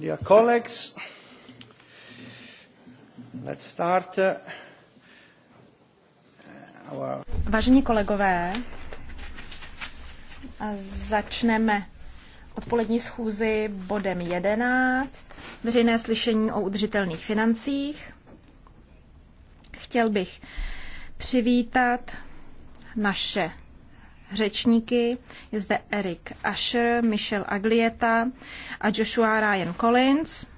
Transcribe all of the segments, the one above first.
Dear colleagues, let's start uh, our... Vážení kolegové, začneme odpolední schůzi bodem 11, veřejné slyšení o udržitelných financích. Chtěl bych přivítat naše řečníky. Je zde Erik Asher, Michel Aglieta a Joshua Ryan Collins.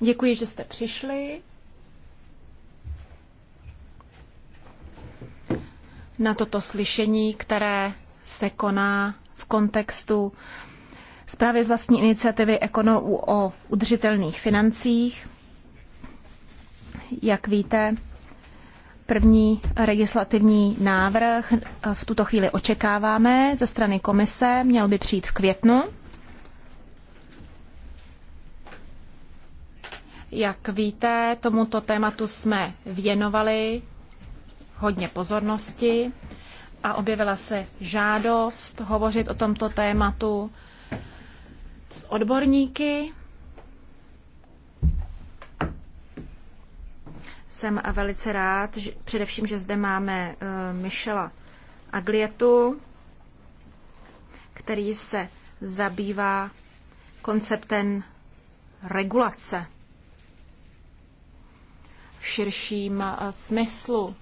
Děkuji, že jste přišli. Na toto slyšení, které se koná v kontextu zprávy z vlastní iniciativy ekonomů o udržitelných financích. Jak víte, První legislativní návrh eh, v tuto chvíli očekáváme ze strany komise, měl by přijít v květnu. Jak víte, tomuto tématu jsme věnovali hodně pozornosti a objevila se žádost hovořit o tomto tématu s odborníky Jsem velice rád, že, především, že zde máme uh, Michela Aglietu, který se zabývá konceptem regulace v širším eh, smyslu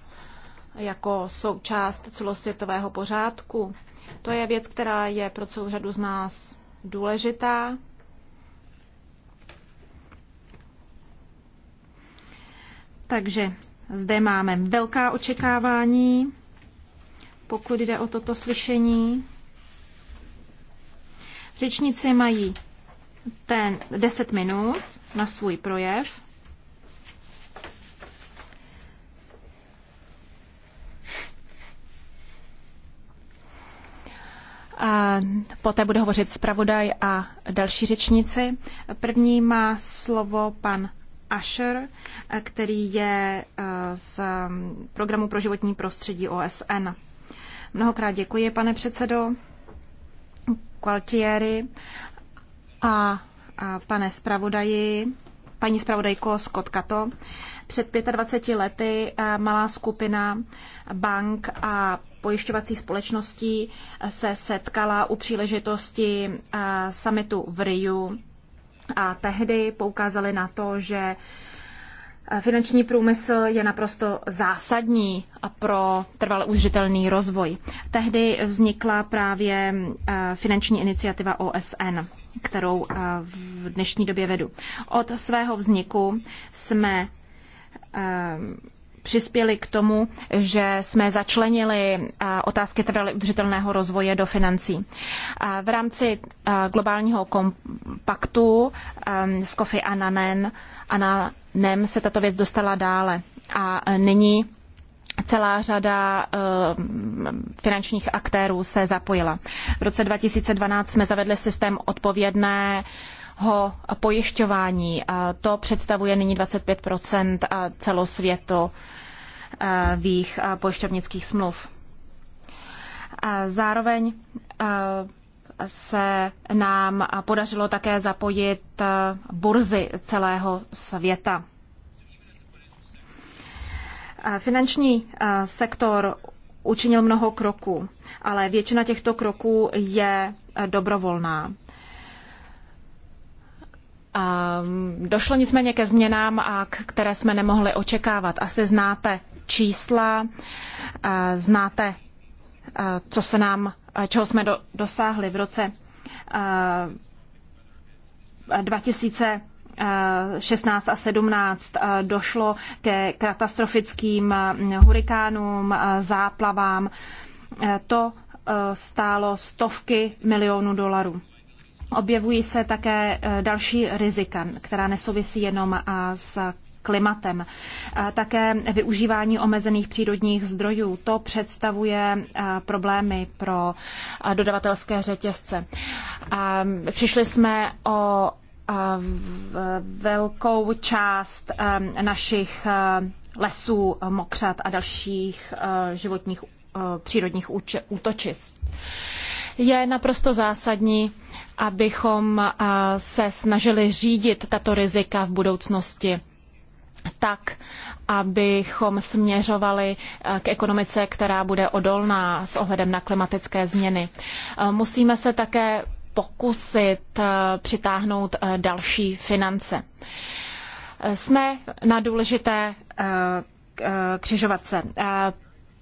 jako součást celosvětového pořádku. To je věc, která je pro celou řadu z nás důležitá Takže zde máme velká očekávání, pokud jde o toto slyšení. Řečníci mají ten 10 minut na svůj projev. A poté bude hovořit zpravodaj a další řečníci. První má slovo pan Asher, který je eh, z mm, programu pro životní prostředí OSN. Mnohokrát děkuji, pane předsedo Gualtieri a, a pane zpravodaji, paní zpravodajko Scott Kato. Před 25 lety eh, malá skupina bank a pojišťovací společností se setkala u příležitosti eh, summitu v Riu a tehdy poukázali na to, že eh, Finanční průmysl je naprosto zásadní pro trvalý užitelný rozvoj. Tehdy vznikla právě eh, finanční iniciativa OSN, kterou eh, v dnešní době vedu. Od svého vzniku jsme přispěli k tomu, že jsme začlenili eh, otázky trvalé udržitelného rozvoje do financí. V rámci eh, globálního kompaktu eh, s Kofi Ananen, Ananem se tato věc dostala dále a nyní celá řada finančních aktérů se zapojila. V roce 2012 jsme zavedli systém odpovědného pojišťování. To představuje nyní 25 celosvětu, vých eh, pojišťovnických smluv. Zároveň eh, se nám podařilo také zapojit eh, burzy celého světa. Finanční sektor učinil mnoho kroků, ale většina těchto kroků je dobrovolná. Mm, došlo nicméně ke změnám, které jsme nemohli očekávat. Asi znáte čísla, znáte, co se nám, čeho jsme do, dosáhli v roce 2000 16 a 17 došlo ke katastrofickým hurikánům, záplavám. To stálo stovky milionů dolarů. Objevují se také další rizika, která nesouvisí jenom s klimatem. Také využívání omezených přírodních zdrojů, to představuje problémy pro dodavatelské řetězce. Přišli jsme o velkou část našich lesů, mokřat a dalších životních přírodních útočišť. Je naprosto zásadní, abychom se snažili řídit tato rizika v budoucnosti tak, abychom směřovali eh, k ekonomice, která bude odolná s ohledem na klimatické změny. Eh, musíme se také pokusit eh, přitáhnout další finance. Jsme na důležité křižovatce.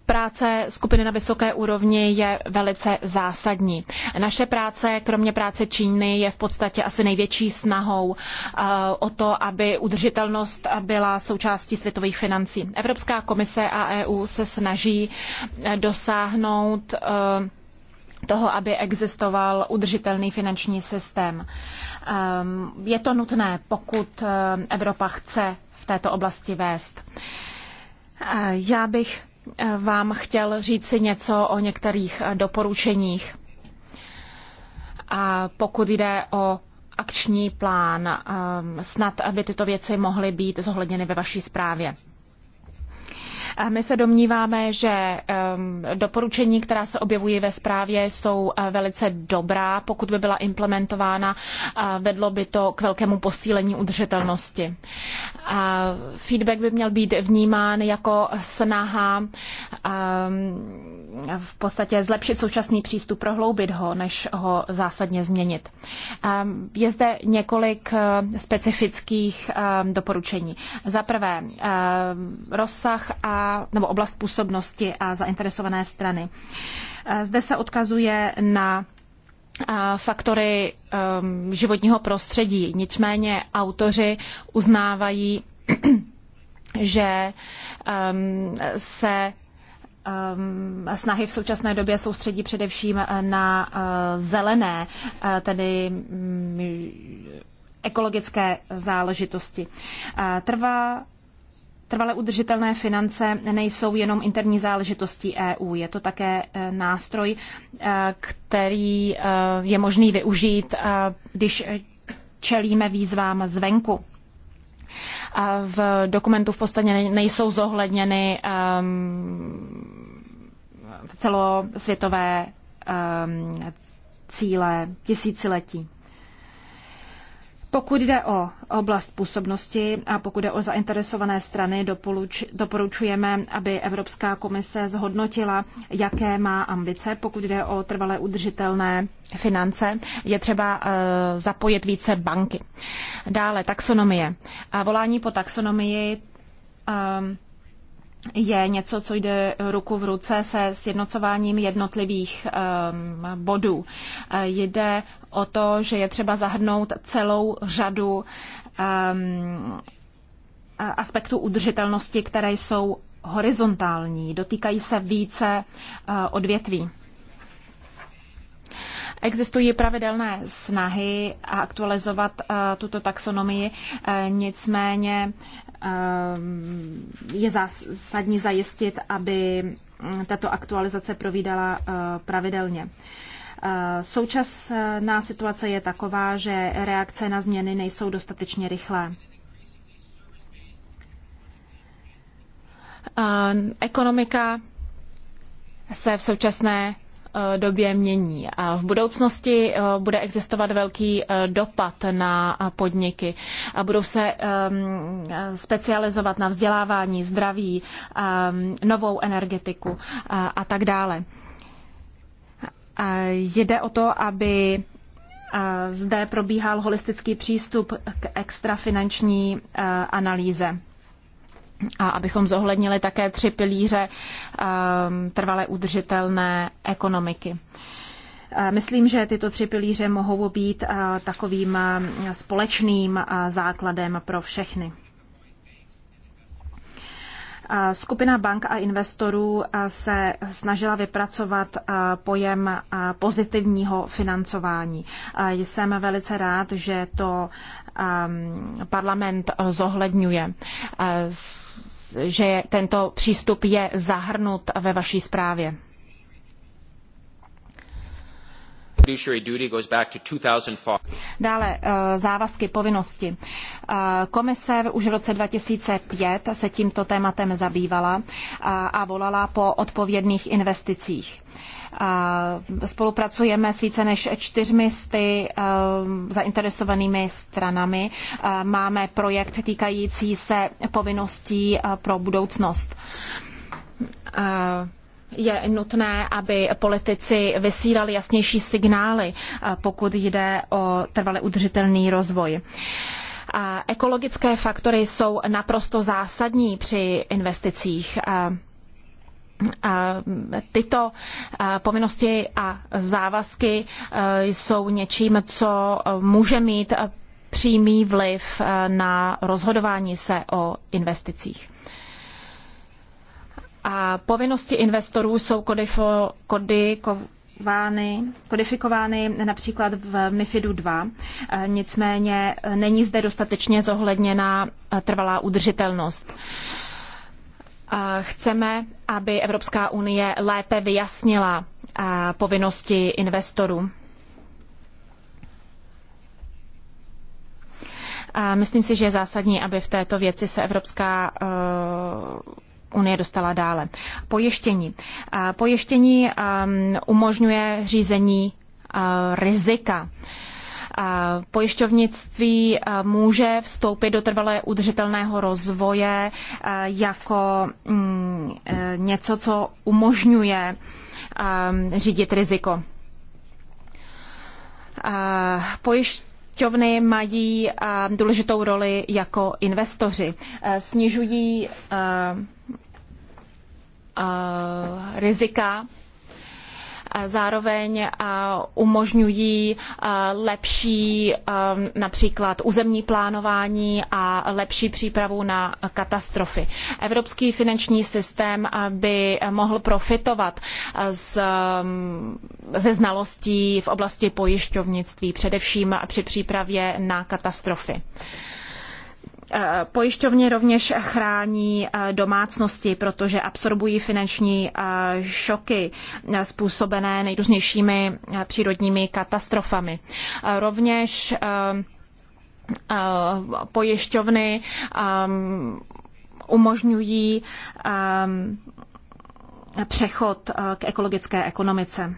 Práce skupiny na vysoké úrovni je velice zásadní. Naše práce, kromě práce Číny, je v podstatě asi největší snahou eh, o to, aby udržitelnost byla součástí světových financí. Evropská komise a EU se snaží eh, dosáhnout eh, toho, aby existoval udržitelný finanční systém. Je to nutné, pokud Evropa chce v této oblasti vést. Já bych vám chtěl říci něco o některých eh, doporučeních. A pokud jde o akční plán, ehm, snad aby tyto věci mohly být zohledněny ve vaší zprávě. My se domníváme, že ehm, doporučení, která se objevují ve zprávě, jsou eh, velice dobrá. Pokud by byla implementována, eh, vedlo by to k velkému posílení udržitelnosti. Feedback by měl být vnímán jako snaha ehm, v podstatě zlepšit současný přístup, prohloubit ho, než ho zásadně změnit. Ehm, je zde několik eh, specifických ehm, doporučení. Za prvé, ehm, rozsah a, nebo oblast působnosti a zainteresované strany. Eh, zde se odkazuje na eh, faktory životního prostředí. Nicméně autoři uznávají, že se Um, snahy v současné době soustředí především na uh, zelené, uh, tedy mm, ekologické záležitosti. Uh, trvá Trvale udržitelné finance nejsou jenom interní záležitostí EU, je to také nástroj, který je možný využít, když čelíme výzvám zvenku. V dokumentu v podstatě nejsou zohledněny um, celosvětové ehm, cíle tisíciletí. Pokud jde o oblast působnosti a pokud jde o zainteresované strany, doporučujeme, aby Evropská komise zhodnotila, jaké má ambice, pokud jde o trvalé udržitelné finance. Je třeba eh, zapojit více banky. Dále taxonomie. A volání po taxonomii ehm, je něco, co jde ruku v ruce se sjednocováním jednotlivých um, bodů. Eh, jde o to, že je třeba zahrnout celou řadu um, aspektů udržitelnosti, které jsou horizontální, dotýkají se více uh, odvětví. Existují pravidelné snahy aktualizovat uh, tuto taxonomii, uh, nicméně Ehm, je zásadní zajistit, aby mm, tato aktualizace provídala eh, pravidelně. Eh, současná situace je taková, že reakce na změny nejsou dostatečně rychlé. Eh, ekonomika se v současné Eh, době mění. V budoucnosti eh, bude existovat velký eh, dopad na podniky. a Budou se ehm, specializovat na vzdělávání, zdraví, ehm, novou energetiku a tak dále. Jde o to, aby zde probíhal holistický přístup k extrafinanční analýze a abychom zohlednili také tři pilíře ehm, trvale udržitelné ekonomiky. Myslím, že tyto tři pilíře mohou být eh, takovým eh, společným eh, základem pro všechny. Skupina bank a investorů se snažila vypracovat pojem pozitivního financování. Jsem velice rád, že to ehm, parlament zohledňuje že tento přístup je zahrnut ve vaší zprávě. Dále eh, závazky, povinnosti. Eh, komise už v roce 2005 se tímto tématem zabývala eh, a volala po odpovědných investicích. Spolupracujeme s více než čtyřmi sty eh, zainteresovanými stranami. Eh, máme projekt týkající se povinností eh, pro budoucnost je nutné, aby politici vysílali jasnější signály, pokud jde o trvale udržitelný rozvoj. Ekologické faktory jsou naprosto zásadní při investicích tyto povinnosti a závazky e, jsou něčím, co může mít přímý vliv e, na rozhodování se o investicích. A povinnosti investorů jsou kodifo, kodiko, kodifikovány, kodifikovány například v MIFIDu 2, e, nicméně není zde dostatečně zohledněna trvalá udržitelnost chceme, aby Evropská unie lépe vyjasnila povinnosti investorů. Myslím si, že je zásadní, aby v této věci se Evropská e, unie dostala dále. Pojištění. Pojištění e, umožňuje řízení e, rizika. Pojišťovnictví eh, může vstoupit do trvalé udržitelného rozvoje eh, jako mm, eh, něco, co umožňuje ehm, řídit riziko. Pojišťovny mají ehm, důležitou roli jako investoři. Snižují ehm, rizika zároveň umožňují lepší například územní plánování a lepší přípravu na katastrofy. Evropský finanční systém by mohl profitovat z, ze znalostí v oblasti pojišťovnictví, především při přípravě na katastrofy. Eh, Pojišťovně rovněž chrání eh, domácnosti, protože absorbují finanční eh, šoky způsobené nejrůznějšími přírodními katastrofami. Rovněž pojišťovny ehm, umožňují ehm, přechod k ekologické ekonomice.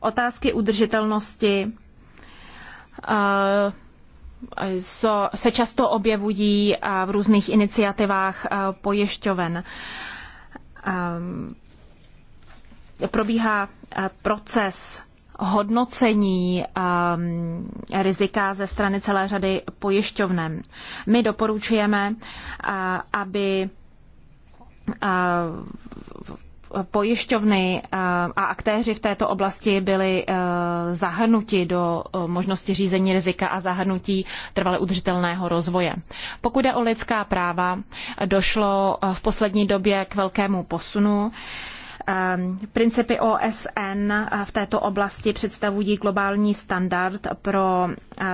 Otázky udržitelnosti se často objevují eh, v různých iniciativách eh, pojišťoven. Ehm, probíhá eh, proces hodnocení um, rizika ze strany celé řady pojišťovnem. My doporučujeme, uh, aby uh, pojišťovny eh, a aktéři v této oblasti byli eh, zahrnuti do eh, možnosti řízení rizika a zahrnutí trvale udržitelného rozvoje. Pokud jde o lidská práva, došlo v poslední době k velkému posunu. Principy OSN v této oblasti představují globální standard pro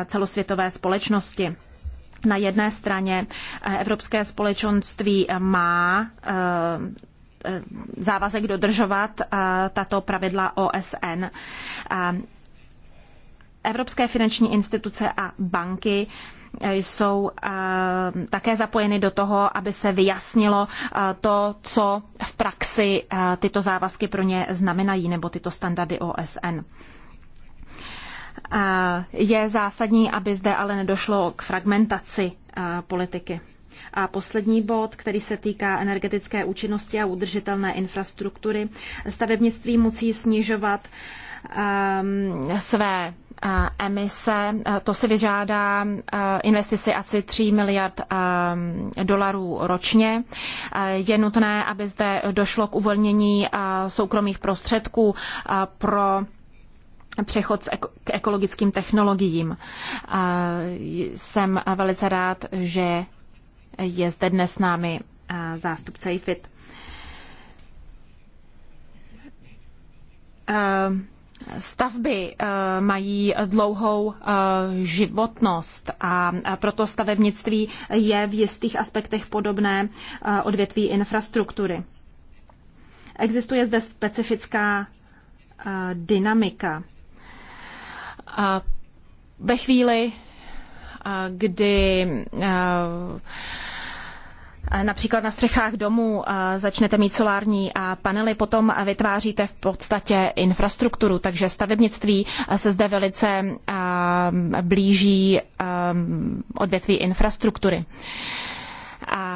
celosvětové společnosti. Na jedné straně Evropské společenství má Eh, závazek dodržovat eh, tato pravidla OSN. Eh, Evropské finanční instituce a banky jsou také zapojeny do toho, aby se vyjasnilo to, co v praxi tyto závazky pro ně znamenají, nebo tyto standardy OSN. Je zásadní, aby zde ale nedošlo k fragmentaci politiky. A poslední bod, který se týká energetické účinnosti a udržitelné infrastruktury. Stavebnictví musí snižovat um, své eh, emise. Eh, to se vyžádá eh, investici asi 3 miliard ehm, dolarů ročně. Je nutné, aby zde došlo k uvolnění soukromých prostředků pro přechod k ekologickým technologiím. Jsem velice rád, že je zde dnes s námi eh, zástupce IFIT. Eh, stavby eh, mají dlouhou životnost a proto stavebnictví je v jistých aspektech podobné odvětví infrastruktury. Existuje zde specifická dynamika. Ve chvíli, kdy eh, například na střechách domů eh, začnete mít solární eh, panely, potom vytváříte v podstatě infrastrukturu, takže stavebnictví se zde velice blíží odvětví infrastruktury. A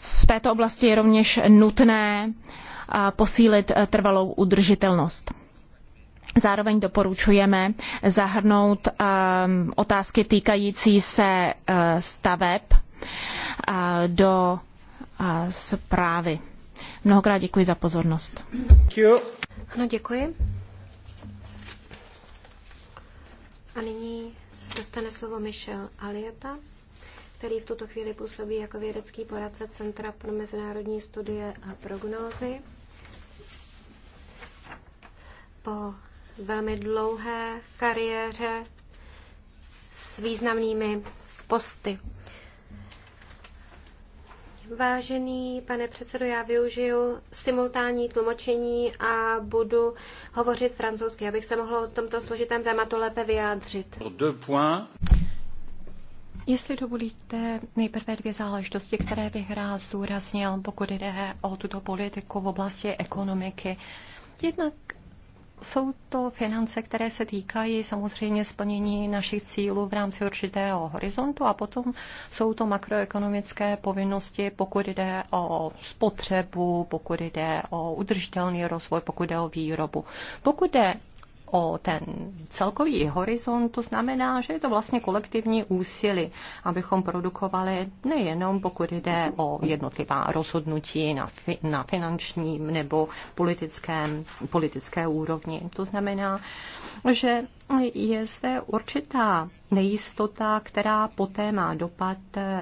v této oblasti je rovněž nutné posílit trvalou udržitelnost. Zároveň doporučujeme zahrnout um, otázky týkající se uh, staveb uh, do uh, zprávy. Mnohokrát děkuji za pozornost. Ano, děkuji. A nyní dostane slovo Michel Alieta, který v tuto chvíli působí jako vědecký poradce Centra pro mezinárodní studie a prognózy. Po velmi dlouhé kariéře s významnými posty. Vážený pane předsedo, já využiju simultánní tlumočení a budu hovořit francouzsky, abych se mohl o tomto složitém tématu lépe vyjádřit. Jestli dovolíte, nejprve dvě záležitosti, které bych rád zdůraznil, pokud jde o tuto politiku v oblasti ekonomiky. Jednak jsou to finance, které se týkají samozřejmě splnění našich cílů v rámci určitého horizontu a potom jsou to makroekonomické povinnosti, pokud jde o spotřebu, pokud jde o udržitelný rozvoj, pokud jde o výrobu. Pokud jde o ten celkový horizont, to znamená, že je to vlastně kolektivní úsilí, abychom produkovali nejenom pokud jde o jednotlivá rozhodnutí na, fi, na finančním nebo politickém, politické úrovni. To znamená, že je zde určitá nejistota, která poté má dopad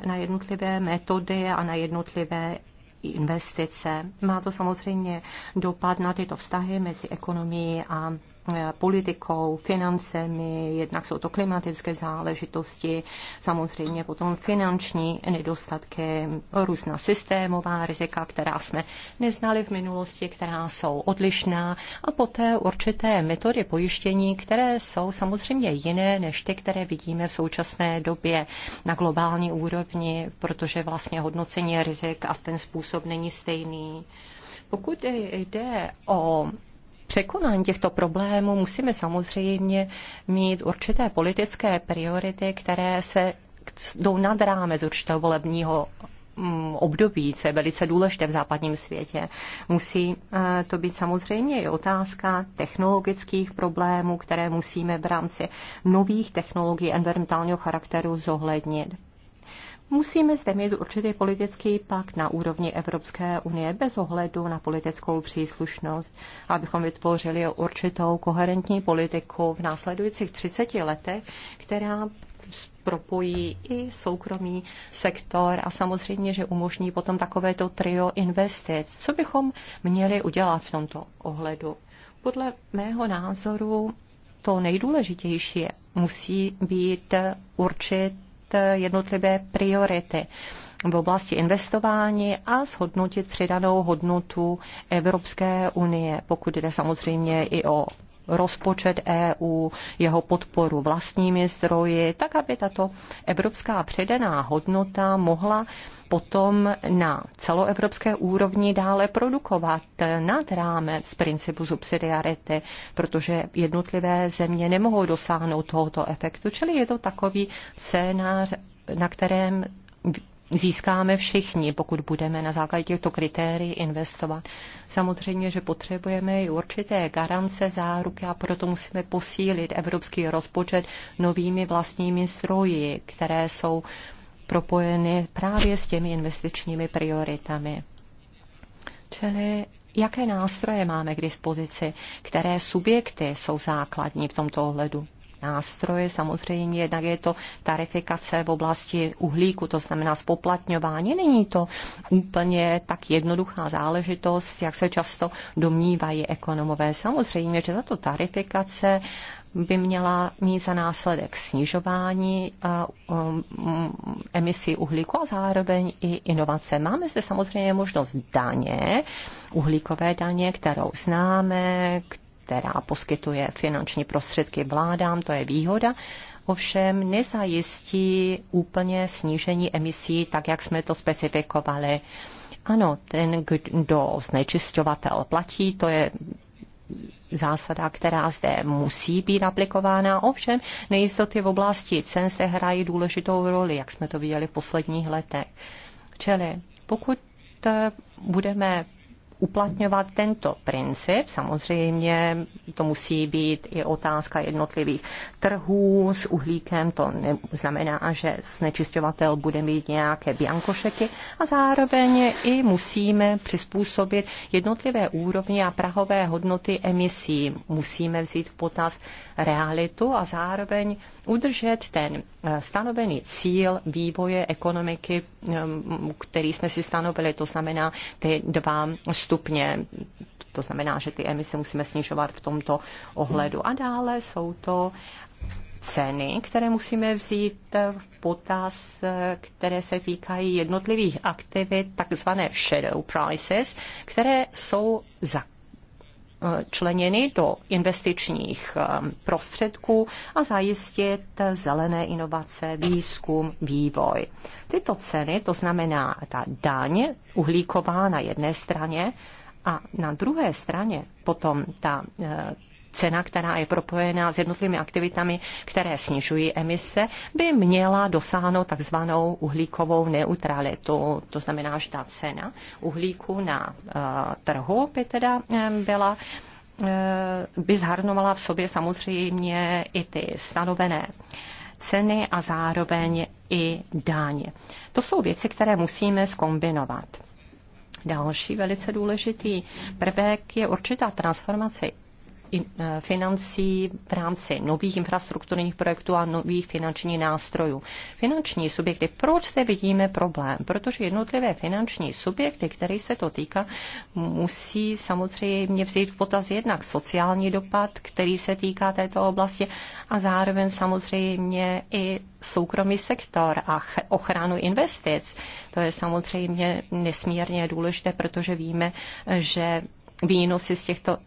na jednotlivé metody a na jednotlivé investice. Má to samozřejmě dopad na tyto vztahy mezi ekonomií a Eh, politikou, financemi, jednak jsou to klimatické záležitosti, samozřejmě potom finanční nedostatky, různá systémová rizika, která jsme neznali v minulosti, která jsou odlišná a poté určité metody pojištění, které jsou samozřejmě jiné než ty, které vidíme v současné době na globální úrovni, protože vlastně hodnocení rizik a ten způsob není stejný. Pokud jde o překonání těchto problémů musíme samozřejmě mít určité politické priority, které se jdou nad rámec určitého volebního mm, období, co je velice důležité v západním světě. Musí eh, to být samozřejmě i otázka technologických problémů, které musíme v rámci nových technologií environmentálního charakteru zohlednit. Musíme zde mít určitý politický pak na úrovni Evropské unie bez ohledu na politickou příslušnost, abychom vytvořili určitou koherentní politiku v následujících 30 letech, která propojí i soukromý sektor a samozřejmě, že umožní potom takovéto trio investic. Co bychom měli udělat v tomto ohledu? Podle mého názoru to nejdůležitější musí být určit Eh, jednotlivé priority v oblasti investování a shodnotit přidanou hodnotu Evropské unie, pokud jde samozřejmě i o rozpočet EU, jeho podporu vlastními zdroji, tak aby tato evropská předaná hodnota mohla potom na celoevropské úrovni dále produkovat nad rámec principu subsidiarity, protože jednotlivé země nemohou dosáhnout tohoto efektu. Čili je to takový scénář, na kterém získáme všichni, pokud budeme na základě těchto kritérií investovat. Samozřejmě, že potřebujeme i určité garance, záruky a proto musíme posílit evropský rozpočet novými vlastními zdroji, které jsou propojeny právě s těmi investičními prioritami. Čili jaké nástroje máme k dispozici, které subjekty jsou základní v tomto ohledu nástroje. Samozřejmě jednak je to tarifikace v oblasti uhlíku, to znamená spoplatňování. Není to úplně tak jednoduchá záležitost, jak se často domnívají ekonomové. Samozřejmě, že tato tarifikace by měla mít za následek snižování um, emisí uhlíku a zároveň i inovace. Máme zde samozřejmě možnost daně, uhlíkové daně, kterou známe, k která poskytuje finanční prostředky vládám, to je výhoda, ovšem nezajistí úplně snížení emisí, tak jak jsme to specifikovali. Ano, ten, kdo znečišťovatel platí, to je zásada, která zde musí být aplikována. Ovšem, nejistoty v oblasti cen zde hrají důležitou roli, jak jsme to viděli v posledních letech. Čili pokud eh, budeme uplatňovat tento princip. Samozřejmě to musí být i otázka jednotlivých trhů s uhlíkem. To znamená, že znečišťovatel bude mít nějaké biankošeky a zároveň i musíme přizpůsobit jednotlivé úrovně a prahové hodnoty emisí. Musíme vzít v potaz realitu a zároveň udržet ten eh, stanovený cíl vývoje ekonomiky, eh, který jsme si stanovili, to znamená ty dva stupy postupně. To znamená, že ty emise musíme snižovat v tomto ohledu. A dále jsou to ceny, které musíme vzít v potaz, které se týkají jednotlivých aktivit, takzvané shadow prices, které jsou za členěny do investičních um, prostředků a zajistit zelené inovace, výzkum, vývoj. Tyto ceny, to znamená ta daň uhlíková na jedné straně a na druhé straně potom ta eh, cena, která je propojená s jednotlivými aktivitami, které snižují emise, by měla dosáhnout takzvanou uhlíkovou neutralitu. To znamená, že ta cena uhlíku na eh, trhu by teda eh, byla eh, by zahrnovala v sobě samozřejmě i ty stanovené ceny a zároveň i dáně. To jsou věci, které musíme skombinovat. Další velice důležitý prvek je určitá transformace Eh, financí v rámci nových infrastrukturních projektů a nových finančních nástrojů. Finanční subjekty, proč zde vidíme problém? Protože jednotlivé finanční subjekty, které se to týká, musí samozřejmě vzít v potaz jednak sociální dopad, který se týká této oblasti a zároveň samozřejmě i soukromý sektor a ochranu investic. To je samozřejmě nesmírně důležité, protože víme, že výnosy z těchto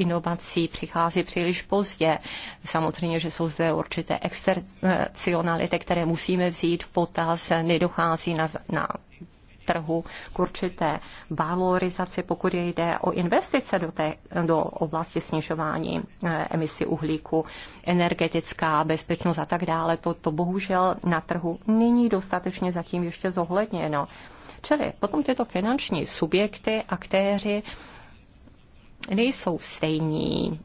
inovací přichází příliš pozdě. Samozřejmě, že jsou zde určité extercionality, které musíme vzít v potaz, nedochází na, na trhu k určité valorizaci, pokud jde o investice do, té, do oblasti snižování eh, emisí uhlíku, energetická bezpečnost a tak dále. To, to bohužel na trhu není dostatečně zatím ještě zohledněno. Čili potom tyto finanční subjekty, aktéři nejsou stejní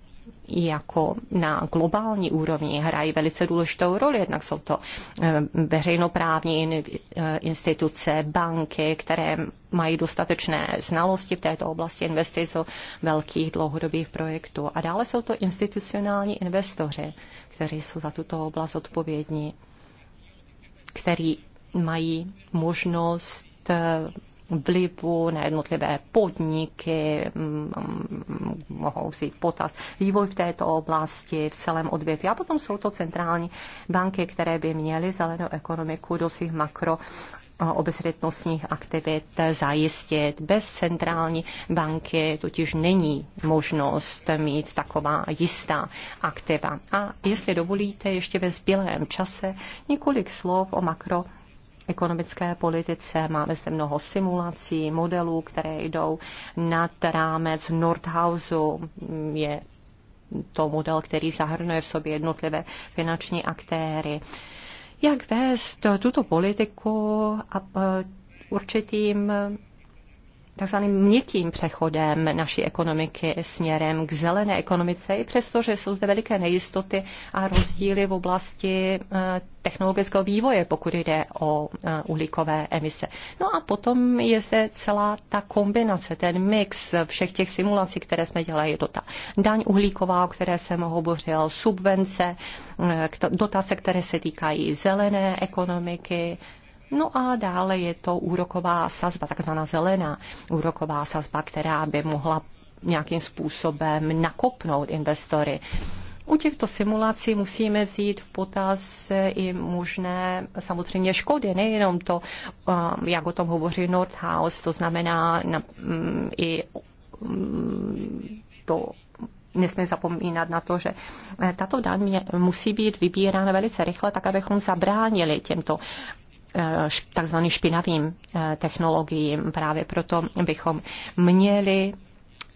jako na globální úrovni hrají velice důležitou roli. Jednak jsou to eh, veřejnoprávní eh, instituce, banky, které mají dostatečné znalosti v této oblasti investic velkých dlouhodobých projektů. A dále jsou to institucionální investoři, kteří jsou za tuto oblast odpovědní, který mají možnost eh, vlivu na jednotlivé podniky, mm, mohou si potaz vývoj v této oblasti, v celém odvětví. A potom jsou to centrální banky, které by měly zelenou ekonomiku do svých makro eh, obezřetnostních aktivit zajistit. Bez centrální banky totiž není možnost mít taková jistá aktiva. A jestli dovolíte, ještě ve zbylém čase několik slov o makro ekonomické politice. Máme zde mnoho simulací, modelů, které jdou nad rámec Nordhausu. Je to model, který zahrnuje v sobě jednotlivé finanční aktéry. Jak vést tuto politiku a e, určitým takzvaným měkkým přechodem naší ekonomiky směrem k zelené ekonomice, i přestože jsou zde veliké nejistoty a rozdíly v oblasti eh, technologického vývoje, pokud jde o eh, uhlíkové emise. No a potom je zde celá ta kombinace, ten mix všech těch simulací, které jsme dělali. Je to ta daň uhlíková, o které jsem hovořil, subvence, eh, dotace, které se týkají zelené ekonomiky, No a dále je to úroková sazba, takzvaná zelená úroková sazba, která by mohla nějakým způsobem nakopnout investory. U těchto simulací musíme vzít v potaz i možné samozřejmě škody, nejenom to, um, jak o tom hovoří Nordhaus, to znamená mm, i mm, to nesmí zapomínat na to, že eh, tato daň musí být vybírána velice rychle, tak abychom zabránili těmto Eh, takzvaným špinavým eh, technologiím. Právě proto bychom měli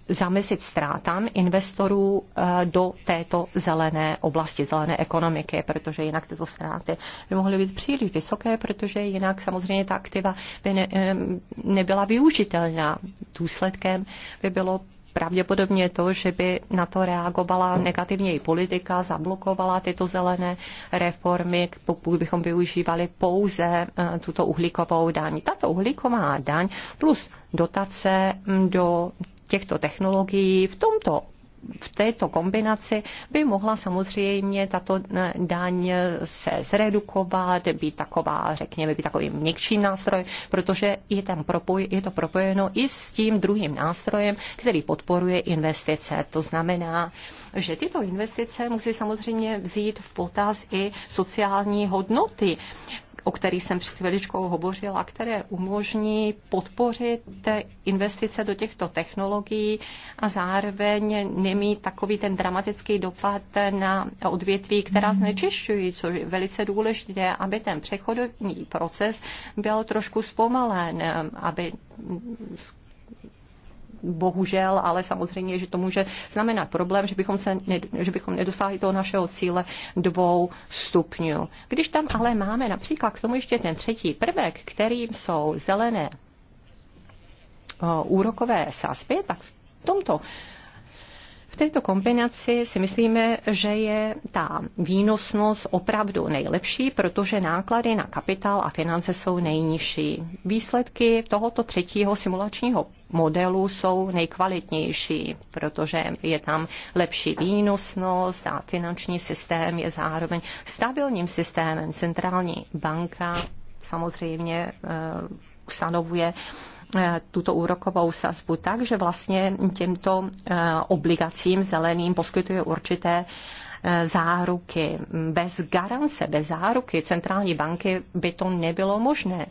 zamezit ztrátám investorů eh, do této zelené oblasti, zelené ekonomiky, protože jinak tyto ztráty by mohly být příliš vysoké, protože jinak samozřejmě ta aktiva by ne, nebyla využitelná. Důsledkem by bylo pravděpodobně to, že by na to reagovala negativně i politika, zablokovala tyto zelené reformy, pokud bychom využívali pouze e, tuto uhlíkovou daň. Tato uhlíková daň plus dotace do těchto technologií v tomto v této kombinaci by mohla samozřejmě tato daň se zredukovat, být taková, řekněme, být takový měkčí nástroj, protože je, tam propoj, je to propojeno i s tím druhým nástrojem, který podporuje investice. To znamená, že tyto investice musí samozřejmě vzít v potaz i sociální hodnoty o který jsem před chviličkou hovořila, které umožní podpořit investice do těchto technologií a zároveň nemít takový ten dramatický dopad na odvětví, která znečišťují, což je velice důležité, aby ten přechodový proces byl trošku zpomalen, aby bohužel, ale samozřejmě, že to může znamenat problém, že bychom, se, že bychom nedosáhli toho našeho cíle dvou stupňů. Když tam ale máme například k tomu ještě ten třetí prvek, kterým jsou zelené úrokové sazby, tak v tomto v této kombinaci si myslíme, že je ta výnosnost opravdu nejlepší, protože náklady na kapitál a finance jsou nejnižší. Výsledky tohoto třetího simulačního modelu jsou nejkvalitnější, protože je tam lepší výnosnost a finanční systém je zároveň stabilním systémem. Centrální banka samozřejmě eh, stanovuje Eh, tuto úrokovou sazbu tak, že vlastně těmto eh, obligacím zeleným poskytuje určité eh, záruky. Bez garance, bez záruky centrální banky by to nebylo možné.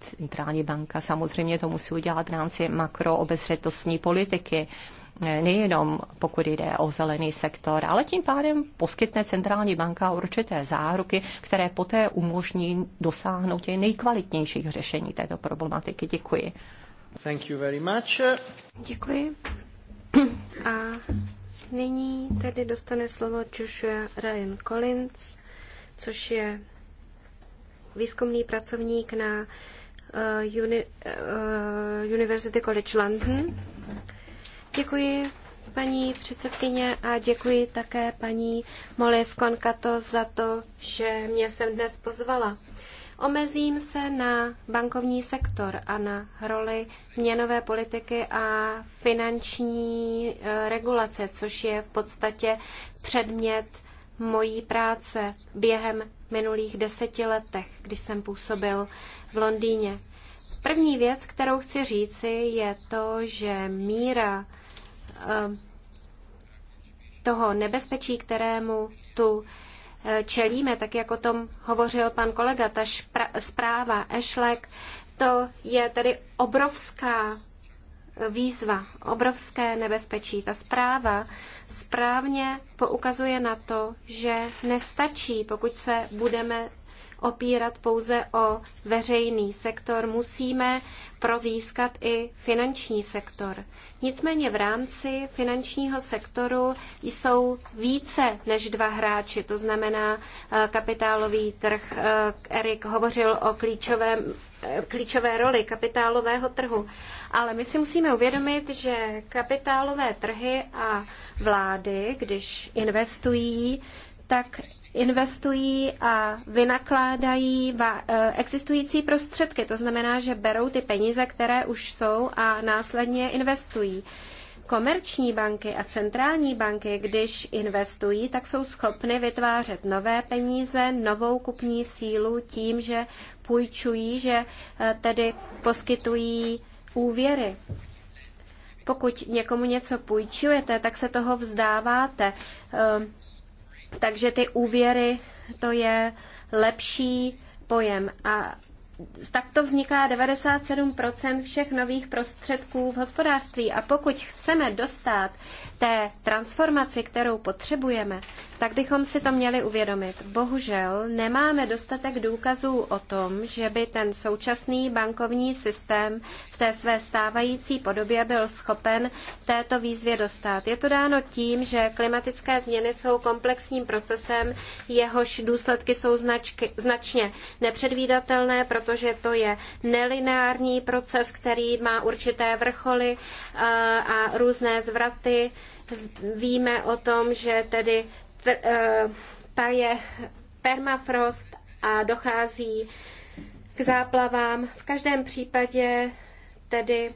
Centrální banka samozřejmě to musí udělat v rámci makroobezřetostní politiky nejenom pokud jde o zelený sektor, ale tím pádem poskytne centrální banka určité záruky, které poté umožní dosáhnout těch nejkvalitnějších řešení této problematiky. Děkuji. Thank you very much. Děkuji. A nyní tady dostane slovo Joshua Ryan Collins, což je výzkumný pracovník na uh, uni, uh, University College London. Děkuji paní předsedkyně a děkuji také paní Moli Skonkato za to, že mě sem dnes pozvala. Omezím se na bankovní sektor a na roli měnové politiky a finanční e, regulace, což je v podstatě předmět mojí práce během minulých deseti letech, když jsem působil v Londýně. První věc, kterou chci říci, je to, že míra Eh, toho nebezpečí, kterému tu eh, čelíme, tak jak o tom hovořil pan kolega, ta špra, zpráva Ešlek, to je tedy obrovská eh, výzva, obrovské nebezpečí. Ta zpráva správně poukazuje na to, že nestačí, pokud se budeme opírat pouze o veřejný sektor, musíme prozískat i finanční sektor. Nicméně v rámci finančního sektoru jsou více než dva hráči, to znamená eh, kapitálový trh. Eh, Erik hovořil o klíčovém eh, klíčové roli kapitálového trhu. Ale my si musíme uvědomit, že kapitálové trhy a vlády, když investují, tak investují a vynakládají eh, existující prostředky. To znamená, že berou ty peníze, které už jsou a následně investují. Komerční banky a centrální banky, když investují, tak jsou schopny vytvářet nové peníze, novou kupní sílu tím, že půjčují, že eh, tedy poskytují úvěry. Pokud někomu něco půjčujete, tak se toho vzdáváte. Eh, takže ty úvěry, to je lepší pojem. A takto vzniká 97% všech nových prostředků v hospodářství. A pokud chceme dostat té transformaci, kterou potřebujeme, tak bychom si to měli uvědomit. Bohužel nemáme dostatek důkazů o tom, že by ten současný bankovní systém v té své stávající podobě byl schopen této výzvě dostat. Je to dáno tím, že klimatické změny jsou komplexním procesem, jehož důsledky jsou značky, značně nepředvídatelné, protože to je nelineární proces, který má určité vrcholy eh, a různé zvraty. Víme o tom, že tedy Eh, je permafrost a dochází k záplavám. V každém případě tedy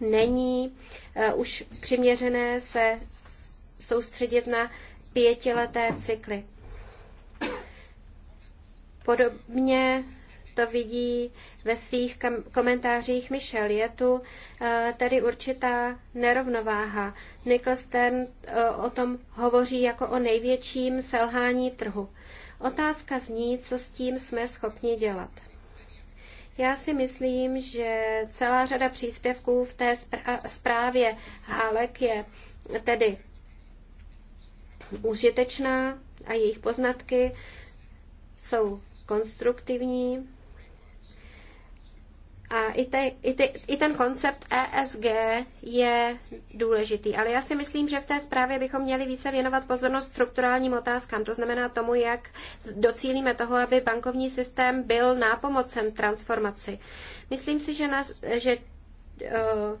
není eh, už přiměřené se soustředit na pětileté cykly. Podobně to vidí ve svých komentářích Michel. Je tu eh, tedy určitá nerovnováha. Nicholson eh, o tom hovoří jako o největším selhání trhu. Otázka zní, co s tím jsme schopni dělat. Já si myslím, že celá řada příspěvků v té zprávě Hálek je tedy užitečná a jejich poznatky jsou konstruktivní. A i, te, i, te, i ten koncept ESG je důležitý. Ale já si myslím, že v té zprávě bychom měli více věnovat pozornost strukturálním otázkám. To znamená tomu, jak docílíme toho, aby bankovní systém byl nápomocem transformaci. Myslím si, že, nás, že uh,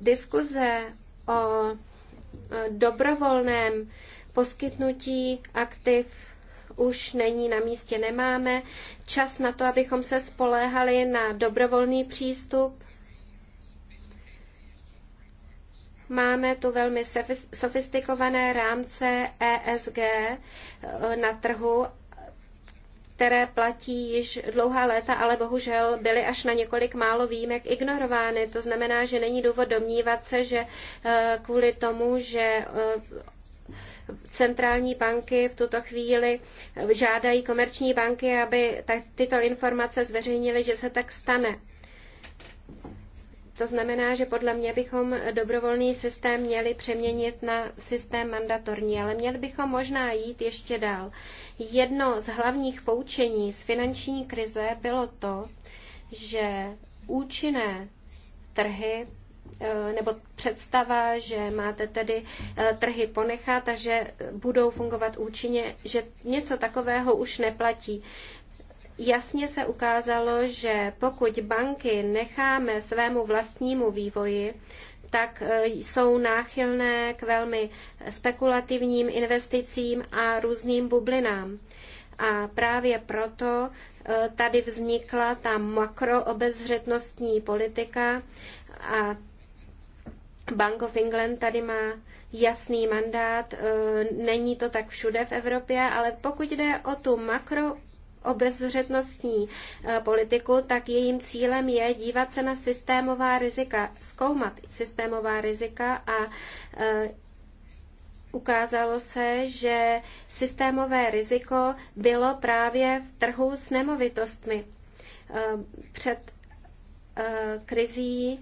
diskuze o eh, dobrovolném poskytnutí aktiv už není na místě. Nemáme čas na to, abychom se spoléhali na dobrovolný přístup. Máme tu velmi sofistikované rámce ESG eh, na trhu, které platí již dlouhá léta, ale bohužel byly až na několik málo výjimek ignorovány. To znamená, že není důvod domnívat se, že eh, kvůli tomu, že eh, centrální banky v tuto chvíli žádají komerční banky, aby tyto informace zveřejnily, že se tak stane. To znamená, že podle mě bychom dobrovolný systém měli přeměnit na systém mandatorní, ale měli bychom možná jít ještě dál. Jedno z hlavních poučení z finanční krize bylo to, že účinné trhy Eh, nebo představa, že máte tedy eh, trhy ponechat a že budou fungovat účinně, že něco takového už neplatí. Jasně se ukázalo, že pokud banky necháme svému vlastnímu vývoji, tak eh, jsou náchylné k velmi spekulativním investicím a různým bublinám. A právě proto tady vznikla ta makroobezřetnostní politika a Bank of England tady má jasný mandát, e, není to tak všude v Evropě, ale pokud jde o tu makro obezřetnostní e, politiku, tak jejím cílem je dívat se na systémová rizika, zkoumat systémová rizika a e, ukázalo se, že systémové riziko bylo právě v trhu s nemovitostmi. Před krizí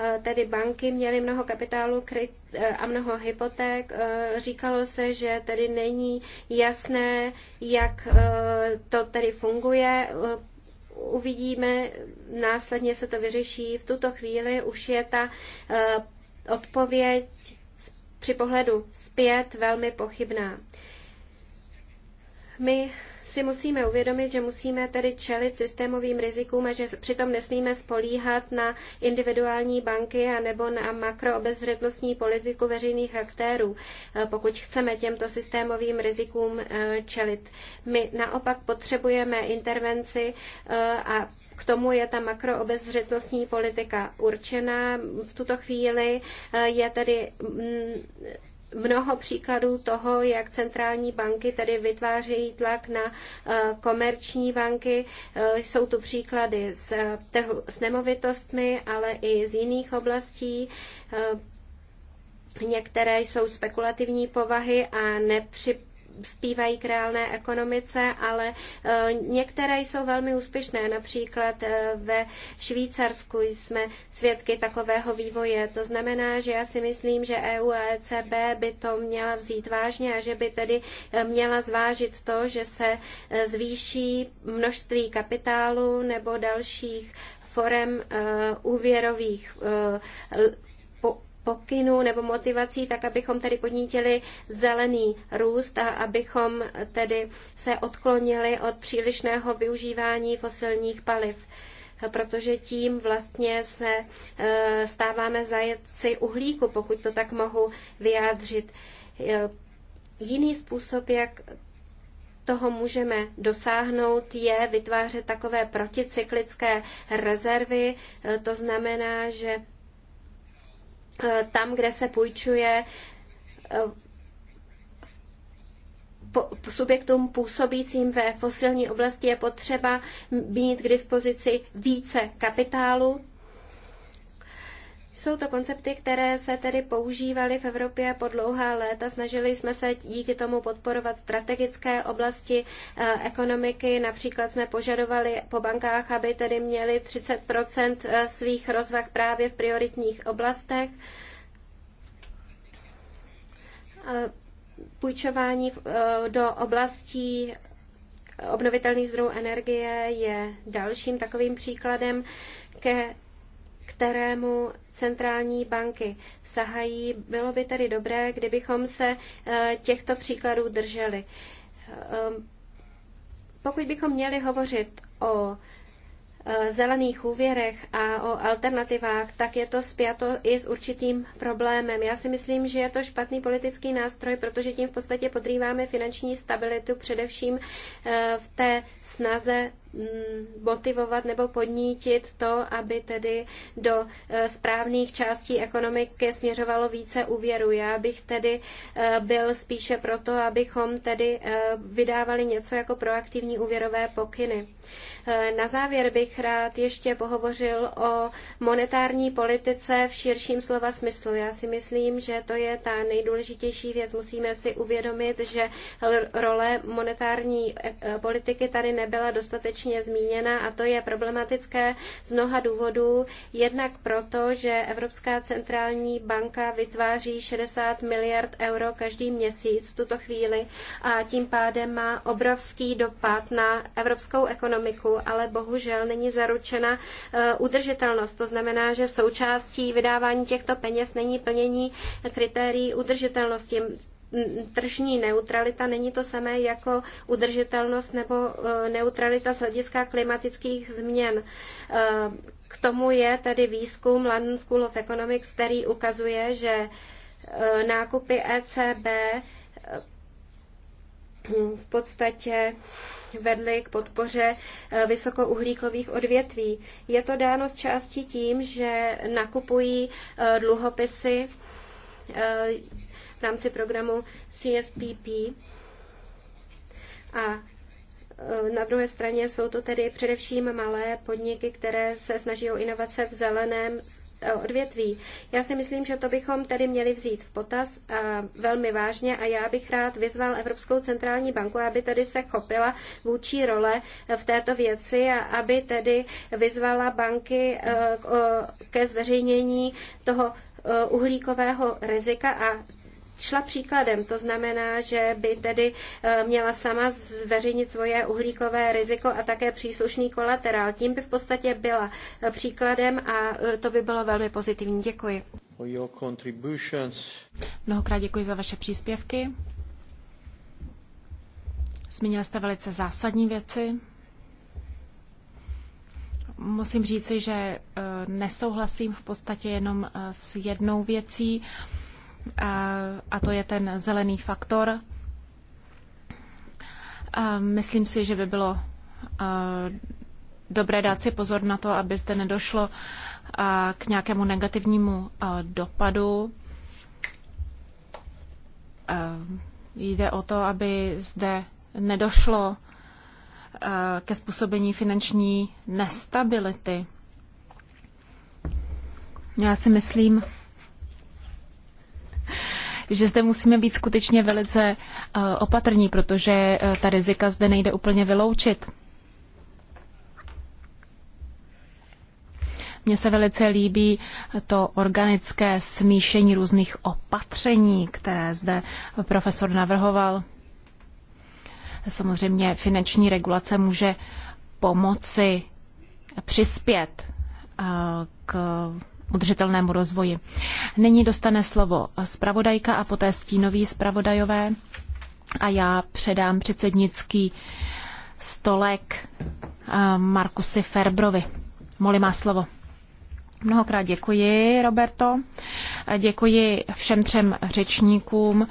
Eh, tedy banky měly mnoho kapitálu eh, a mnoho hypoték. Eh, říkalo se, že tedy není jasné, jak to tedy funguje. Uvidíme, následně se to vyřeší. V tuto chvíli už je ta odpověď při pohledu zpět velmi pochybná. My si musíme uvědomit, že musíme tedy čelit systémovým rizikům a že přitom nesmíme spolíhat na individuální banky a nebo na makroobezřetnostní politiku veřejných aktérů, eh, pokud chceme těmto systémovým rizikům eh, čelit. My naopak potřebujeme intervenci eh, a k tomu je ta makroobezřetnostní politika určená. V tuto chvíli je tedy mm, mnoho příkladů toho, jak centrální banky tedy vytvářejí tlak na eh, komerční banky. Eh, jsou tu příklady z eh, trhu s nemovitostmi, ale i z jiných oblastí. Některé jsou spekulativní povahy a nepřip zpívají reálné ekonomice, ale e, některé jsou velmi úspěšné. Například e, ve Švýcarsku jsme svědky takového vývoje. To znamená, že já si myslím, že EU a ECB by to měla vzít vážně a že by tedy e, měla zvážit to, že se zvýší množství kapitálu nebo dalších forem úvěrových pokynů nebo motivací, tak abychom tedy podnítili zelený růst a abychom tedy se odklonili od přílišného využívání fosilních paliv protože tím vlastně se eh, stáváme zajetci uhlíku, pokud to tak mohu vyjádřit. Eh, jiný způsob, jak toho můžeme dosáhnout, je vytvářet takové proticyklické rezervy. Eh, to znamená, že Eh, tam, kde se půjčuje eh, subjektům působícím ve fosilní oblasti je potřeba mít k dispozici více kapitálu, jsou to koncepty, které se tedy používaly v Evropě po dlouhá léta. Snažili jsme se díky tomu podporovat strategické oblasti eh, ekonomiky. Například jsme požadovali po bankách, aby tedy měli 30 eh, svých rozvah právě v prioritních oblastech eh, půjčování do oblastí obnovitelných zdrojů energie je dalším takovým příkladem. Ke kterému centrální banky sahají. Bylo by tedy dobré, kdybychom se eh, těchto příkladů drželi. Eh, pokud bychom měli hovořit o eh, zelených úvěrech a o alternativách, tak je to spjato i s určitým problémem. Já si myslím, že je to špatný politický nástroj, protože tím v podstatě podrýváme finanční stabilitu především v té snaze Mm, motivovat nebo podnítit to, aby tedy do eh, správných částí ekonomiky směřovalo více úvěru. Já bych tedy eh, byl spíše proto, abychom tedy eh, vydávali něco jako proaktivní úvěrové pokyny. Na závěr bych rád ještě pohovořil o monetární politice v širším slova smyslu. Já si myslím, že to je ta nejdůležitější věc. Musíme si uvědomit, že role monetární politiky tady nebyla dostatečně stručně zmíněna a to je problematické z mnoha důvodů. Jednak proto, že Evropská centrální banka vytváří 60 miliard euro každý měsíc v tuto chvíli a tím pádem má obrovský dopad na evropskou ekonomiku, ale bohužel není zaručena eh, udržitelnost. To znamená, že součástí vydávání těchto peněz není plnění kritérií udržitelnosti tržní neutralita není to samé jako udržitelnost nebo e, neutralita z hlediska klimatických změn. E, k tomu je tedy výzkum London School of Economics, který ukazuje, že e, nákupy ECB v podstatě vedly k podpoře vysokouhlíkových odvětví. Je to dáno z části tím, že nakupují dluhopisy v rámci programu CSPP. A e, na druhé straně jsou to tedy především malé podniky, které se snaží o inovace v zeleném e, odvětví. Já si myslím, že to bychom tedy měli vzít v potaz a e, velmi vážně a já bych rád vyzval Evropskou centrální banku, aby tedy se chopila vůči role v této věci a aby tedy vyzvala banky ke zveřejnění toho uhlíkového rizika a šla příkladem. To znamená, že by tedy eh, měla sama zveřejnit svoje uhlíkové riziko a také příslušný kolaterál. Tím by v podstatě byla eh, příkladem a eh, to by bylo velmi pozitivní. Děkuji. Mnohokrát děkuji za vaše příspěvky. Zmínil jste velice zásadní věci. Musím říci, že nesouhlasím v podstatě jenom s jednou věcí a to je ten zelený faktor. Myslím si, že by bylo dobré dát si pozor na to, aby zde nedošlo k nějakému negativnímu dopadu. Jde o to, aby zde nedošlo ke způsobení finanční nestability. Já si myslím, že zde musíme být skutečně velice eh, opatrní, protože eh, ta rizika zde nejde úplně vyloučit. Mně se velice líbí to organické smíšení různých opatření, které zde profesor navrhoval. Samozřejmě finanční regulace může pomoci přispět eh, k udržitelnému rozvoji. Nyní dostane slovo zpravodajka a poté stínový zpravodajové a já předám předsednický stolek eh, Markusy Ferbrovi. Moli má slovo. Mnohokrát děkuji, Roberto. Děkuji všem třem řečníkům.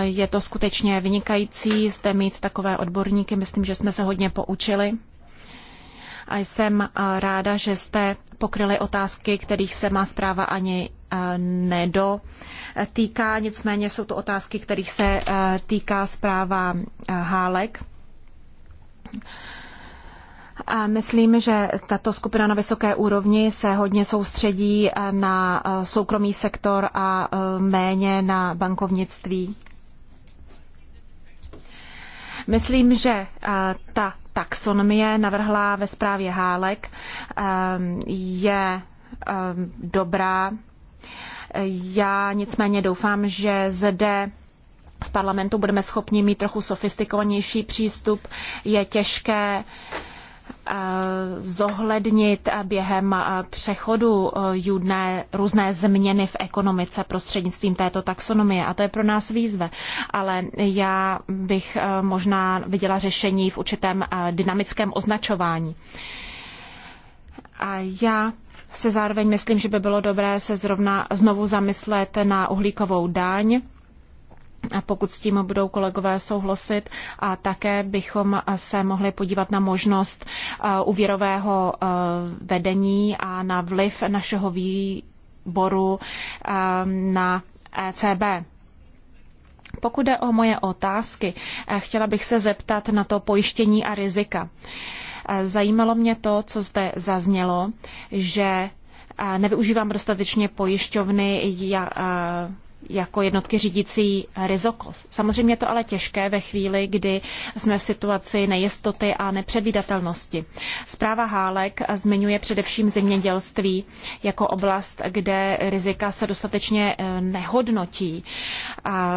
Je to skutečně vynikající zde mít takové odborníky. Myslím, že jsme se hodně poučili. A jsem eh, ráda, že jste pokryli otázky, kterých se má zpráva ani eh, nedo týká, nicméně jsou to otázky, kterých se eh, týká zpráva Hálek. A myslím, že tato skupina na vysoké úrovni se hodně soustředí na soukromý sektor a méně na bankovnictví Myslím, že eh, ta taxonomie navrhlá ve zprávě Hálek eh, je eh, dobrá. Já nicméně doufám, že zde v parlamentu budeme schopni mít trochu sofistikovanější přístup. Je těžké zohlednit během přechodu e, judné, různé změny v ekonomice prostřednictvím této taxonomie a to je pro nás výzve. Ale já bych e, možná viděla řešení v určitém e, dynamickém označování. A já se zároveň myslím, že by bylo dobré se zrovna znovu zamyslet na uhlíkovou daň a pokud s tím budou kolegové souhlasit. A také bychom se mohli podívat na možnost eh, úvěrového eh, vedení a na vliv našeho výboru eh, na ECB. Pokud jde o moje otázky, chtěla bych se zeptat na to pojištění a rizika. Zajímalo mě to, co zde zaznělo, že nevyužívám dostatečně pojišťovny jako jednotky řídící riziko. Samozřejmě je to ale těžké ve chvíli, kdy jsme v situaci nejistoty a nepředvídatelnosti. Zpráva Hálek zmiňuje především zemědělství jako oblast, kde rizika se dostatečně eh, nehodnotí.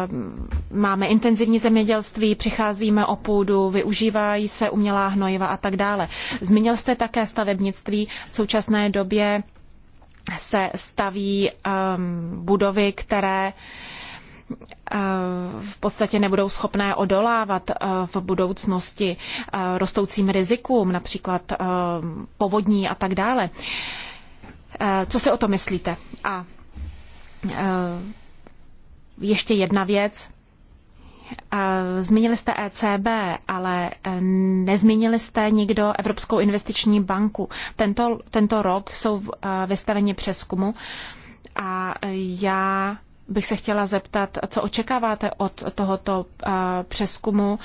Mm, máme intenzivní zemědělství, přicházíme o půdu, využívají se umělá hnojiva a tak dále. Zmínil jste také stavebnictví. V současné době se staví um, budovy, které uh, v podstatě nebudou schopné odolávat uh, v budoucnosti uh, rostoucím rizikům, například povodní a tak dále. Co si o to myslíte? A ještě jedna věc. Zmínili jste ECB, ale e, nezmínili jste nikdo Evropskou investiční banku. Tento, tento rok jsou e, vystaveni přeskumu a e, já bych se chtěla zeptat, co očekáváte od tohoto přeskumu.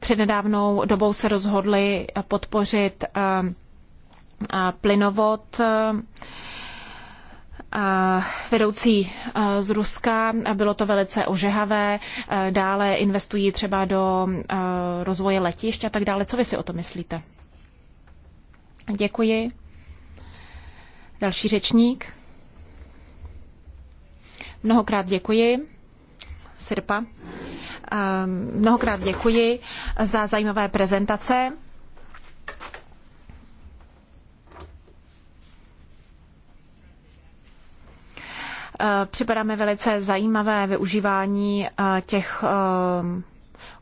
Před nedávnou dobou se rozhodli podpořit plynovod vedoucí e, z Ruska. Bylo to velice ožehavé. E, dále investují třeba do e, rozvoje letišť a tak dále. Co vy si o to myslíte? Děkuji. Další řečník. Mnohokrát děkuji. Sirpa. Mnohokrát děkuji za zajímavé prezentace. Eh, Připadá mi velice zajímavé využívání eh, těch eh,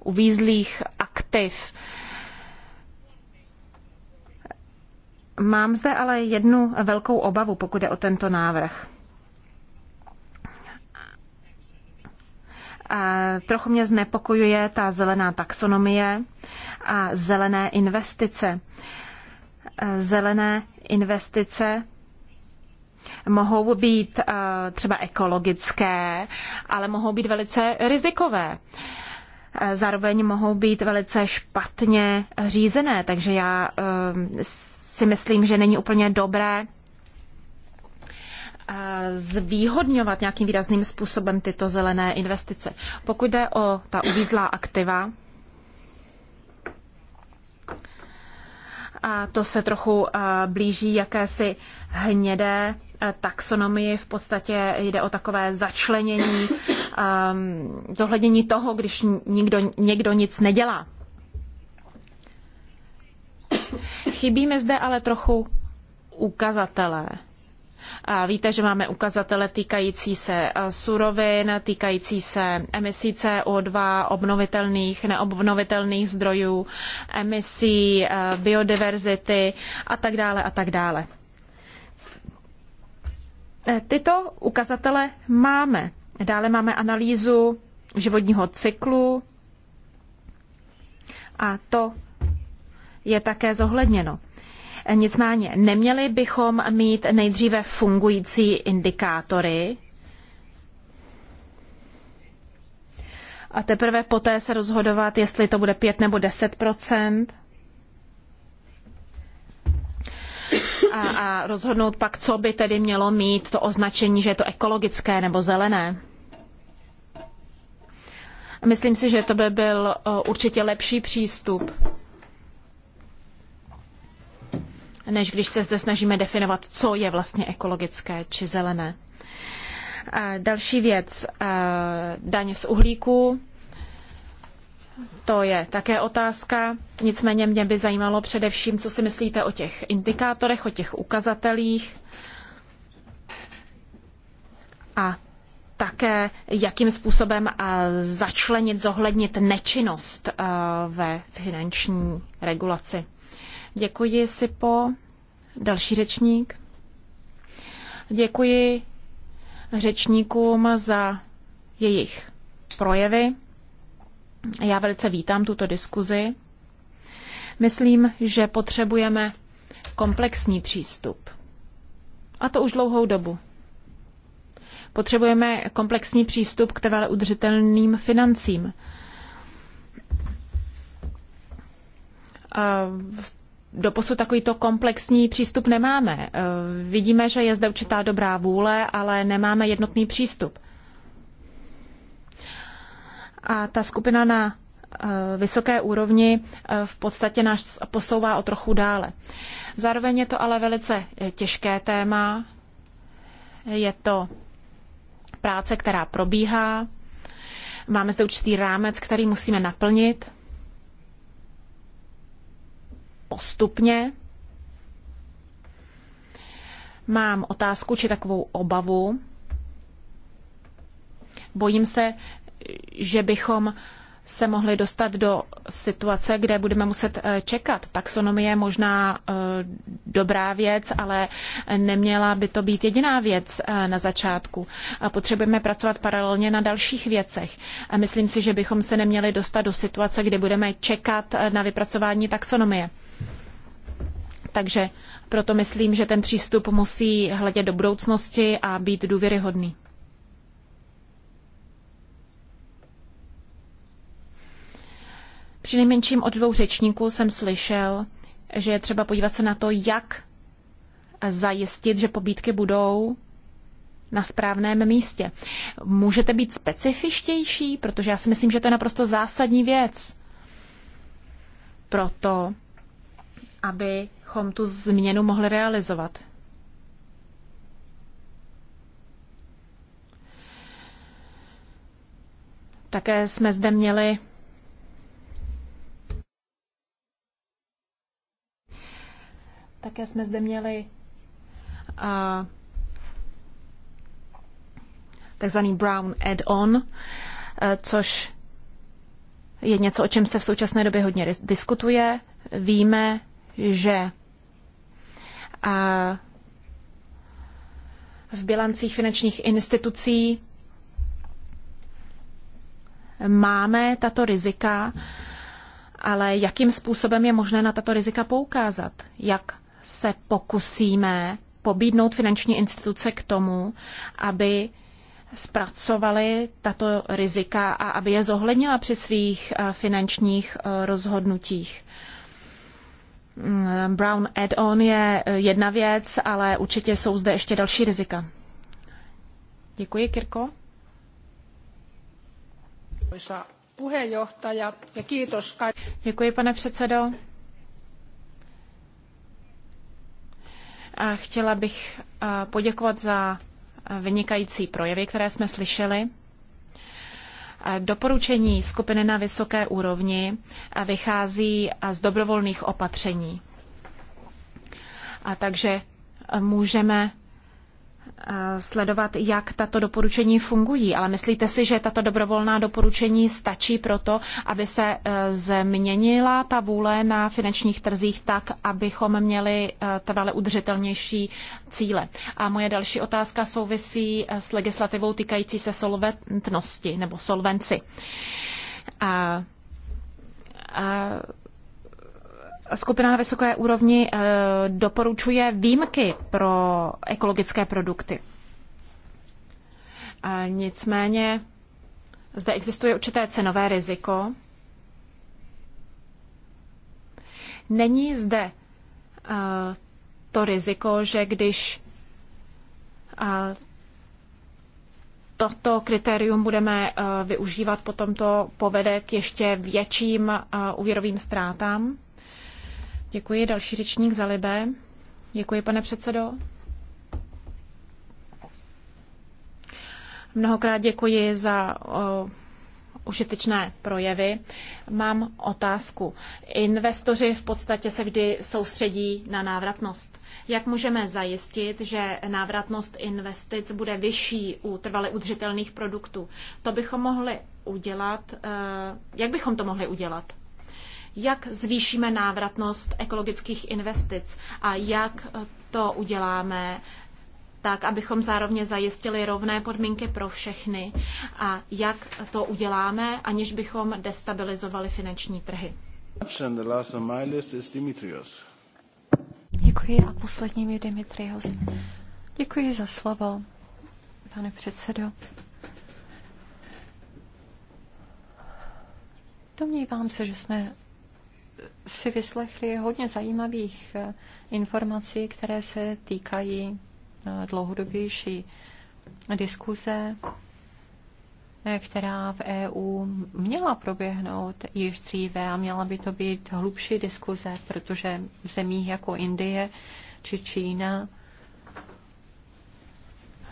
uvízlých aktiv. Mám zde ale jednu velkou obavu, pokud je o tento návrh. Trochu mě znepokojuje ta zelená taxonomie a zelené investice. Zelené investice mohou být eh, třeba ekologické, ale mohou být velice rizikové. Eh, zároveň mohou být velice špatně řízené, takže já eh, si myslím, že není úplně dobré zvýhodňovat nějakým výrazným způsobem tyto zelené investice. Pokud jde o ta uvízlá aktiva, a to se trochu blíží jakési hnědé taxonomii v podstatě jde o takové začlenění, um, zohlednění toho, když nikdo, někdo nic nedělá. Chybí mi zde ale trochu ukazatelé. A víte, že máme ukazatele týkající se eh, surovin, týkající se emisí CO2, obnovitelných, neobnovitelných zdrojů, emisí eh, biodiverzity a tak dále a tak dále. Eh, tyto ukazatele máme. Dále máme analýzu životního cyklu a to je také zohledněno. Eh, nicméně neměli bychom mít nejdříve fungující indikátory a teprve poté se rozhodovat, jestli to bude 5 nebo 10 a, a rozhodnout pak, co by tedy mělo mít to označení, že je to ekologické nebo zelené. Myslím si, že to by byl určitě lepší přístup, než když se zde snažíme definovat, co je vlastně ekologické či zelené. A další věc, daň z uhlíku to je také otázka, nicméně mě by zajímalo především, co si myslíte o těch indikátorech, o těch ukazatelích a také, jakým způsobem eh, začlenit, zohlednit nečinnost eh, ve finanční regulaci. Děkuji, Sipo. Další řečník. Děkuji řečníkům za jejich projevy. Já velice vítám tuto diskuzi. Myslím, že potřebujeme komplexní přístup. A to už dlouhou dobu. Potřebujeme komplexní přístup k trvale udržitelným financím. Doposud takovýto komplexní přístup nemáme. E, vidíme, že je zde určitá dobrá vůle, ale nemáme jednotný přístup. A ta skupina na eh, vysoké úrovni eh, v podstatě nás posouvá o trochu dále. Zároveň je to ale velice eh, těžké téma. Je to práce, která probíhá. Máme zde určitý rámec, který musíme naplnit postupně. Mám otázku či takovou obavu. Bojím se, že bychom se mohli dostat do situace, kde budeme muset eh, čekat. Taxonomie je možná eh, dobrá věc, ale neměla by to být jediná věc eh, na začátku. Potřebujeme pracovat paralelně na dalších věcech. Myslím si, že bychom se neměli dostat do situace, kde budeme čekat na vypracování taxonomie. Takže proto myslím, že ten přístup musí hledět do budoucnosti a být důvěryhodný. nejmenším od dvou řečníků jsem slyšel, že je třeba podívat se na to, jak zajistit, že pobídky budou na správném místě. Můžete být specifičtější, protože já si myslím, že to je naprosto zásadní věc. Proto, abychom tu změnu mohli realizovat. Také jsme zde měli Také jsme zde měli uh, takzvaný Brown add-on, e, což je něco, o čem se v současné době hodně diskutuje. Víme, že v bilancích finančních institucí máme tato rizika, ale jakým způsobem je možné na tato rizika poukázat? Jak se pokusíme pobídnout finanční instituce k tomu, aby zpracovali tato rizika a aby je zohlednila při svých eh, finančních eh, rozhodnutích. Mm, Brown add-on je eh, jedna věc, ale určitě jsou zde ještě další rizika. Děkuji, Kirko. Děkuji, pane předsedo. Chtěla bych poděkovat za vynikající projevy, které jsme slyšeli. Doporučení skupiny na vysoké úrovni vychází z dobrovolných opatření. A takže můžeme Eh, sledovat, jak tato doporučení fungují, ale myslíte si, že tato dobrovolná doporučení stačí proto, aby se eh, změnila ta vůle na finančních trzích tak, abychom měli eh, trvale udržitelnější cíle? A moje další otázka souvisí s legislativou týkající se solventnosti nebo solvenci. A, a Skupina na vysoké úrovni eh, doporučuje výjimky pro ekologické produkty. Nicméně zde existuje určité cenové riziko. Není zde eh, to riziko, že když eh, toto kritérium budeme využívat, potom to povede k ještě větším úvěrovým ztrátám. Děkuji. Další řečník za Libé. Děkuji, pane předsedo. Mnohokrát děkuji za o, užitečné projevy. Mám otázku. Investoři v podstatě se vždy soustředí na návratnost. Jak můžeme zajistit, že návratnost investic bude vyšší u trvale udržitelných produktů? To bychom mohli udělat. E, jak bychom to mohli udělat? jak zvýšíme návratnost ekologických investic a jak to uděláme tak, abychom zároveň zajistili rovné podmínky pro všechny a jak to uděláme, aniž bychom destabilizovali finanční trhy. Děkuji a posledním je Dimitrios. Děkuji za slovo, pane předsedo. Domnívám se, že jsme si vyslechli hodně zajímavých eh, informací, které se týkají eh, dlouhodobější diskuze, eh, která v EU měla proběhnout již dříve a měla by to být hlubší diskuze, protože v zemích jako Indie či Čína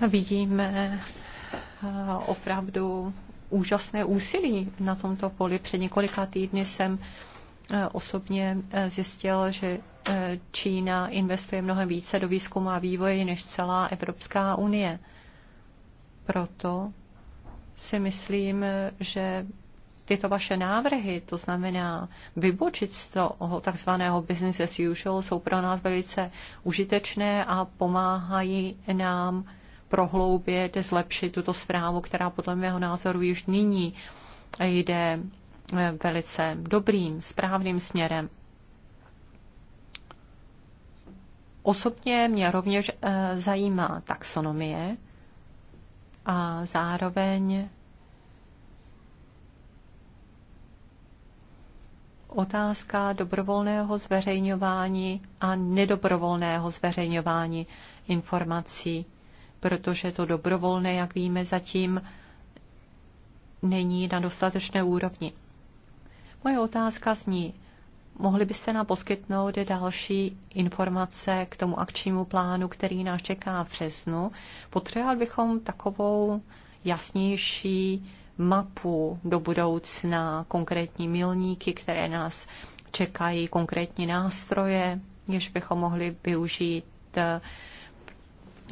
vidíme opravdu úžasné úsilí na tomto poli. Před několika týdny jsem Eh, osobně eh, zjistil, že eh, Čína investuje mnohem více do výzkumu a vývoje než celá Evropská unie. Proto si myslím, že tyto vaše návrhy, to znamená vybočit z toho takzvaného business as usual, jsou pro nás velice užitečné a pomáhají nám prohloubit, zlepšit tuto zprávu, která podle mého názoru již nyní jde velice dobrým, správným směrem. Osobně mě rovněž eh, zajímá taxonomie a zároveň otázka dobrovolného zveřejňování a nedobrovolného zveřejňování informací, protože to dobrovolné, jak víme, zatím není na dostatečné úrovni. Moje otázka zní, mohli byste nám poskytnout další informace k tomu akčnímu plánu, který nás čeká v březnu. Potřebovali bychom takovou jasnější mapu do budoucna, konkrétní milníky, které nás čekají, konkrétní nástroje, jež bychom mohli využít,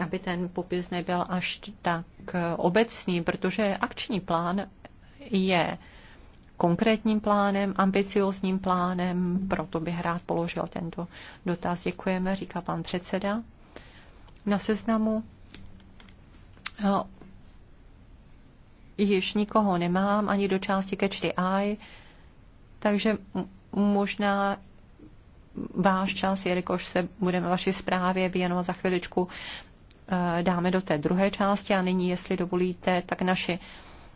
aby ten popis nebyl až tak obecný, protože akční plán je konkrétním plánem, ambiciozním plánem, proto bych rád položil tento dotaz. Děkujeme, říká pan předseda. Na seznamu eh, již nikoho nemám, ani do části Catch the Eye, takže možná váš čas, jelikož se budeme vaši zprávě věnovat za chviličku, eh, dáme do té druhé části a nyní, jestli dovolíte, tak naši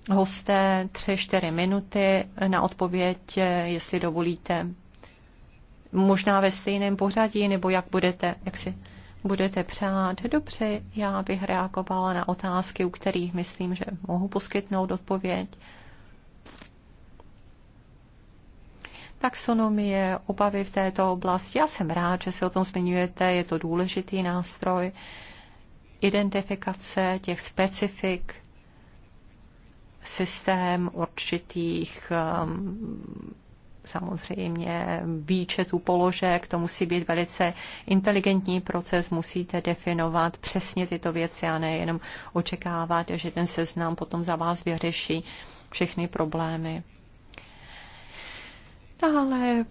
hosté tři čtyři minuty na odpověď, jestli dovolíte. Možná ve stejném pořadí, nebo jak budete, jak si budete přát. Dobře, já bych reagovala na otázky, u kterých myslím, že mohu poskytnout odpověď. Taxonomie, obavy v této oblasti. Já jsem rád, že se o tom zmiňujete, je to důležitý nástroj identifikace těch specifik systém určitých um, samozřejmě výčetů položek, to musí být velice inteligentní proces, musíte definovat přesně tyto věci a nejenom očekávat, že ten seznam potom za vás vyřeší všechny problémy. Dále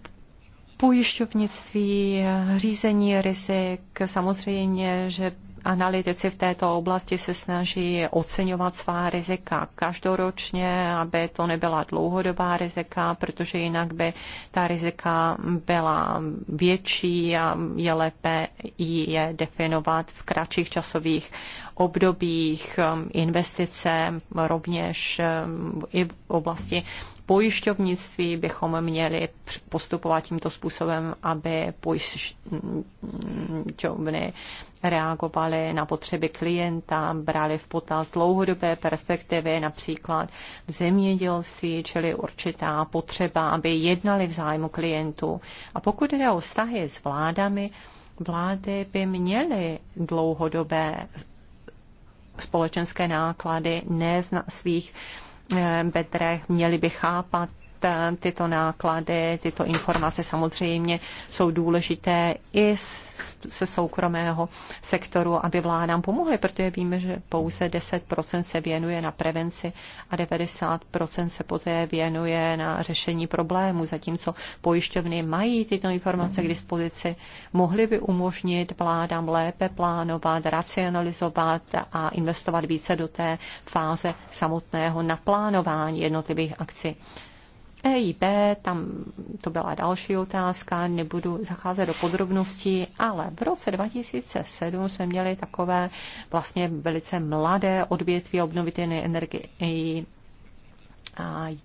pojišťovnictví, řízení rizik, samozřejmě, že analytici v této oblasti se snaží oceňovat svá rizika každoročně, aby to nebyla dlouhodobá rizika, protože jinak by ta rizika byla větší a je lépe je definovat v kratších časových obdobích investice, rovněž e, i v oblasti pojišťovnictví bychom měli postupovat tímto způsobem, aby pojišťovny reagovaly na potřeby klienta, brali v potaz dlouhodobé perspektivy, například v zemědělství, čili určitá potřeba, aby jednali v zájmu klientů. A pokud jde o vztahy s vládami, vlády by měly dlouhodobé společenské náklady ne z svých Eh, bedrech, měli by chápat Eh, tyto náklady, tyto informace samozřejmě jsou důležité i se soukromého sektoru, aby vládám pomohly, protože víme, že pouze 10% se věnuje na prevenci a 90% se poté věnuje na řešení problémů, zatímco pojišťovny mají tyto informace k dispozici, mohly by umožnit vládám lépe plánovat, racionalizovat a investovat více do té fáze samotného naplánování jednotlivých akcí. EIB, tam to byla další otázka, nebudu zacházet do podrobností, ale v roce 2007 jsme měli takové vlastně velice mladé odvětví obnovitelné energie e a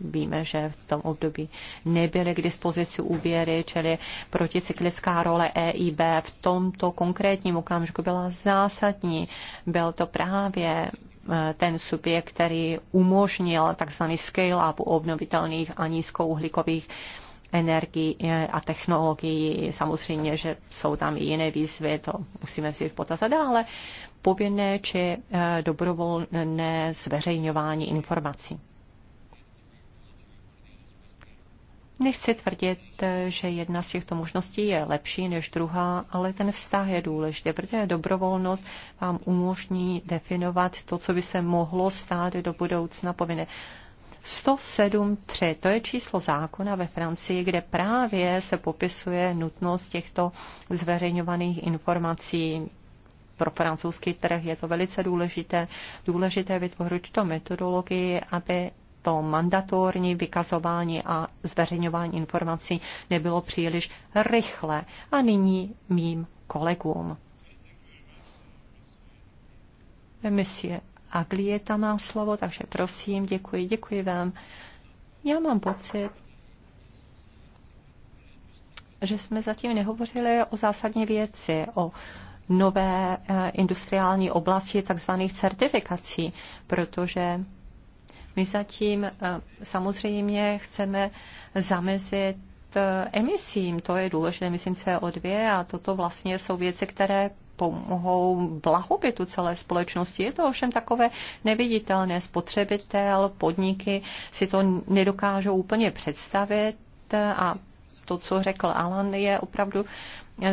víme, že v tom období nebyly k dispozici úvěry, čili proticyklická role EIB v tomto konkrétním okamžiku byla zásadní. Byl to právě ten subjekt, který umožnil tzv. scale-up obnovitelných a nízkouhlíkových energii a technologií. Samozřejmě, že jsou tam i jiné výzvy, to musíme si v potaz dále. Povinné či eh, dobrovolné zveřejňování informací. Nechci tvrdit, že jedna z těchto možností je lepší než druhá, ale ten vztah je důležitý, protože dobrovolnost vám umožní definovat to, co by se mohlo stát do budoucna povinné. 107.3, to je číslo zákona ve Francii, kde právě se popisuje nutnost těchto zveřejňovaných informací. Pro francouzský trh je to velice důležité, důležité vytvořit to metodologii, aby to mandatorní vykazování a zveřejňování informací nebylo příliš rychle. A nyní mým kolegům. Monsieur Aglieta má slovo, takže prosím, děkuji, děkuji vám. Já mám pocit, že jsme zatím nehovořili o zásadní věci, o nové eh, industriální oblasti takzvaných certifikací, protože my zatím eh, samozřejmě chceme zamezit eh, emisím, to je důležité, myslím CO2 a toto vlastně jsou věci, které pomohou blahobytu celé společnosti. Je to ovšem takové neviditelné. Spotřebitel, podniky si to nedokážou úplně představit eh, a to, co řekl Alan, je opravdu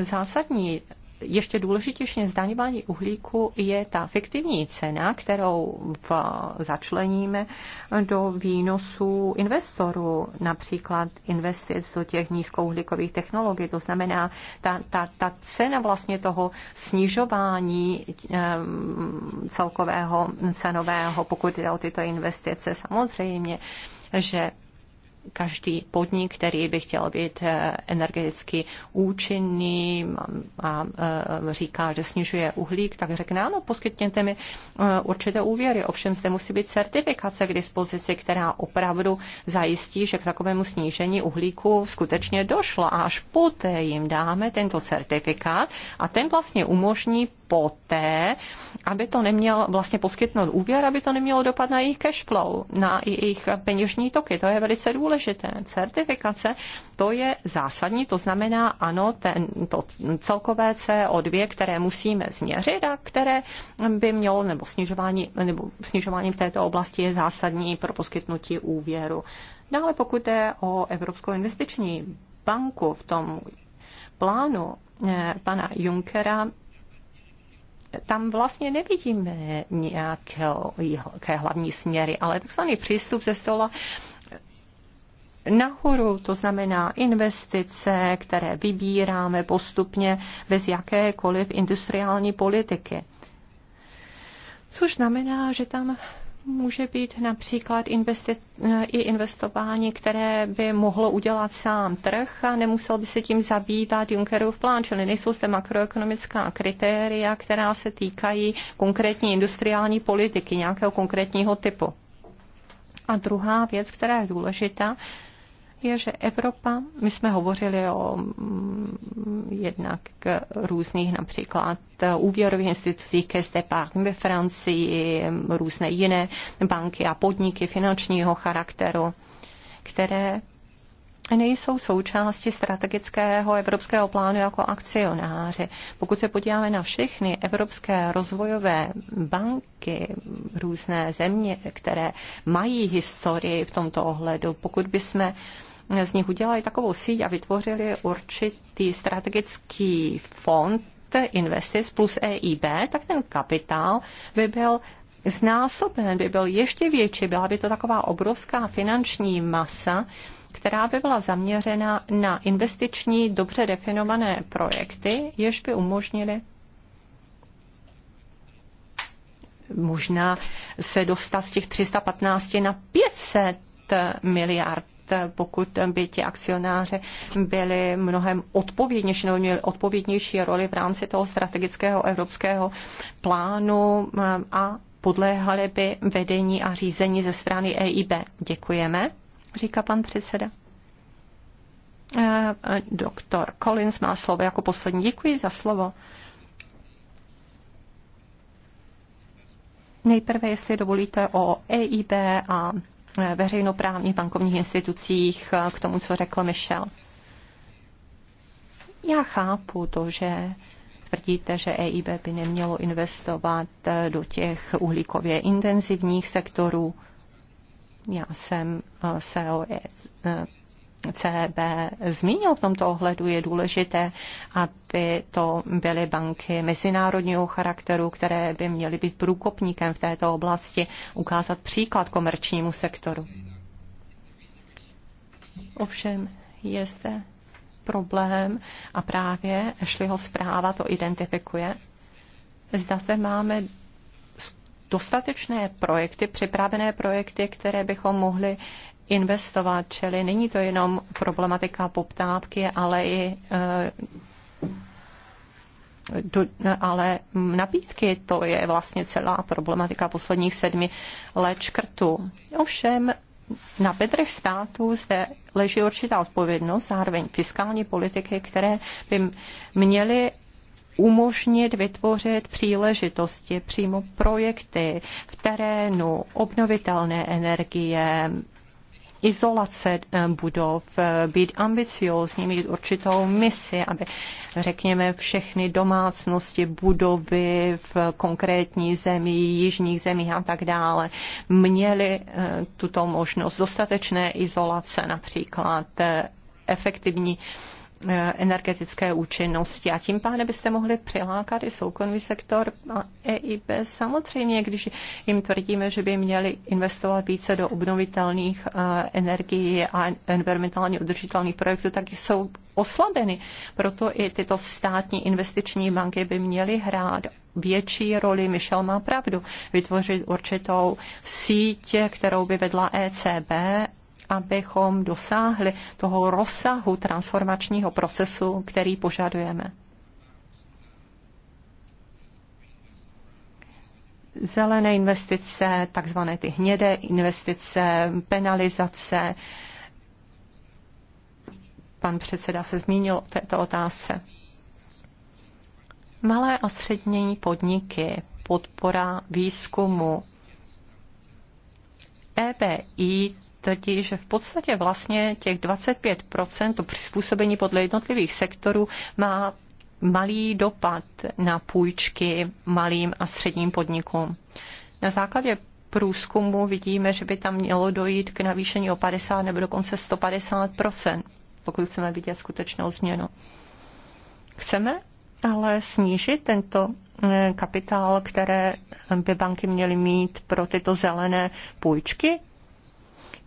zásadní ještě důležitější než zdaňování uhlíku je ta fiktivní cena, kterou v, začleníme do výnosu investorů, například investic do těch nízkouhlíkových technologií. To znamená, ta, ta, ta cena vlastně toho snižování ehm, celkového cenového, pokud jde o tyto investice, samozřejmě, že každý podnik, který by chtěl být eh, energeticky účinný a eh, říká, že snižuje uhlík, tak řekne, ano, poskytněte mi eh, určité úvěry. Ovšem zde musí být certifikace k dispozici, která opravdu zajistí, že k takovému snížení uhlíku skutečně došlo. A až poté jim dáme tento certifikát a ten vlastně umožní poté, aby to neměl vlastně poskytnout úvěr, aby to nemělo dopad na jejich cash flow, na jejich peněžní toky. To je velice důležité. Certifikace, to je zásadní, to znamená, ano, ten, to celkové CO2, které musíme změřit a které by mělo, nebo snižování, nebo snižování v této oblasti je zásadní pro poskytnutí úvěru. Dále pokud jde o Evropskou investiční banku v tom plánu eh, pana Junckera, tam vlastně nevidíme nějaké hlavní směry, ale takzvaný přístup ze stola nahoru, to znamená investice, které vybíráme postupně bez jakékoliv industriální politiky. Což znamená, že tam může být například investi- eh, i investování, které by mohlo udělat sám trh a nemusel by se tím zabývat Junckerův plán, čili nejsou zde makroekonomická kritéria, která se týkají konkrétní industriální politiky nějakého konkrétního typu. A druhá věc, která je důležitá, je, že Evropa, my jsme hovořili o mm, jednak různých například úvěrových institucích, Caisse des ve Francii, různé jiné banky a podniky finančního charakteru, které nejsou součástí strategického evropského plánu jako akcionáři. Pokud se podíváme na všechny evropské rozvojové banky, různé země, které mají historii v tomto ohledu, pokud bychom z nich udělali takovou síť a vytvořili určitý strategický fond investic plus EIB, tak ten kapitál by byl znásoben, by byl ještě větší, byla by to taková obrovská finanční masa, která by byla zaměřena na investiční dobře definované projekty, jež by umožnily možná se dostat z těch 315 na 500 miliard pokud by ti akcionáři byli mnohem odpovědnější, nebo měli odpovědnější roli v rámci toho strategického evropského plánu eh, a podléhali by vedení a řízení ze strany EIB. Děkujeme, říká pan předseda. Eh, eh, doktor Collins má slovo jako poslední. Děkuji za slovo. Nejprve, jestli dovolíte, o EIB a veřejnoprávních bankovních institucích eh, k tomu, co řekl Michel. Já chápu to, že tvrdíte, že EIB by nemělo investovat eh, do těch uhlíkově intenzivních sektorů. Já jsem eh, se o e CB zmínil v tomto ohledu, je důležité, aby to byly banky mezinárodního charakteru, které by měly být průkopníkem v této oblasti, ukázat příklad komerčnímu sektoru. Ovšem, je zde problém a právě Ashleyho zpráva to identifikuje. Zda zde máme dostatečné projekty, připravené projekty, které bychom mohli investovat, čili není to jenom problematika poptávky, ale i eh, do, ale nabídky, to je vlastně celá problematika posledních sedmi let škrtu. Ovšem na bedrech států zde leží určitá odpovědnost, zároveň fiskální politiky, které by měly umožnit vytvořit příležitosti, přímo projekty v terénu, obnovitelné energie, izolace eh, budov, eh, být ambiciózní, mít určitou misi, aby, řekněme, všechny domácnosti, budovy v konkrétní zemi, jižních zemích a tak dále, měly eh, tuto možnost dostatečné izolace, například efektivní Eh, energetické účinnosti a tím pádem byste mohli přilákat i soukromý sektor a EIB. Samozřejmě, když jim tvrdíme, že by měli investovat více do obnovitelných eh, energií a environmentálně udržitelných projektů, tak jsou oslabeny. Proto i tyto státní investiční banky by měly hrát větší roli, Michel má pravdu, vytvořit určitou síť, kterou by vedla ECB abychom dosáhli toho rozsahu transformačního procesu, který požadujeme. Zelené investice, takzvané ty hnědé investice, penalizace. Pan předseda se zmínil o této otázce. Malé a střední podniky, podpora výzkumu, EBI tvrdí, že v podstatě vlastně těch 25% to přizpůsobení podle jednotlivých sektorů má malý dopad na půjčky malým a středním podnikům. Na základě průzkumu vidíme, že by tam mělo dojít k navýšení o 50 nebo dokonce 150 pokud chceme vidět skutečnou změnu. Chceme ale snížit tento eh, kapitál, které by banky měly mít pro tyto zelené půjčky?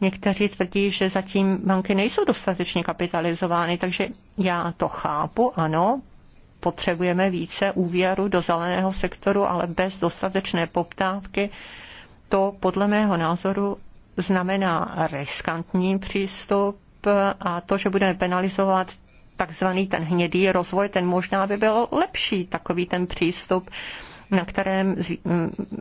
Někteří tvrdí, že zatím banky nejsou dostatečně kapitalizovány, takže já to chápu, ano, potřebujeme více úvěru do zeleného sektoru, ale bez dostatečné poptávky. To podle mého názoru znamená riskantní přístup a to, že budeme penalizovat takzvaný ten hnědý rozvoj, ten možná by byl lepší, takový ten přístup na kterém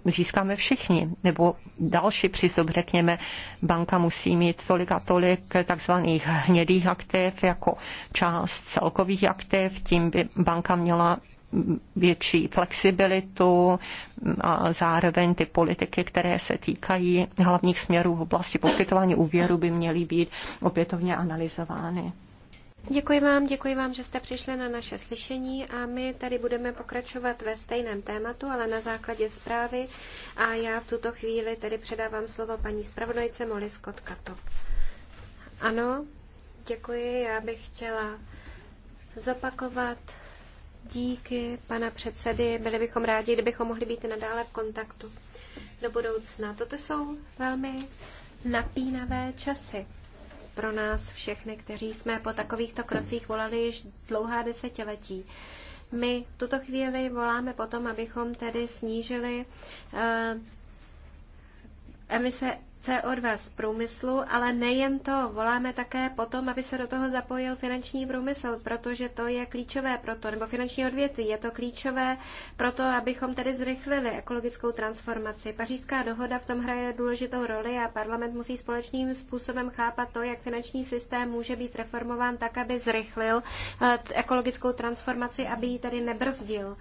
získáme všichni, nebo další přístup, řekněme, banka musí mít tolik a tolik takzvaných hnědých aktiv jako část celkových aktiv, tím by banka měla větší flexibilitu a zároveň ty politiky, které se týkají hlavních směrů v oblasti poskytování úvěru, by měly být opětovně analyzovány. Děkuji vám, děkuji vám, že jste přišli na naše slyšení a my tady budeme pokračovat ve stejném tématu, ale na základě zprávy a já v tuto chvíli tedy předávám slovo paní zpravodajce Molly Scott Kato. Ano, děkuji, já bych chtěla zopakovat díky pana předsedy, byli bychom rádi, kdybychom mohli být nadále v kontaktu do budoucna. Toto jsou velmi napínavé časy pro nás všechny, kteří jsme po takovýchto krocích volali již dlouhá desetiletí. My tuto chvíli voláme potom, abychom tedy snížili eh, emise CO2 z průmyslu, ale nejen to, voláme také potom, aby se do toho zapojil finanční průmysl, protože to je klíčové pro to, nebo finanční odvětví, je to klíčové pro to, abychom tedy zrychlili ekologickou transformaci. Pařížská dohoda v tom hraje důležitou roli a parlament musí společným způsobem chápat to, jak finanční systém může být reformován tak, aby zrychlil eh, ekologickou transformaci, aby ji tedy nebrzdil.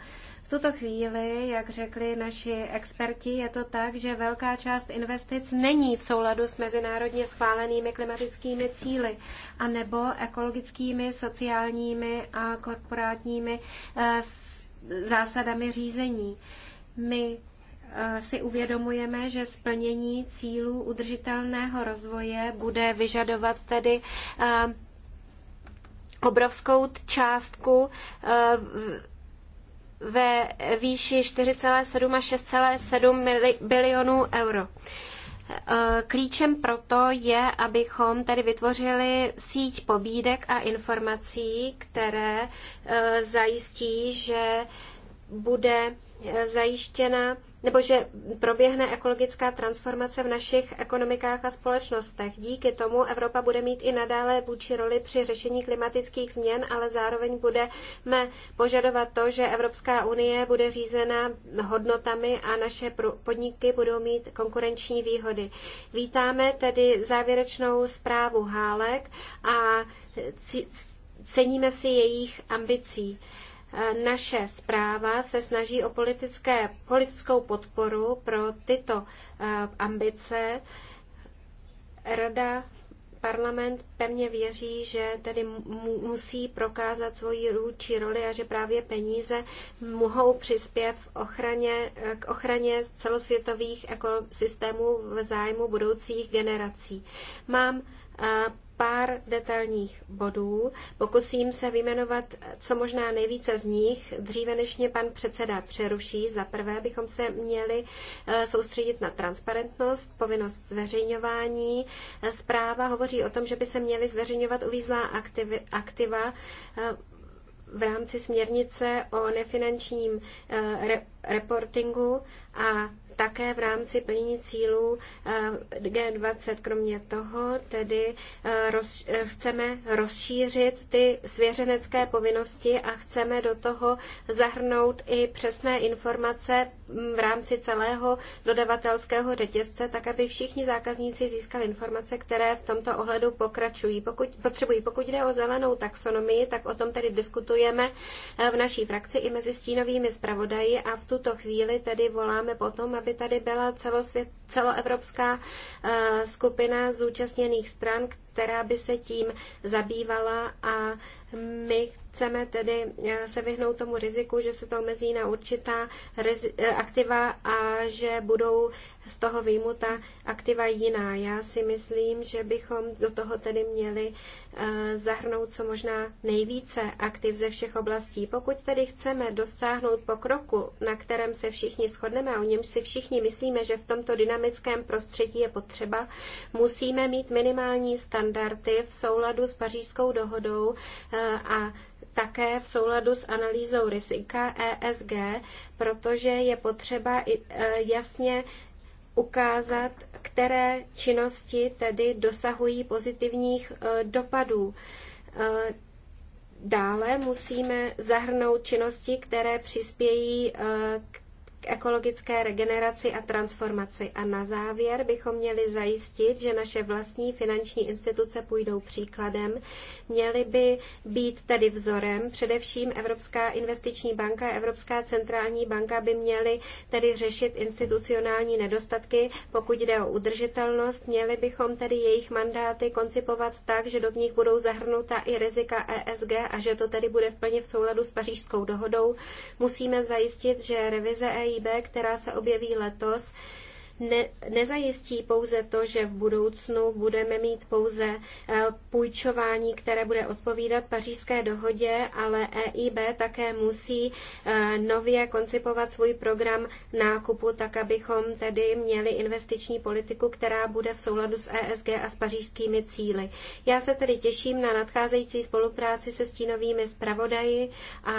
V tuto chvíli, jak řekli naši experti, je to tak, že velká část investic není v souladu s mezinárodně schválenými klimatickými cíly a nebo ekologickými, sociálními a korporátními eh, zásadami řízení. My eh, si uvědomujeme, že splnění cílů udržitelného rozvoje bude vyžadovat tedy eh, obrovskou částku ve výši 4,7 až 6,7 bilionů euro. E, klíčem proto je, abychom tedy vytvořili síť pobídek a informací, které e, zajistí, že bude e, zajištěna nebo že proběhne ekologická transformace v našich ekonomikách a společnostech. Díky tomu Evropa bude mít i nadále vůči roli při řešení klimatických změn, ale zároveň budeme požadovat to, že Evropská unie bude řízena hodnotami a naše podniky budou mít konkurenční výhody. Vítáme tedy závěrečnou zprávu Hálek a ceníme si jejich ambicí naše zpráva se snaží o politické, politickou podporu pro tyto ambice. Rada parlament pevně věří, že tedy musí prokázat svoji růči roli a že právě peníze mohou přispět v ochraně, k ochraně celosvětových ekosystémů v zájmu budoucích generací. Mám pár detailních bodů. Pokusím se vyjmenovat co možná nejvíce z nich, dříve než mě pan předseda přeruší. Za prvé bychom se měli eh, soustředit na transparentnost, povinnost zveřejňování. Eh, zpráva hovoří o tom, že by se měly zveřejňovat uvízlá aktiva eh, v rámci směrnice o nefinančním reportingu a také v rámci plnění cílů eh, G20. Kromě toho tedy eh, roz, eh, chceme rozšířit ty svěřenecké povinnosti a chceme do toho zahrnout i přesné informace mm, v rámci celého dodavatelského řetězce, tak aby všichni zákazníci získali informace, které v tomto ohledu pokračují. Pokud, potřebují. Pokud jde o zelenou taxonomii, tak o tom tedy diskutujeme v naší frakci i mezi stínovými zpravodaji a v tuto chvíli tedy voláme potom, aby aby tady byla celosvět, celoevropská eh, skupina zúčastněných stran, která by se tím zabývala a my Chceme tedy eh, se vyhnout tomu riziku, že se to omezí na určitá eh, aktiva a že budou z toho výjimuta aktiva jiná. Já si myslím, že bychom do toho tedy měli eh, zahrnout co možná nejvíce aktiv ze všech oblastí. Pokud tedy chceme dosáhnout pokroku, na kterém se všichni shodneme a o němž si všichni myslíme, že v tomto dynamickém prostředí je potřeba, musíme mít minimální standardy v souladu s pařížskou dohodou a také v souladu s analýzou rizika ESG, protože je potřeba e, jasně ukázat, které činnosti tedy dosahují pozitivních e, dopadů. E, dále musíme zahrnout činnosti, které přispějí k k ekologické regeneraci a transformaci. A na závěr bychom měli zajistit, že naše vlastní finanční instituce půjdou příkladem. Měly by být tedy vzorem. Především Evropská investiční banka a Evropská centrální banka by měly tedy řešit institucionální nedostatky, pokud jde o udržitelnost. Měli bychom tedy jejich mandáty koncipovat tak, že do nich budou zahrnuta i rizika ESG a že to tedy bude plně v souladu s pařížskou dohodou. Musíme zajistit, že revize EIB EIB, která se objeví letos, ne, nezajistí pouze to, že v budoucnu budeme mít pouze eh, půjčování, které bude odpovídat pařížské dohodě, ale EIB také musí eh, nově koncipovat svůj program nákupu, tak abychom tedy měli investiční politiku, která bude v souladu s ESG a s pařížskými cíly. Já se tedy těším na nadcházející spolupráci se stínovými zpravodaji a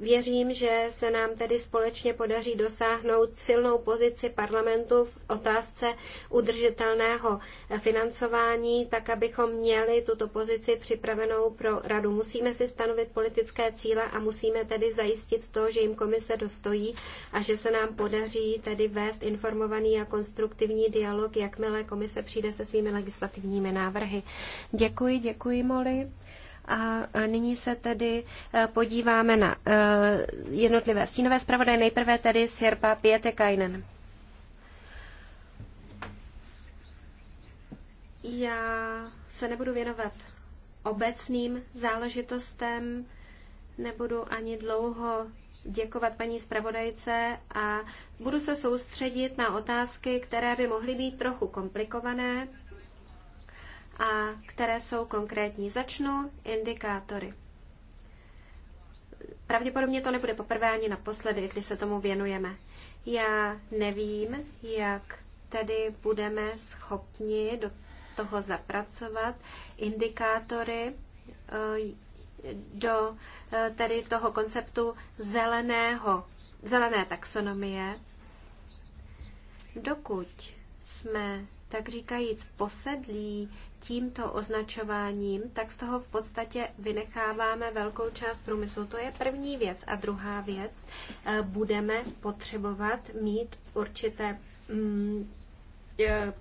věřím, že se nám tedy společně podaří dosáhnout silnou pozici parlamentu v otázce udržitelného financování, tak abychom měli tuto pozici připravenou pro radu. Musíme si stanovit politické cíle a musíme tedy zajistit to, že jim komise dostojí a že se nám podaří tedy vést informovaný a konstruktivní dialog, jakmile komise přijde se svými legislativními návrhy. Děkuji, děkuji, Moli. A e, nyní se tedy e, podíváme na e, jednotlivé stínové zpravodaje. Nejprve tedy Sirpa Pietekainen. Já se nebudu věnovat obecným záležitostem, nebudu ani dlouho děkovat paní zpravodajce a budu se soustředit na otázky, které by mohly být trochu komplikované a které jsou konkrétní. Začnu indikátory. Pravděpodobně to nebude poprvé ani naposledy, kdy se tomu věnujeme. Já nevím, jak tedy budeme schopni do toho zapracovat indikátory eh, do eh, tedy toho konceptu zeleného, zelené taxonomie. Dokud jsme tak říkajíc posedlí tímto označováním, tak z toho v podstatě vynecháváme velkou část průmyslu. To je první věc. A druhá věc, eh, budeme potřebovat mít určité mm, eh,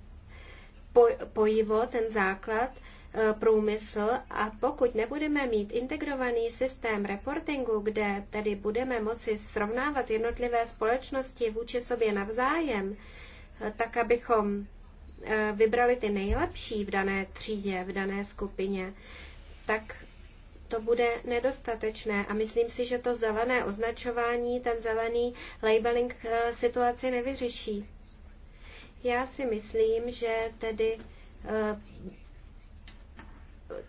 pojivo, ten základ, eh, průmysl a pokud nebudeme mít integrovaný systém reportingu, kde tedy budeme moci srovnávat jednotlivé společnosti vůči sobě navzájem, tak abychom Eh, vybrali ty nejlepší v dané třídě, v dané skupině, tak to bude nedostatečné a myslím si, že to zelené označování, ten zelený labeling eh, situaci nevyřeší. Já si myslím, že tedy eh,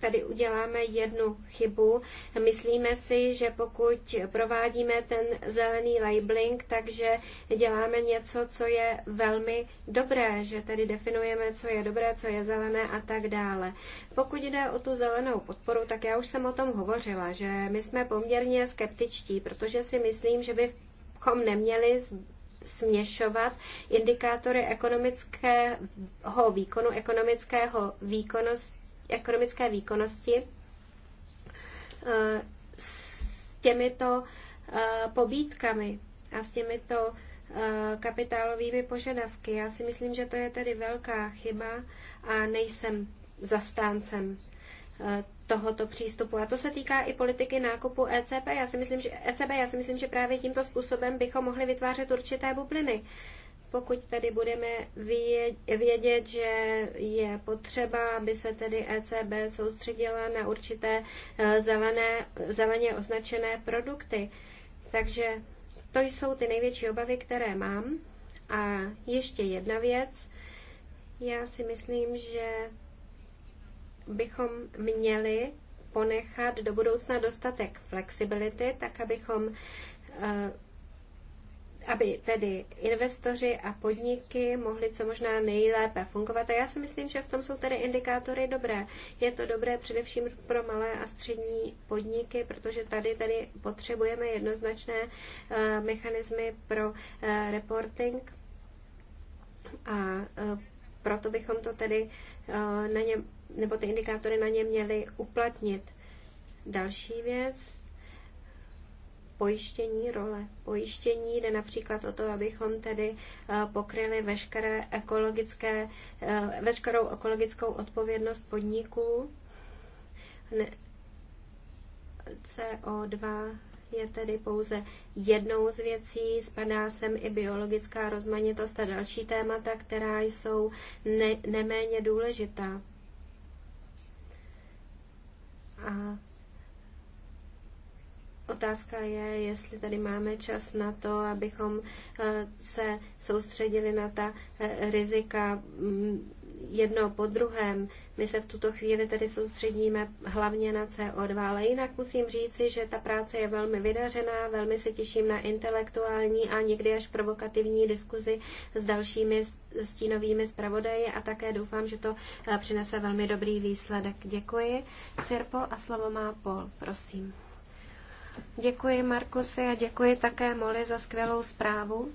tady uděláme jednu chybu. Myslíme si, že pokud provádíme ten zelený labeling, takže děláme něco, co je velmi dobré, že tedy definujeme, co je dobré, co je zelené a tak dále. Pokud jde o tu zelenou podporu, tak já už jsem o tom hovořila, že my jsme poměrně skeptičtí, protože si myslím, že bychom neměli směšovat indikátory ekonomického výkonu, ekonomického výkonnosti ekonomické výkonnosti eh, s těmito eh, pobídkami a s těmito eh, kapitálovými požadavky. Já si myslím, že to je tedy velká chyba a nejsem zastáncem tohoto přístupu. A to se týká i politiky nákupu ECB. Já si myslím, že, ECB, já si myslím, že právě tímto způsobem bychom mohli vytvářet určité bubliny pokud tedy budeme vědět, že je potřeba, aby se tedy ECB soustředila na určité eh, zelené, zeleně označené produkty. Takže to jsou ty největší obavy, které mám. A ještě jedna věc. Já si myslím, že bychom měli ponechat do budoucna dostatek flexibility, tak abychom eh, aby tedy investoři a podniky mohli co možná nejlépe fungovat. A já si myslím, že v tom jsou tedy indikátory dobré. Je to dobré především pro malé a střední podniky, protože tady tedy potřebujeme jednoznačné uh, mechanismy pro uh, reporting a uh, proto bychom to tedy na ně, nebo ty indikátory na ně měli uplatnit. Další věc, pojištění role. Pojištění jde například o to, abychom tedy eh, pokryli veškeré ekologické, eh, veškerou ekologickou odpovědnost podniků. CO2 je tedy pouze jednou z věcí, spadá sem i biologická rozmanitost a další témata, která jsou ne, neméně důležitá. A Otázka je, jestli tady máme čas na to, abychom eh, se soustředili na ta eh, rizika mm, jedno po druhém. My se v tuto chvíli tedy soustředíme hlavně na CO2, ale jinak musím říci, že ta práce je velmi vydařená, velmi se těším na intelektuální a někdy až provokativní diskuzi s dalšími stínovými zpravodaji a také doufám, že to eh, přinese velmi dobrý výsledek. Děkuji. Sirpo a slovo má Paul, prosím. Děkuji Markusy a děkuji také Moli za skvělou zprávu.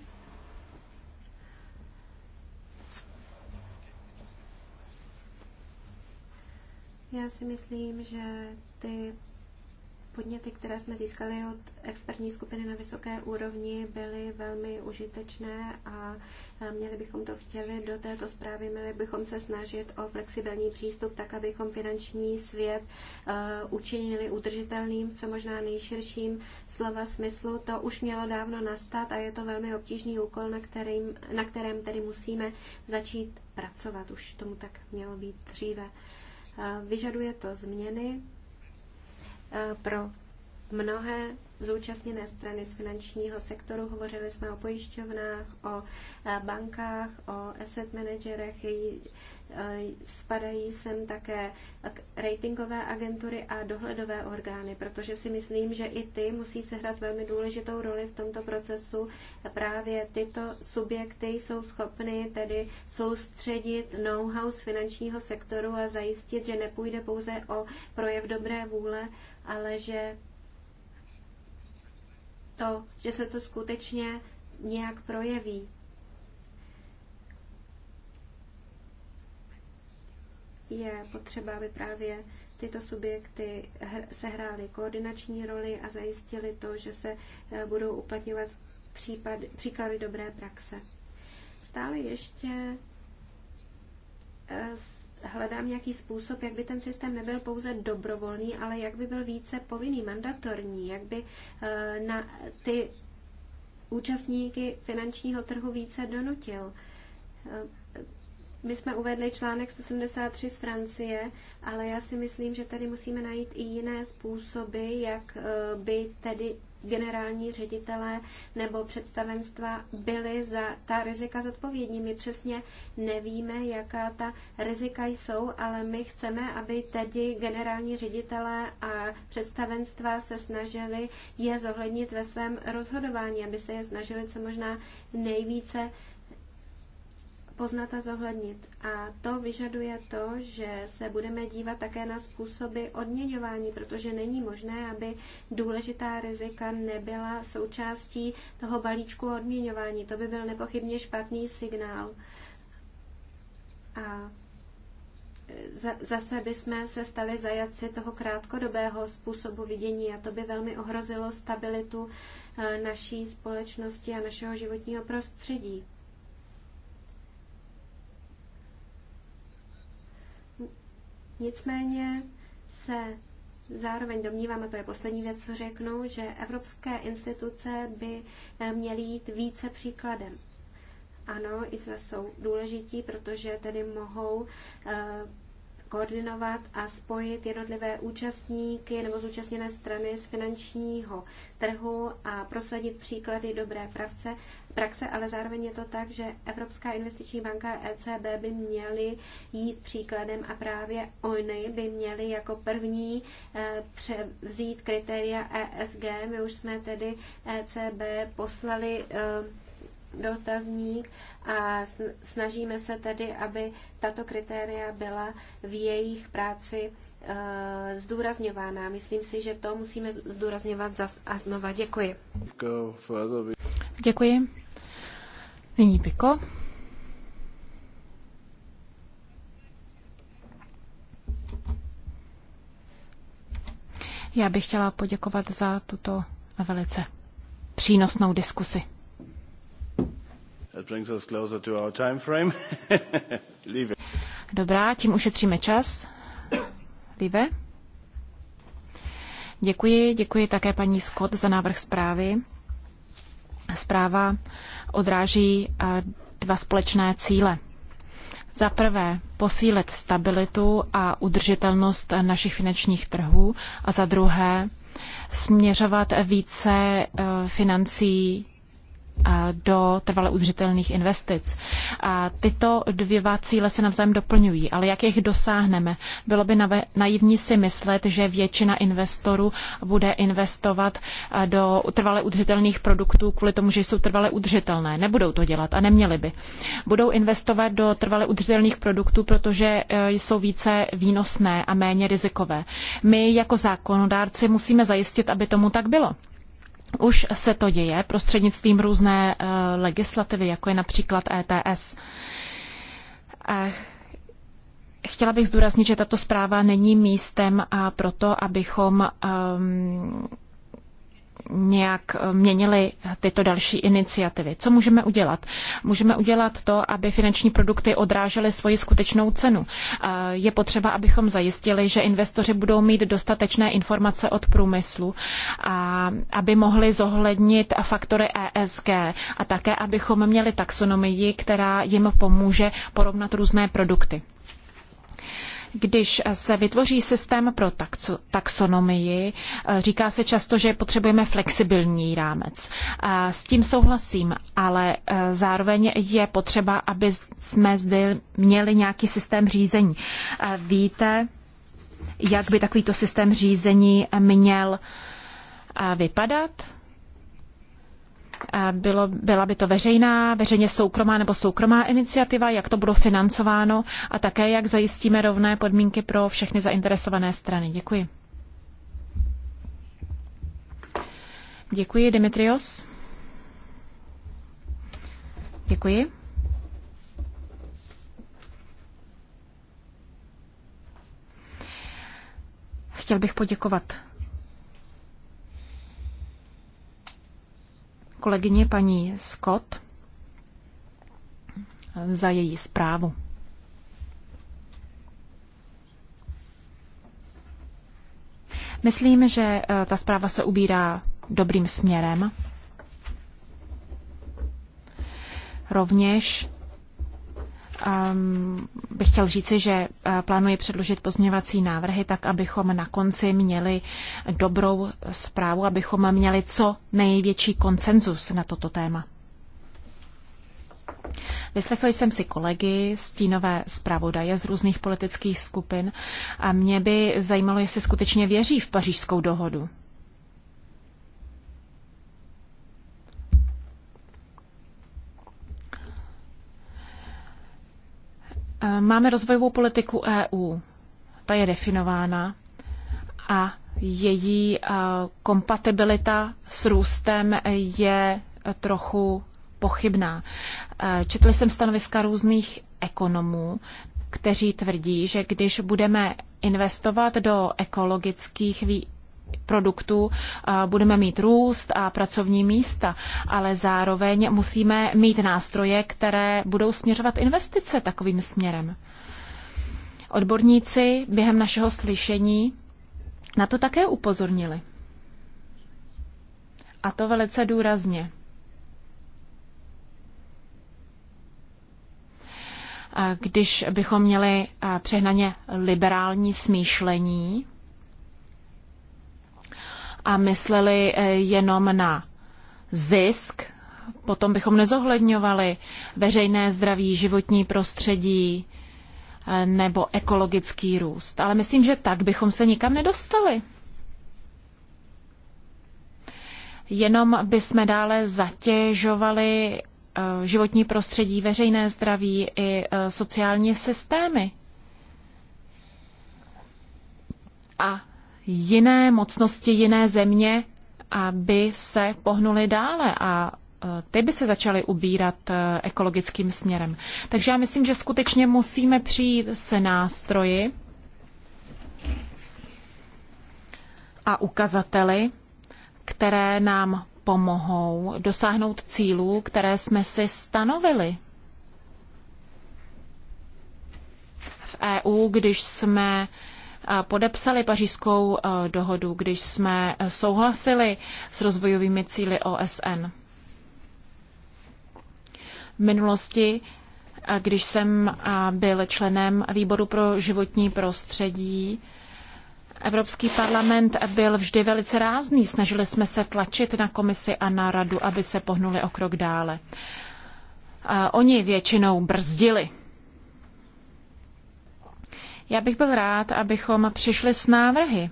Já si myslím, že ty Podněty, které jsme získali od expertní skupiny na vysoké úrovni, byly velmi užitečné a měli bychom to vtělit do této zprávy. Měli bychom se snažit o flexibilní přístup, tak abychom finanční svět e, učinili udržitelným, co možná nejširším slova smyslu. To už mělo dávno nastat a je to velmi obtížný úkol, na, kterým, na kterém tedy musíme začít pracovat. Už tomu tak mělo být dříve. E, vyžaduje to změny, Eh, pro mnohé zúčastněné strany z finančního sektoru. Hovořili jsme o pojišťovnách, o eh, bankách, o asset managerech. Eh, spadají sem také ratingové agentury a dohledové orgány, protože si myslím, že i ty musí sehrát velmi důležitou roli v tomto procesu. Právě tyto subjekty jsou schopny tedy soustředit know-how z finančního sektoru a zajistit, že nepůjde pouze o projev dobré vůle, ale že to, že se to skutečně nějak projeví. Je potřeba, aby právě tyto subjekty sehrály koordinační roli a zajistili to, že se eh, budou uplatňovat případ, příklady dobré praxe. Stále ještě eh, hledám nějaký způsob, jak by ten systém nebyl pouze dobrovolný, ale jak by byl více povinný, mandatorní, jak by eh, na ty účastníky finančního trhu více donutil. Eh, my jsme uvedli článek 173 z Francie, ale já si myslím, že tady musíme najít i jiné způsoby, jak eh, by tedy generální ředitelé nebo představenstva byli za ta rizika zodpovědní. My přesně nevíme, jaká ta rizika jsou, ale my chceme, aby tedy generální ředitelé a představenstva se snažili je zohlednit ve svém rozhodování, aby se je snažili co možná nejvíce poznat a zohlednit. A to vyžaduje to, že se budeme dívat také na způsoby odměňování, protože není možné, aby důležitá rizika nebyla součástí toho balíčku odměňování. To by byl nepochybně špatný signál. A e, zase bychom se stali zajatci toho krátkodobého způsobu vidění a to by velmi ohrozilo stabilitu e, naší společnosti a našeho životního prostředí. Nicméně se zároveň domnívám, a to je poslední věc, co řeknu, že evropské instituce by eh, měly jít více příkladem. Ano, zase jsou důležití, protože tedy mohou eh, koordinovat a spojit jednotlivé účastníky nebo zúčastněné strany z finančního trhu a prosadit příklady dobré pravce, praxe, ale zároveň je to tak, že Evropská investiční banka a ECB by měly jít příkladem a právě oni by měli jako první eh, převzít kritéria ESG. My už jsme tedy ECB poslali eh, dotazník a snažíme se tedy, aby tato kritéria byla v jejich práci eh, zdůrazňována. Myslím si, že to musíme zdůrazňovat zas a znova. Děkuji. Děkuji. Nyní Piko. Já bych chtěla poděkovat za tuto velice přínosnou diskusi. Dobrá, tím ušetříme čas. Líve. Děkuji, děkuji také paní Scott za návrh zprávy. Zpráva odráží eh, dva společné cíle. Za prvé posílit stabilitu a udržitelnost našich finančních trhů a za druhé směřovat více eh, financí do trvale udržitelných investic. A tyto dvě cíle se navzájem doplňují, ale jak jich dosáhneme? Bylo by naivní si myslet, že většina investorů bude investovat do trvale udržitelných produktů kvůli tomu, že jsou trvale udržitelné. Nebudou to dělat a neměli by. Budou investovat do trvale udržitelných produktů, protože e, jsou více výnosné a méně rizikové. My jako zákonodárci musíme zajistit, aby tomu tak bylo. Už se to děje prostřednictvím různé eh, legislativy, jako je například ETS. Chtěla bych zdůraznit, že tato zpráva není místem a proto, abychom um, nějak eh, měnily tyto další iniciativy. Co můžeme udělat? Můžeme udělat to, aby finanční produkty odrážely svoji skutečnou cenu. Eh, je potřeba, abychom zajistili, že investoři budou mít dostatečné informace od průmyslu, a aby mohli zohlednit faktory ESG a také, abychom měli taxonomii, která jim pomůže porovnat různé produkty. Když se vytvoří systém pro taxonomii, eh, říká se často, že potřebujeme flexibilní rámec. S tím souhlasím, ale eh, zároveň je potřeba, aby jsme zde měli nějaký systém řízení. Eh, víte, jak by takovýto systém řízení měl vypadat? Bylo, byla by to veřejná, veřejně soukromá nebo soukromá iniciativa, jak to bude financováno a také jak zajistíme rovné podmínky pro všechny zainteresované strany. Děkuji. Děkuji, Dimitrios. Děkuji. Chtěl bych poděkovat kolegyně paní Scott za její zprávu. Myslím, že eh, ta zpráva se ubírá dobrým směrem. Rovněž Ehm, bych chtěl říci, že eh, plánuji předložit pozměňovací návrhy tak, abychom na konci měli dobrou zprávu, abychom měli co největší konsenzus na toto téma. Vyslechli jsem si kolegy, stínové zpravodaje z různých politických skupin a mě by zajímalo, jestli skutečně věří v pařížskou dohodu. Eh, máme rozvojovou politiku EU. Ta je definována a její eh, kompatibilita s růstem je trochu pochybná. Eh, Četli jsem stanoviska různých ekonomů, kteří tvrdí, že když budeme investovat do ekologických produktů budeme mít růst a pracovní místa, ale zároveň musíme mít nástroje, které budou směřovat investice takovým směrem. Odborníci během našeho slyšení na to také upozornili. A to velice důrazně. Když bychom měli přehnaně liberální smýšlení, a mysleli eh, jenom na zisk, potom bychom nezohledňovali veřejné zdraví, životní prostředí eh, nebo ekologický růst. Ale myslím, že tak bychom se nikam nedostali. Jenom bychom dále zatěžovali eh, životní prostředí, veřejné zdraví i sociální systémy. A jiné mocnosti, jiné země aby se pohnuly dále a e, ty by se začaly ubírat e, ekologickým směrem. Takže já myslím, že skutečně musíme přijít se nástroji a ukazateli, které nám pomohou dosáhnout cílů, které jsme si stanovili. V EU, když jsme podepsali pařížskou eh, dohodu, když jsme eh, souhlasili s rozvojovými cíly OSN. V minulosti, eh, když jsem byl členem výboru pro životní prostředí, Evropský parlament byl vždy velice rázný. Snažili jsme se tlačit na komisi a na radu, aby se pohnuli o krok dále. Oni většinou brzdili já bych byl rád, abychom přišli s návrhy.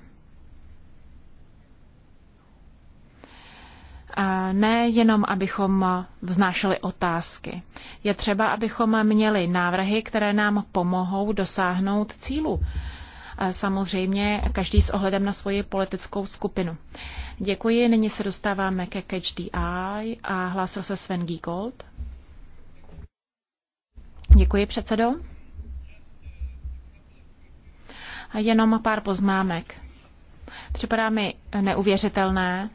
A ne jenom, abychom vznášeli otázky. Je třeba, abychom měli návrhy, které nám pomohou dosáhnout cílu. Samozřejmě každý s ohledem na svoji politickou skupinu. Děkuji, nyní se dostáváme ke Catch the Eye a hlásil se Sven Giegold. Děkuji, předsedo. Jenom pár poznámek. Připadá mi neuvěřitelné,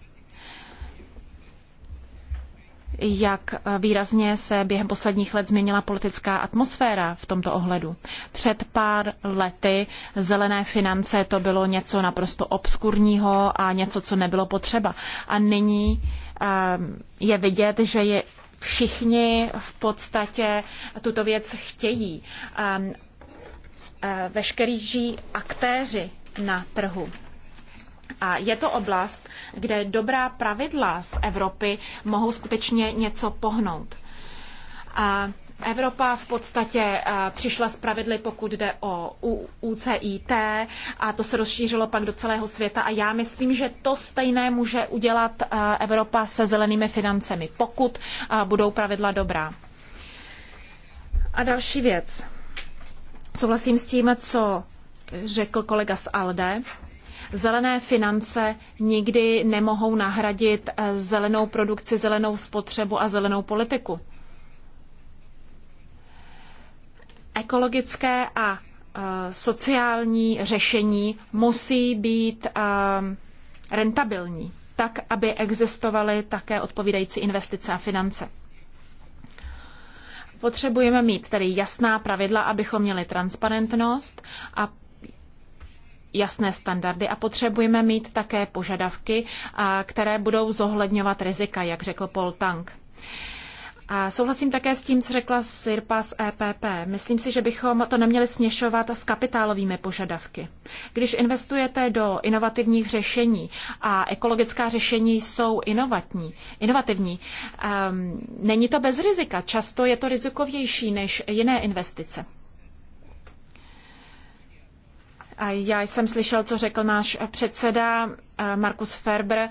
jak výrazně se během posledních let změnila politická atmosféra v tomto ohledu. Před pár lety zelené finance to bylo něco naprosto obskurního a něco, co nebylo potřeba. A nyní ehm, je vidět, že je všichni v podstatě tuto věc chtějí. Ehm, Eh, veškerí aktéři na trhu. A je to oblast, kde dobrá pravidla z Evropy mohou skutečně něco pohnout. A Evropa v podstatě eh, přišla s pravidly, pokud jde o UCIT a to se rozšířilo pak do celého světa a já myslím, že to stejné může udělat eh, Evropa se zelenými financemi, pokud budou pravidla dobrá. A další věc. Souhlasím s tím, co řekl kolega z ALDE. Zelené finance nikdy nemohou nahradit eh, zelenou produkci, zelenou spotřebu a zelenou politiku. Ekologické a eh, sociální řešení musí být eh, rentabilní, tak aby existovaly také odpovídající investice a finance. Potřebujeme mít tedy jasná pravidla, abychom měli transparentnost a jasné standardy a potřebujeme mít také požadavky, které budou zohledňovat rizika, jak řekl Paul Tang. A souhlasím také s tím, co řekla Sirpa z EPP. Myslím si, že bychom to neměli směšovat s kapitálovými požadavky. Když investujete do inovativních řešení a ekologická řešení jsou inovatní, inovativní, um, není to bez rizika. Často je to rizikovější než jiné investice. A já jsem slyšel, co řekl náš předseda eh, Markus Ferber eh,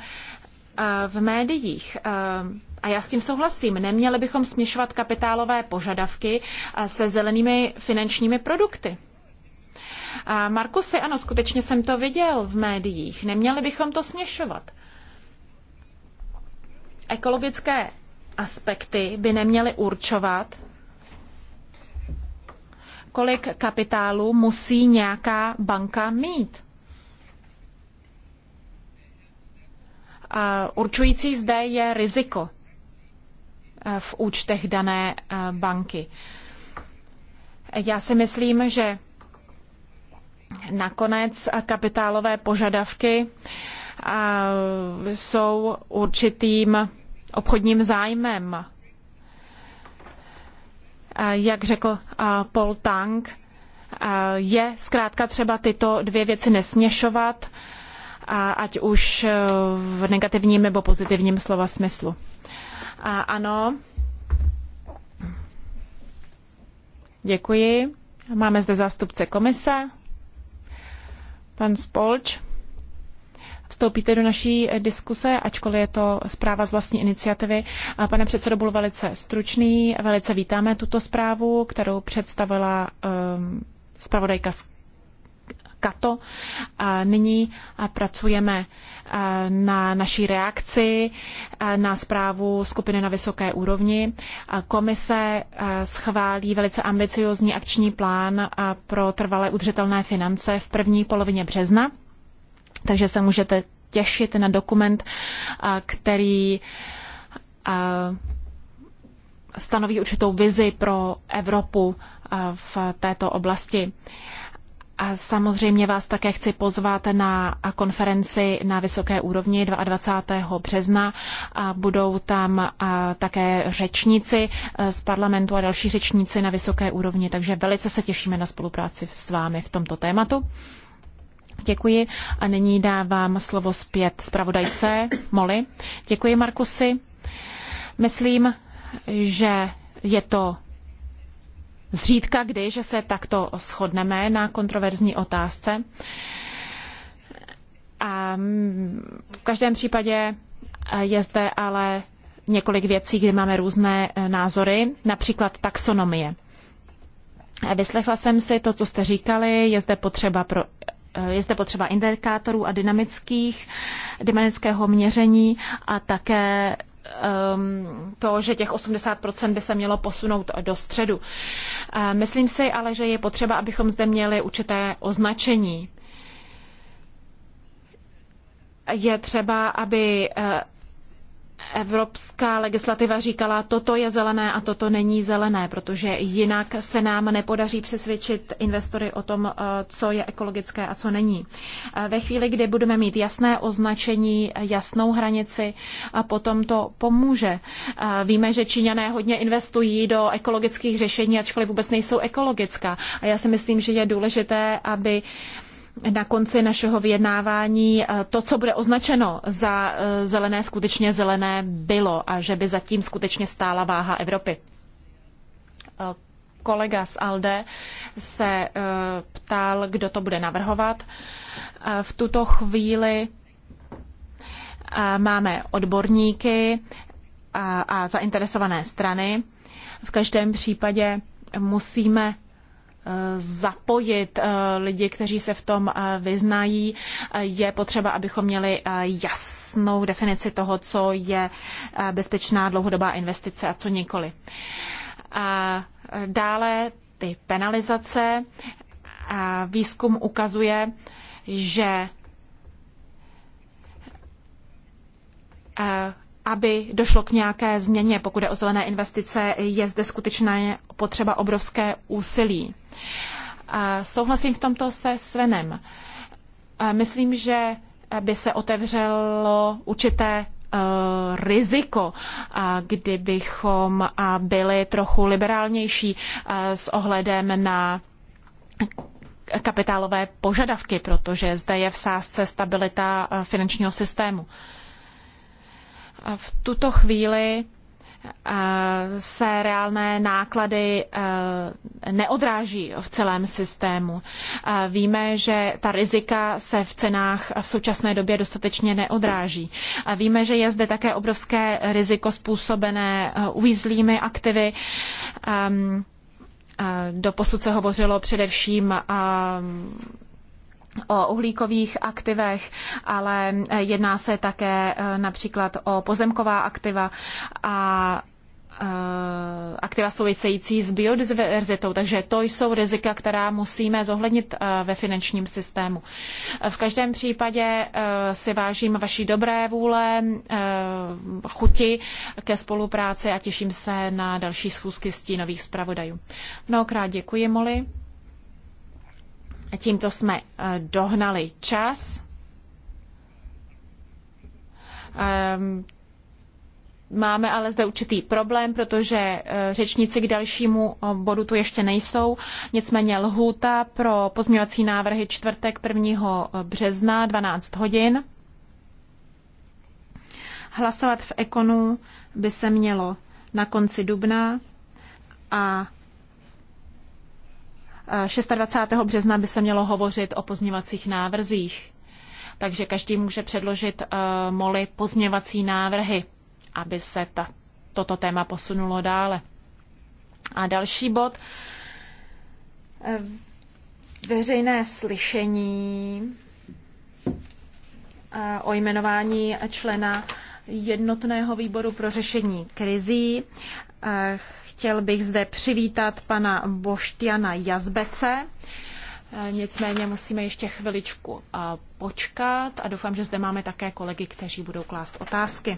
v médiích. Ehm, a já s tím souhlasím. Neměli bychom směšovat kapitálové požadavky eh, se zelenými finančními produkty. A Markusy, ano, skutečně jsem to viděl v médiích. Neměli bychom to směšovat. Ekologické aspekty by neměly určovat, kolik kapitálu musí nějaká banka mít. A určující zde je riziko. Eh, v účtech dané eh, banky. Já si myslím, že nakonec kapitálové požadavky eh, jsou určitým obchodním zájmem. Jak řekl Paul Tang, je zkrátka třeba tyto dvě věci nesměšovat, ať už v negativním nebo pozitivním slova smyslu. A ano. Děkuji. Máme zde zástupce komise. Pan Spolč. Vstoupíte do naší diskuse, ačkoliv je to zpráva z vlastní iniciativy. Pane předsedo, byl velice stručný. Velice vítáme tuto zprávu, kterou představila um, zpravodajka Kato. A nyní pracujeme uh, Eh, na naší reakci eh, na zprávu skupiny na vysoké úrovni. Eh, komise schválí velice ambiciozní akční plán pro trvalé udržitelné finance v první polovině března, takže se můžete těšit na dokument, který stanoví určitou vizi pro Evropu v této oblasti. A samozřejmě vás také chci pozvat na konferenci na vysoké úrovni 22. března. A budou tam také řečníci e, z parlamentu a další řečníci na vysoké úrovni, takže velice se těšíme na spolupráci s vámi v tomto tématu. Děkuji a nyní dávám slovo zpět zpravodajce Moli. Děkuji, Markusy. Myslím, že je to zřídka kdy, že se takto shodneme na kontroverzní otázce. A mm, v každém případě eh, je zde ale několik věcí, kdy máme různé eh, názory, například taxonomie. Vyslechla jsem si to, co jste říkali, je zde potřeba pro eh, je zde potřeba indikátorů a dynamických, dynamického měření a také Um, to, že těch 80% by se mělo posunout do středu. Eh, myslím si ale, že je potřeba, abychom zde měli určité označení. Je třeba, aby eh, evropská legislativa říkala, toto je zelené a toto není zelené, protože jinak se nám nepodaří přesvědčit investory o tom, eh, co je ekologické a co není. Eh, ve chvíli, kdy budeme mít jasné označení, jasnou hranici, a potom to pomůže. Eh, víme, že Číňané hodně investují do ekologických řešení, ačkoliv vůbec nejsou ekologická. A já si myslím, že je důležité, aby na konci našeho vyjednávání eh, to, co bude označeno za eh, zelené, skutečně zelené bylo a že by zatím skutečně stála váha Evropy. Eh, kolega z ALDE se ptal, kdo to bude navrhovat. V tuto chvíli máme odborníky a zainteresované strany. V každém případě musíme zapojit eh, lidi, kteří se v tom eh, vyznají. Eh, je potřeba, abychom měli jasnou definici toho, co je bezpečná dlouhodobá investice a co nikoli. A dále ty penalizace. A výzkum ukazuje, že aby došlo k nějaké změně, pokud je o zelené investice, je zde skutečně potřeba obrovské úsilí. Souhlasím v tomto se Svenem. Myslím, že by se otevřelo určité e, riziko, kdybychom byli trochu liberálnější e, s ohledem na kapitálové požadavky, protože zde je v sázce stabilita e, finančního systému. V tuto chvíli se reálné náklady eh, neodráží v celém systému. Víme, že ta rizika se v cenách v současné době dostatečně neodráží. Víme, že je zde také obrovské riziko způsobené eh, uvízlými aktivy. Ehm, Do posud se hovořilo především ehm, o uhlíkových aktivech, ale eh, jedná se také eh, například o pozemková aktiva a eh, aktiva související s biodiverzitou, takže to jsou rizika, která musíme zohlednit ve finančním systému. V každém případě si vážím vaší dobré vůle, chuti ke spolupráci a těším se na další schůzky stínových zpravodajů. Mnohokrát děkuji, Moli. Tímto jsme eh, dohnali čas. Ehm, máme ale zde určitý problém, protože eh, řečníci k dalšímu eh, bodu tu ještě nejsou. Nicméně lhůta pro pozměňovací návrhy čtvrtek 1. března 12 hodin. Hlasovat v Ekonu by se mělo na konci dubna a 26. března by se mělo hovořit o pozměvacích návrzích, takže každý může předložit uh, eh, moli pozměvací návrhy, aby se ta, toto téma posunulo dále. A další bod. Eh, veřejné slyšení eh, o jmenování člena jednotného výboru pro řešení krizí. Eh, chtěl bych zde přivítat pana Boštiana Jazbece. Eh, nicméně musíme ještě chviličku eh, počkat a doufám, že zde máme také kolegy, kteří budou klást otázky.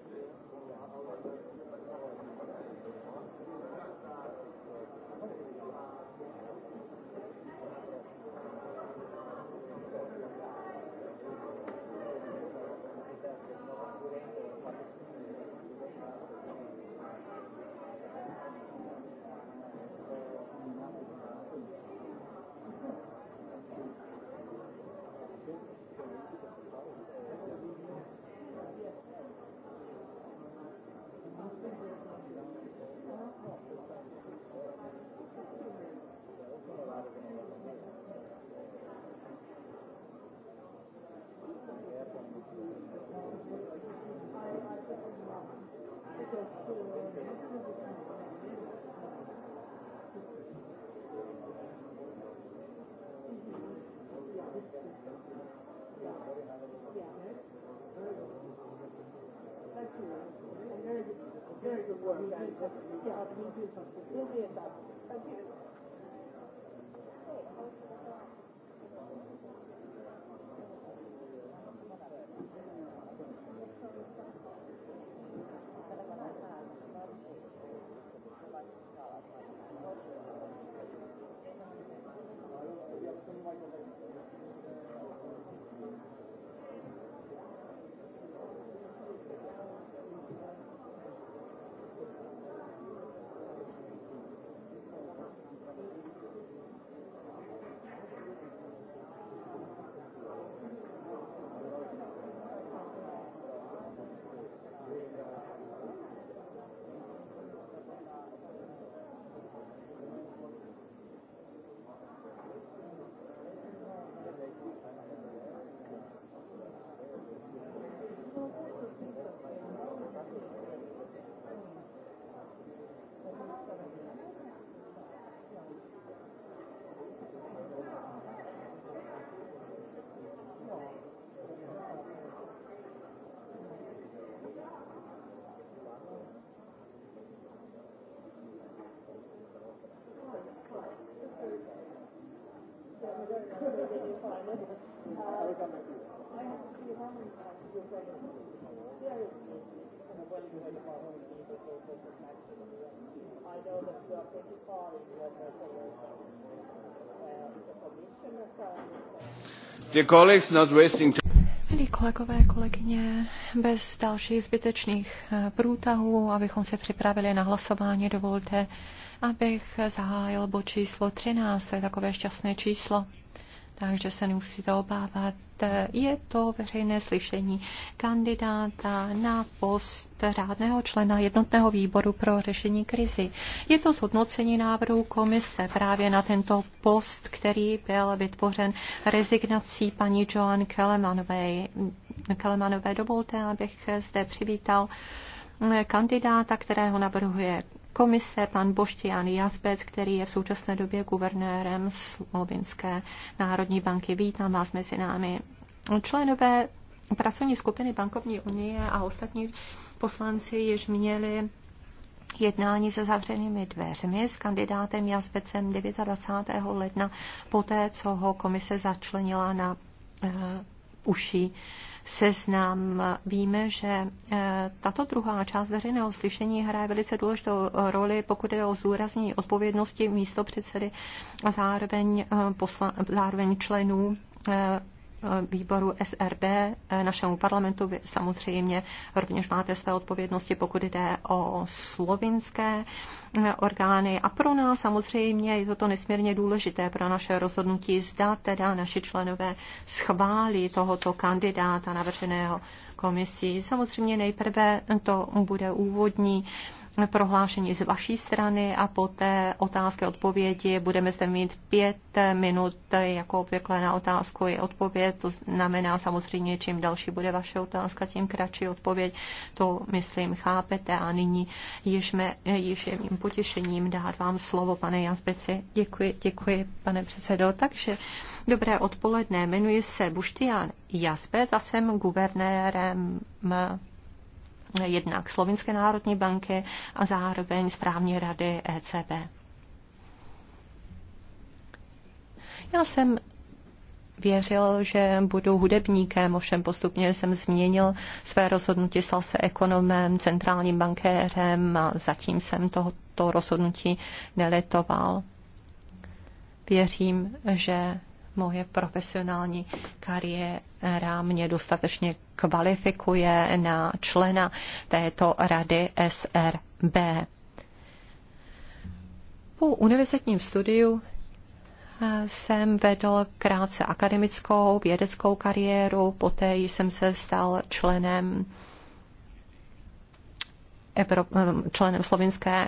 Milí kolegové, kolegyně, bez dalších zbytečných eh, průtahů, abychom se připravili na hlasování, dovolte, abych zahájil bod číslo 13, to je takové šťastné číslo takže se nemusíte obávat. Je to veřejné slyšení kandidáta na post řádného člena jednotného výboru pro řešení krizi. Je to zhodnocení návrhu komise právě na tento post, který byl vytvořen rezignací paní Joan Kelemanové. Kelemanové dovolte, abych zde přivítal kandidáta, kterého navrhuje komise, pan Boštian Jazbec, který je v současné době guvernérem Slovinské národní banky. Vítám vás mezi námi. Členové pracovní skupiny bankovní unie a ostatní poslanci již měli jednání se zavřenými dveřmi s kandidátem Jazbecem 29. ledna, poté co ho komise začlenila na uh, uší seznam. Víme, že eh, tato druhá část veřejného slyšení hraje velice důležitou roli, pokud je o zdůraznění odpovědnosti místo předsedy a zároveň, eh, posla, zároveň členů eh, výboru SRB, eh, našemu parlamentu, vy samozřejmě rovněž máte své odpovědnosti, pokud jde o slovinské eh, orgány. A pro nás samozřejmě je toto nesmírně důležité pro naše rozhodnutí, zda teda naši členové schválí tohoto kandidáta navrženého komisí. Samozřejmě nejprve to bude úvodní uh, prohlášení z vaší strany a poté otázky, odpovědi. Budeme zde mít pět minut jako obvykle na otázku i odpověď. To znamená samozřejmě, čím další bude vaše otázka, tím kratší odpověď. To, myslím, chápete a nyní již, me, již je mým potěšením dát vám slovo, pane Jazbeci. Děkuji, děkuji, pane předsedo. Takže Dobré odpoledne, jmenuji se Buštián Jazbec a jsem guvernérem jednak Slovinské národní banky a zároveň správní rady ECB. Já jsem věřil, že budu hudebníkem, ovšem postupně jsem změnil své rozhodnutí, stal se ekonomem, centrálním bankéřem a zatím jsem tohoto rozhodnutí neletoval. Věřím, že moje profesionální kariéra mě dostatečně kvalifikuje na člena této rady SRB. Po univerzitním studiu eh, jsem vedl krátce akademickou vědeckou kariéru, poté jsem se stal členem Evrop, eh, členem slovinské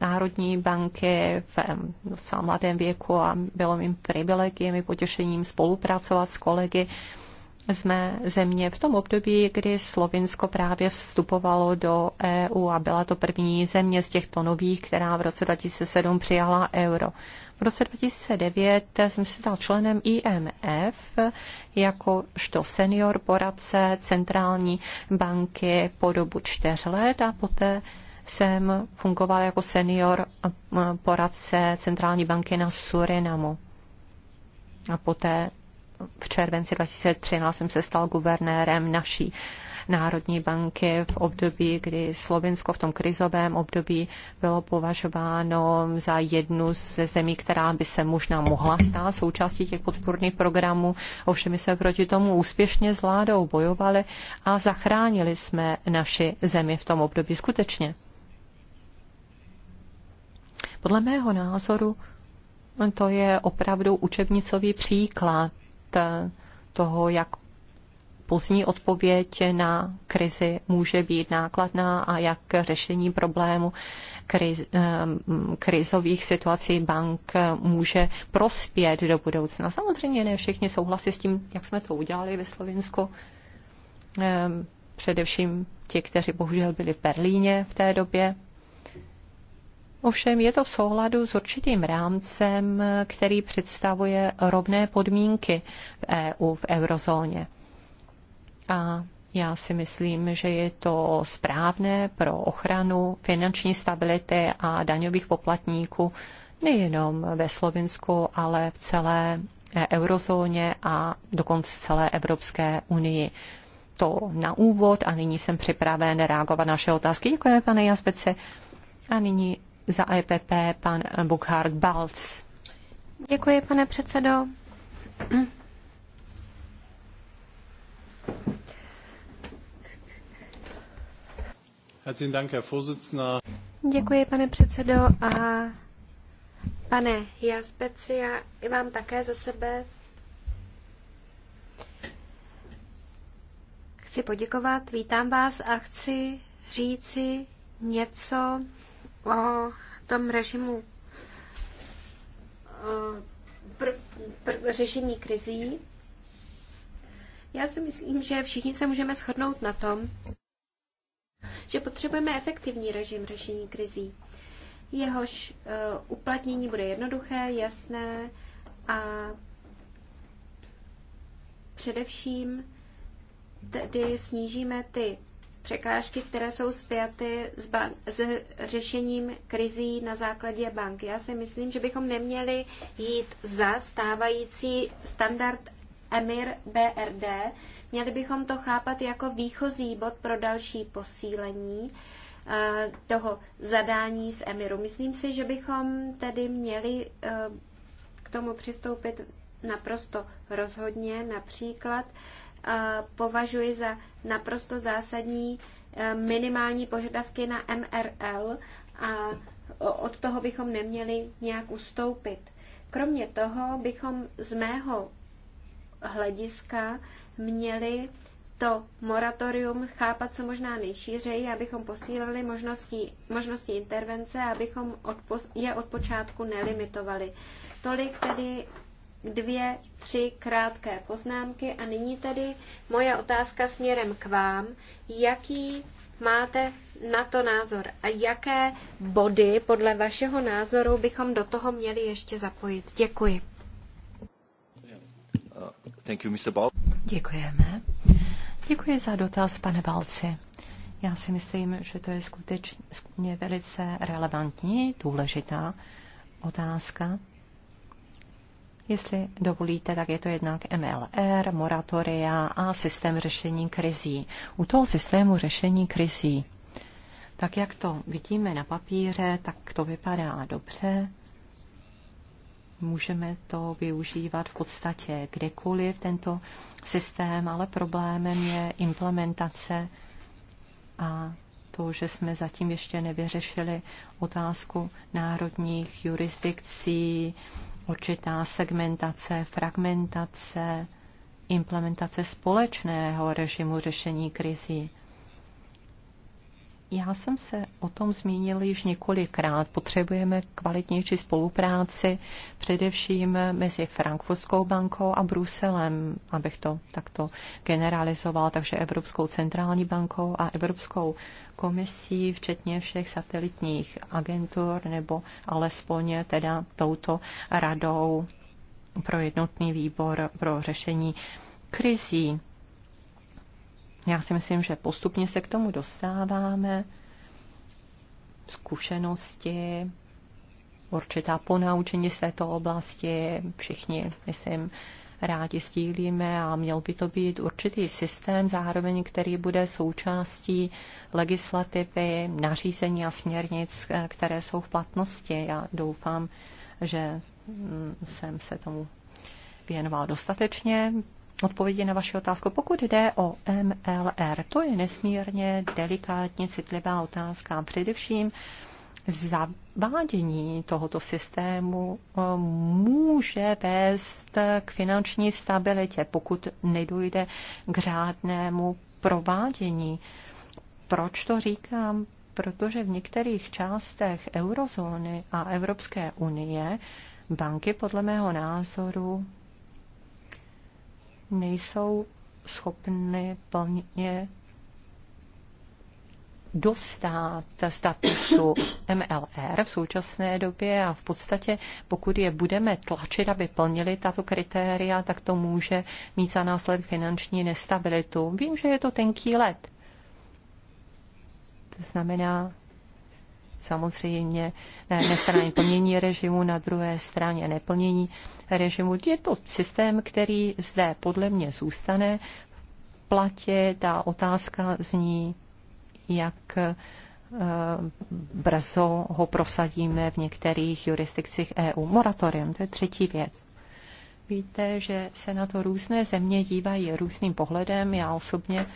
národní banky v docela mladém věku a bylo mým privilegiem i potěšením spolupracovat s kolegy z mé země v tom období, kdy Slovinsko právě vstupovalo do EU a byla to první země z těchto nových, která v roce 2007 přijala euro. V roce 2009 jsem se stal členem IMF jakožto senior poradce centrální banky po dobu čtyř let a poté jsem fungoval jako senior poradce Centrální banky na Surinamu. A poté v červenci 2013 jsem se stal guvernérem naší Národní banky v období, kdy Slovinsko v tom krizovém období bylo považováno za jednu ze zemí, která by se možná mohla stát součástí těch podpůrných programů. Ovšem se proti tomu úspěšně s vládou bojovali a zachránili jsme naši zemi v tom období skutečně. Podle mého názoru to je opravdu učebnicový příklad eh, toho, jak pozdní odpověď na krizi může být nákladná a jak řešení problému kriz, eh, krizových situací bank může prospět do budoucna. Samozřejmě ne všichni souhlasí s tím, jak jsme to udělali ve Slovensku. Eh, především ti, kteří bohužel byli v Berlíně v té době, Ovšem je to v souhladu s určitým rámcem, který představuje rovné podmínky v EU, v eurozóně. A já si myslím, že je to správné pro ochranu finanční stability a daňových poplatníků nejenom ve Slovensku, ale v celé eurozóně a dokonce celé Evropské unii. To na úvod a nyní jsem připraven reagovat na naše otázky. Děkujeme, pane Jazbece. A nyní za EPP pan Bukhard Balc. Děkuji, pane předsedo. Děkuji, pane předsedo a pane Jaspeci, já vám také za sebe chci poděkovat, vítám vás a chci říci něco o tom režimu pr- pr- řešení krizí. Já si myslím, že všichni se můžeme shodnout na tom, že potřebujeme efektivní režim řešení krizí. Jehož uh, uplatnění bude jednoduché, jasné a především tedy snížíme ty překážky, které jsou spjaty s, s řešením krizí na základě bank. Já si myslím, že bychom neměli jít za stávající standard EMIR BRD. Měli bychom to chápat jako výchozí bod pro další posílení eh, toho zadání z Emiru. Myslím si, že bychom tedy měli eh, k tomu přistoupit naprosto rozhodně, například považuji za naprosto zásadní eh, minimální požadavky na MRL a od toho bychom neměli nějak ustoupit. Kromě toho bychom z mého hlediska měli to moratorium chápat co možná nejšířeji, abychom posílili možnosti, možnosti intervence, abychom od, je od počátku nelimitovali. Tolik tedy dvě, tři krátké poznámky a nyní tedy moje otázka směrem k vám. Jaký máte na to názor a jaké body podle vašeho názoru bychom do toho měli ještě zapojit? Děkuji. Uh, thank you, Mr. Bal. Děkujeme. Děkuji za dotaz, pane Balci. Já si myslím, že to je skutečně velice relevantní, důležitá otázka. Jestli dovolíte, tak je to jednak MLR, moratoria a systém řešení krizí. U toho systému řešení krizí, tak jak to vidíme na papíře, tak to vypadá dobře. Můžeme to využívat v podstatě kdekoliv, tento systém, ale problémem je implementace a to, že jsme zatím ještě nevyřešili otázku národních jurisdikcí, určitá segmentace, fragmentace, implementace společného režimu řešení krizi. Já jsem se o tom zmínil již několikrát. Potřebujeme kvalitnější spolupráci, především mezi Frankfurtskou bankou a Bruselem, abych to takto generalizoval, takže Evropskou centrální bankou a Evropskou komisí, včetně všech satelitních agentur, nebo alespoň teda touto radou pro jednotný výbor pro řešení krizí. Já si myslím, že postupně se k tomu dostáváme. Zkušenosti, určitá ponaučení z této oblasti, všichni, myslím, rádi sdílíme a měl by to být určitý systém, zároveň který bude součástí legislativy, nařízení a směrnic, které jsou v platnosti. Já doufám, že mm, jsem se tomu věnoval dostatečně. Odpovědi na vaši otázku. Pokud jde o MLR, to je nesmírně delikátně citlivá otázka. Především za zavádění tohoto systému eh, může vést k finanční stabilitě, pokud nedojde k řádnému provádění. Proč to říkám? Protože v některých částech eurozóny a Evropské unie banky podle mého názoru nejsou schopny plně dostat statusu MLR v současné době a v podstatě, pokud je budeme tlačit, aby plnili tato kritéria, tak to může mít za následek finanční nestabilitu. Vím, že je to tenký let. To znamená, samozřejmě na jedné straně plnění režimu, na druhé straně neplnění režimu. Je to systém, který zde podle mě zůstane platit a Ta otázka zní, jak eh, brzo ho prosadíme v některých jurisdikcích EU. Moratorium, to je třetí věc. Víte, že se na to různé země dívají různým pohledem. Já osobně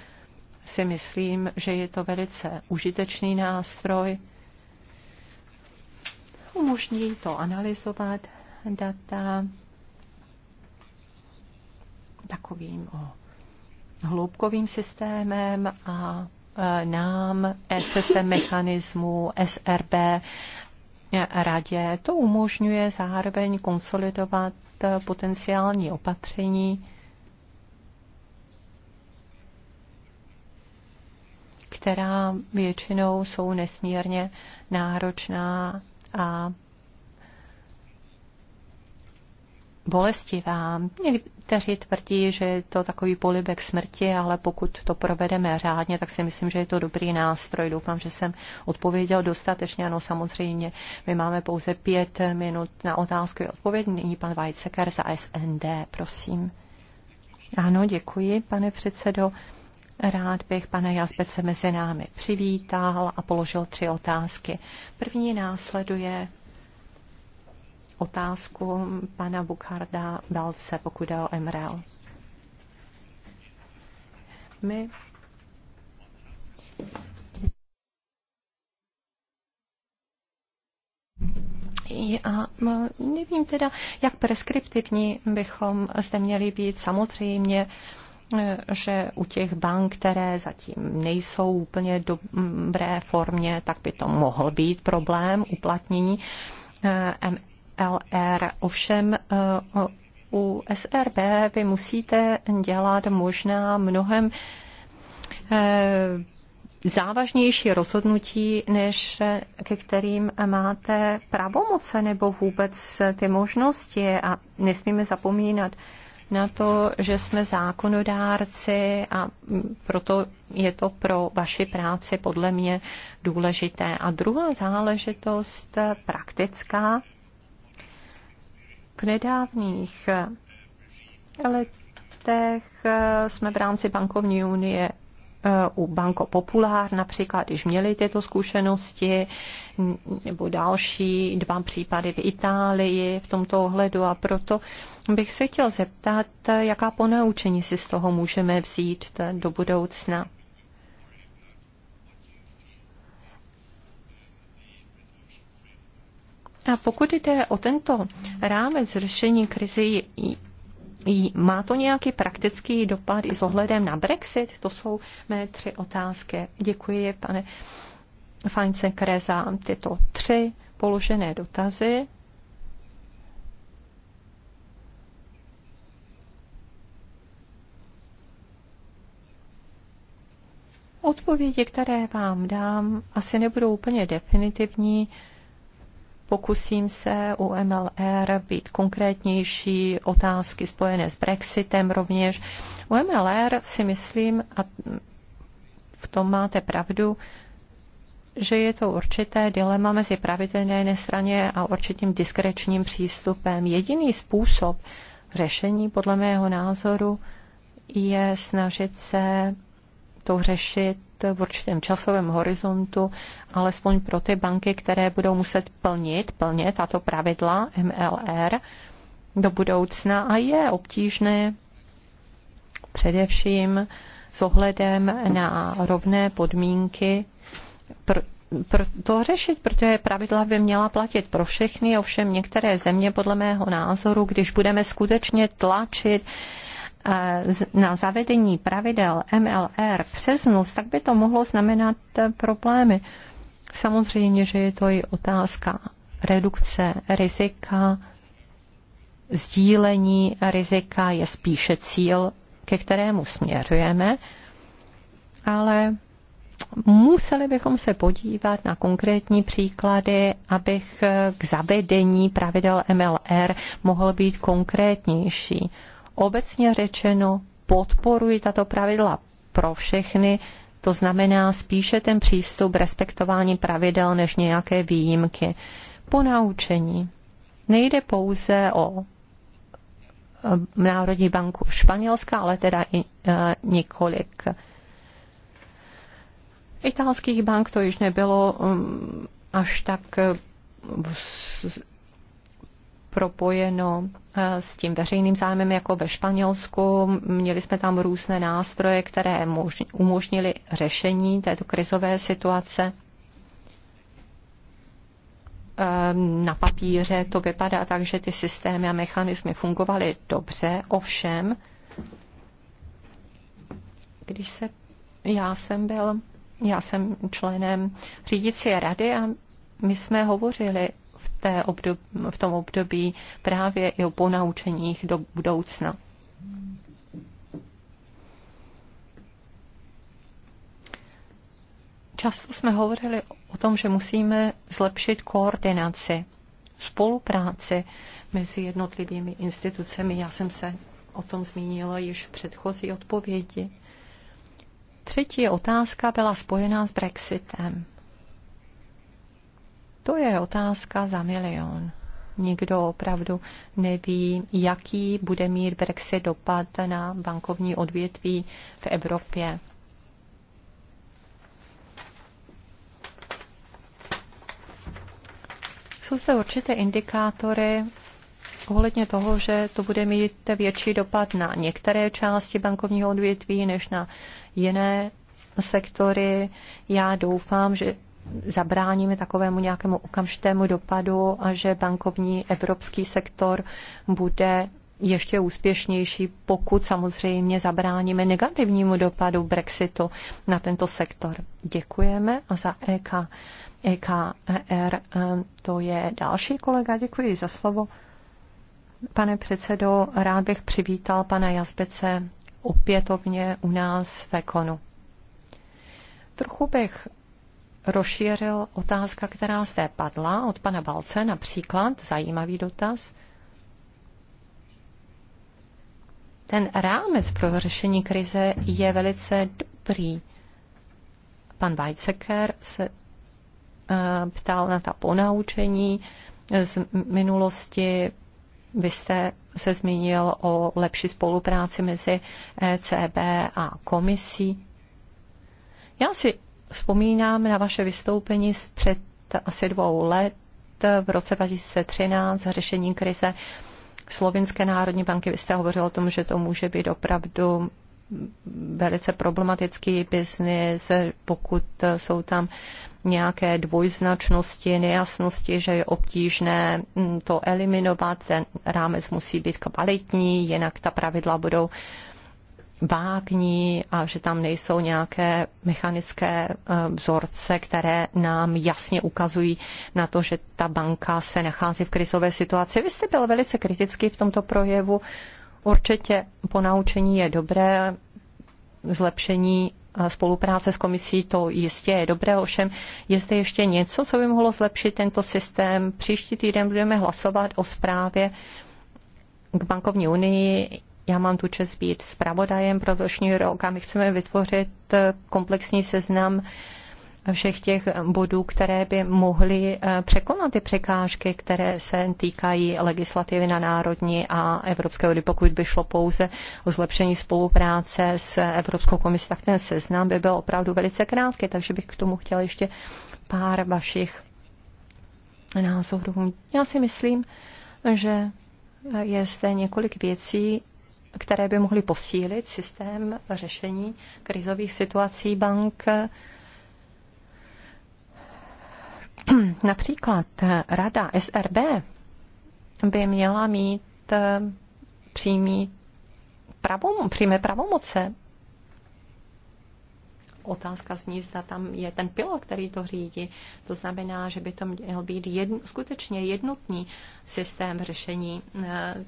si myslím, že je to velice užitečný nástroj. Umožní to analyzovat data takovým hloubkovým systémem a Eh, nám, SSM mechanismu, SRB, eh, radě. To umožňuje zároveň konsolidovat eh, potenciální opatření, která většinou jsou nesmírně náročná a bolestivá. Někteří tvrdí, že je to takový polibek smrti, ale pokud to provedeme řádně, tak si myslím, že je to dobrý nástroj. Doufám, že jsem odpověděl dostatečně. Ano, samozřejmě, my máme pouze pět minut na otázku i odpověď. Nyní pan Vajceker za SND, prosím. Ano, děkuji, pane předsedo. Rád bych pana Jazbece mezi námi přivítal a položil tři otázky. První následuje otázku pana Bukharda Balce, pokud jde o MRL. My a no, nevím teda, jak preskriptivní bychom zde měli být. Samozřejmě, že u těch bank, které zatím nejsou úplně dobré formě, tak by to mohl být problém uplatnění eh, LR. Ovšem eh, u SRB vy musíte dělat možná mnohem eh, závažnější rozhodnutí, než eh, ke kterým máte pravomoce nebo vůbec ty možnosti a nesmíme zapomínat na to, že jsme zákonodárci a mm, proto je to pro vaši práci podle mě důležité. A druhá záležitost praktická, v nedávných letech jsme v rámci bankovní unie eh, u Banko Populár například, když měli tyto zkušenosti, nebo další dva případy v Itálii v tomto ohledu a proto bych se chtěl zeptat, jaká ponaučení si z toho můžeme vzít eh, do budoucna. A pokud jde o tento rámec řešení krizi, má to nějaký praktický dopad i s ohledem na Brexit? To jsou mé tři otázky. Děkuji, pane Fajnsekre, za tyto tři položené dotazy. Odpovědi, které vám dám, asi nebudou úplně definitivní, Pokusím se u MLR být konkrétnější, otázky spojené s Brexitem rovněž. U MLR si myslím, a v tom máte pravdu, že je to určité dilema mezi pravidelné straně a určitým diskrečním přístupem. Jediný způsob řešení, podle mého názoru, je snažit se to řešit v určitém časovém horizontu, alespoň pro ty banky, které budou muset plnit, plně tato pravidla MLR do budoucna a je obtížné především s ohledem na rovné podmínky pro, pro to řešit, protože pravidla by měla platit pro všechny, ovšem některé země podle mého názoru, když budeme skutečně tlačit na zavedení pravidel MLR přes noc, tak by to mohlo znamenat eh, problémy. Samozřejmě, že je to i otázka redukce rizika, sdílení rizika je spíše cíl, ke kterému směřujeme, ale museli bychom se podívat na konkrétní příklady, abych eh, k zavedení pravidel MLR mohl být konkrétnější obecně řečeno podporuji tato pravidla pro všechny, to znamená spíše ten přístup respektování pravidel než nějaké výjimky. Po naučení nejde pouze o e, Národní banku španělská, ale teda i e, několik italských bank to již nebylo mm, až tak e, propojeno eh, s tím veřejným zájmem jako ve Španělsku. Měli jsme tam různé nástroje, které umožnili řešení této krizové situace. Ehm, na papíře to vypadá tak, že ty systémy a mechanismy fungovaly dobře, ovšem, když se, já jsem byl, já jsem členem řídící rady a my jsme hovořili té obdob, v tom období právě i o ponaučeních do budoucna. Často jsme hovořili o tom, že musíme zlepšit koordinaci, spolupráci mezi jednotlivými institucemi. Já jsem se o tom zmínila již v předchozí odpovědi. Třetí otázka byla spojená s Brexitem. To je otázka za milion. Nikdo opravdu neví, jaký bude mít Brexit dopad na bankovní odvětví v Evropě. Jsou zde určité indikátory ohledně toho, že to bude mít větší dopad na některé části bankovního odvětví než na jiné sektory. Já doufám, že zabráníme takovému nějakému okamžitému dopadu a že bankovní evropský sektor bude ještě úspěšnější, pokud samozřejmě zabráníme negativnímu dopadu Brexitu na tento sektor. Děkujeme a za EK, EKR eh, to je další kolega. Děkuji za slovo. Pane předsedo, rád bych přivítal pana Jazbece opětovně u nás v Ekonu. Trochu bych rozšířil otázka, která zde padla od pana Balce, například zajímavý dotaz. Ten rámec pro řešení krize je velice dobrý. Pan Weizsäcker se eh, ptal na ta ponaučení z minulosti. Vy jste se zmínil o lepší spolupráci mezi ECB a komisí. Já si vzpomínám na vaše vystoupení před asi dvou let v roce 2013 řešení krize Slovinské národní banky. Vy jste hovořil o tom, že to může být opravdu velice problematický biznis, pokud jsou tam nějaké dvojznačnosti, nejasnosti, že je obtížné to eliminovat, ten rámec musí být kvalitní, jinak ta pravidla budou vágní a že tam nejsou nějaké mechanické eh, vzorce, které nám jasně ukazují na to, že ta banka se nachází v krizové situaci. Vy jste byl velice kritický v tomto projevu. Určitě po naučení je dobré zlepšení eh, spolupráce s komisí, to jistě je dobré, ovšem je zde ještě něco, co by mohlo zlepšit tento systém. Příští týden budeme hlasovat o zprávě k bankovní unii já mám tu čest být zpravodajem pro letošní rok a my chceme vytvořit eh, komplexní seznam všech těch bodů, které by mohly eh, překonat ty překážky, které se týkají legislativy na národní a Evropské unii. Pokud by šlo pouze o zlepšení spolupráce s Evropskou komisí, tak ten seznam by byl opravdu velice krátký, takže bych k tomu chtěla ještě pár vašich názorů. Já si myslím, že je zde několik věcí, které by mohly posílit systém řešení krizových situací bank. Například rada SRB by měla mít eh, přímý pravom, přímé pravomoce. Otázka zní, zda tam je ten pilot, který to řídí. To znamená, že by to měl být jedn, skutečně jednotný systém řešení eh,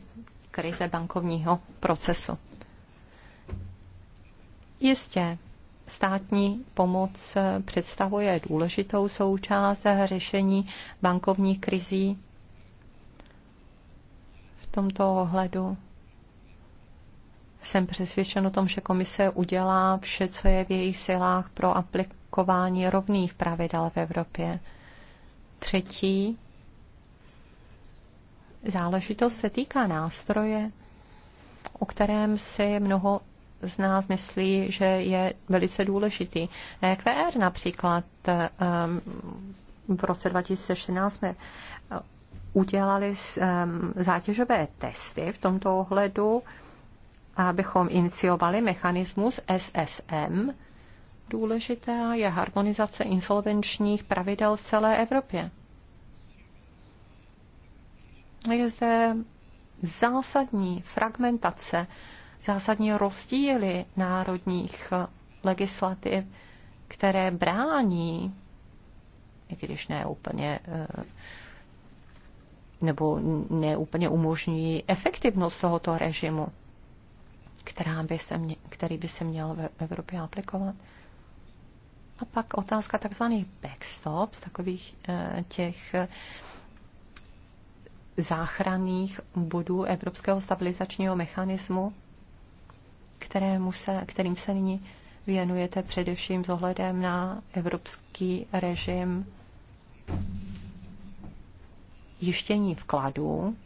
krize bankovního procesu. Jistě, státní pomoc představuje důležitou součást řešení bankovní krizí. V tomto ohledu jsem přesvědčen o tom, že komise udělá vše, co je v jejich silách pro aplikování rovných pravidel v Evropě. Třetí záležitost se týká nástroje, o kterém si mnoho z nás myslí, že je velice důležitý. EQR například v roce 2016 jsme eh, udělali zátěžové testy v tomto ohledu, abychom iniciovali mechanismus SSM. Důležitá je harmonizace insolvenčních pravidel v celé Evropě je zde zásadní fragmentace, zásadní rozdíly národních legislativ, které brání, i když ne úplně eh, nebo ne úplně umožňují efektivnost tohoto režimu, která by se mě, který by se měl v Evropě aplikovat. A pak otázka takzvaných backstops, takových eh, těch záchranných bodů Evropského stabilizačního mechanismu, kterému se, kterým se nyní věnujete především s ohledem na evropský režim jištění vkladů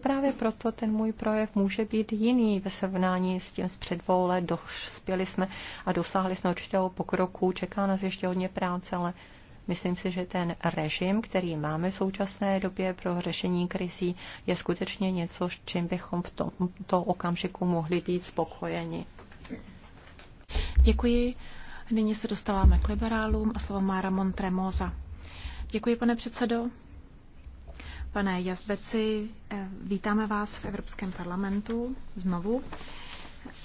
Právě proto ten můj projev může být jiný ve srovnání s tím z předvoule. Dospěli jsme a dosáhli jsme určitého pokroku. Čeká nás ještě hodně práce, ale myslím si, že ten režim, který máme v současné době pro řešení krizí, je skutečně něco, s čím bychom v tomto okamžiku mohli být spokojeni. Děkuji. Nyní se dostáváme k liberálům a slovo má Ramon Tremoza. Děkuji, pane předsedo. Pane Jazbeci, eh, vítáme vás v Evropském parlamentu znovu.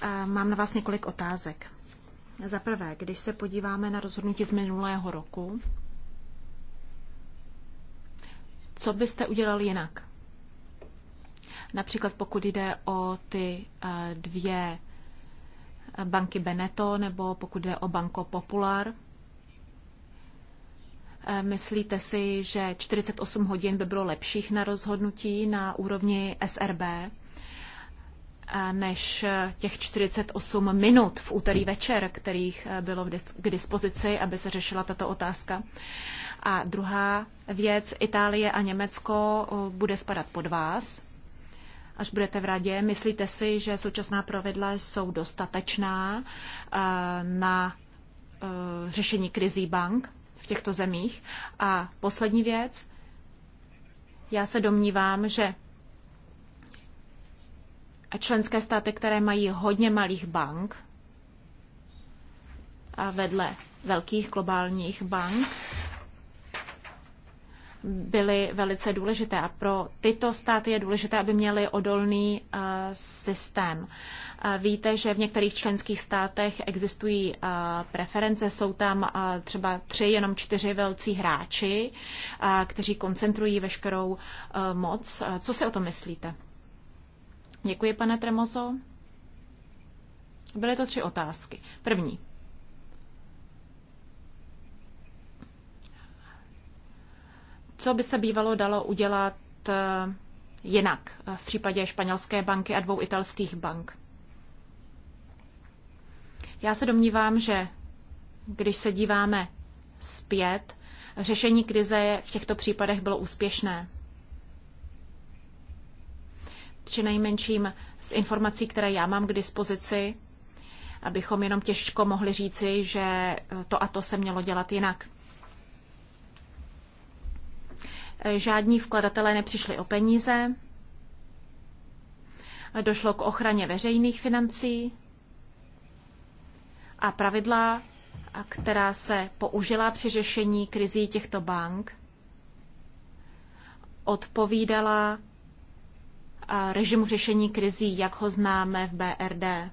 Eh, mám na vás několik otázek. Za prvé, když se podíváme na rozhodnutí z minulého roku, co byste udělal jinak? Například pokud jde o ty eh, dvě banky Beneto nebo pokud jde o Banco Popular – Eh, myslíte si, že 48 hodin by bylo lepších na rozhodnutí na úrovni SRB eh, než eh, těch 48 minut v úterý večer, kterých bylo k dispozici, aby se řešila tato otázka? A druhá věc, Itálie a Německo bude spadat pod vás, až budete v radě. Myslíte si, že současná pravidla jsou dostatečná na řešení krizí bank? v těchto zemích. A poslední věc, já se domnívám, že členské státy, které mají hodně malých bank a vedle velkých globálních bank, byly velice důležité. A pro tyto státy je důležité, aby měly odolný uh, systém. Uh, Víte, že v některých členských státech existují preference, jsou tam třeba tři, jenom čtyři velcí hráči, kteří koncentrují veškerou moc. Co si o tom myslíte? Děkuji, pane Tremoso. Byly to tři otázky. První. Co by se bývalo dalo udělat jinak v případě španělské banky a dvou italských bank? Já se domnívám, že když se díváme zpět, řešení krize je v těchto případech bylo úspěšné. Při nejmenším z informací, které já mám k dispozici, abychom jenom těžko mohli říci, že to a to se mělo dělat jinak. Žádní vkladatelé nepřišli o peníze, došlo k ochraně veřejných financí, a pravidla, která se použila při řešení krizí těchto bank, odpovídala režimu řešení krizí, jak ho známe v BRD.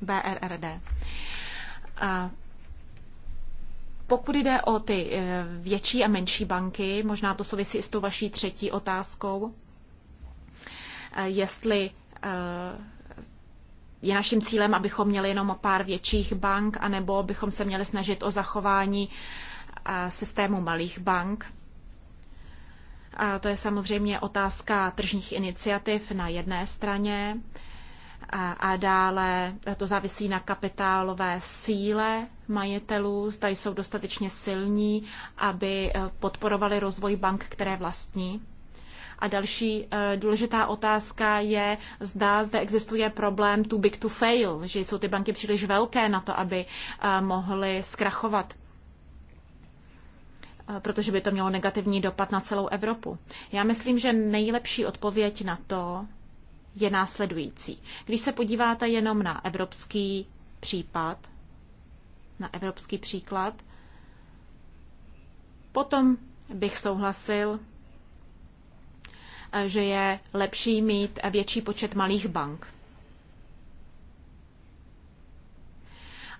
BRRD. A pokud jde o ty e, větší a menší banky, možná to souvisí i s tou vaší třetí otázkou, e, jestli e, je naším cílem, abychom měli jenom pár větších bank, anebo bychom se měli snažit o zachování systému malých bank. A to je samozřejmě otázka tržních iniciativ na jedné straně a, a dále to závisí na kapitálové síle majitelů, zda jsou dostatečně silní, aby e, podporovali rozvoj bank, které vlastní. A další eh, důležitá otázka je, zda zde existuje problém too big to fail, že jsou ty banky příliš velké na to, aby eh, mohly zkrachovat eh, protože by to mělo negativní dopad na celou Evropu. Já myslím, že nejlepší odpověď na to je následující. Když se podíváte jenom na evropský případ, na evropský příklad, potom bych souhlasil že je lepší mít větší počet malých bank.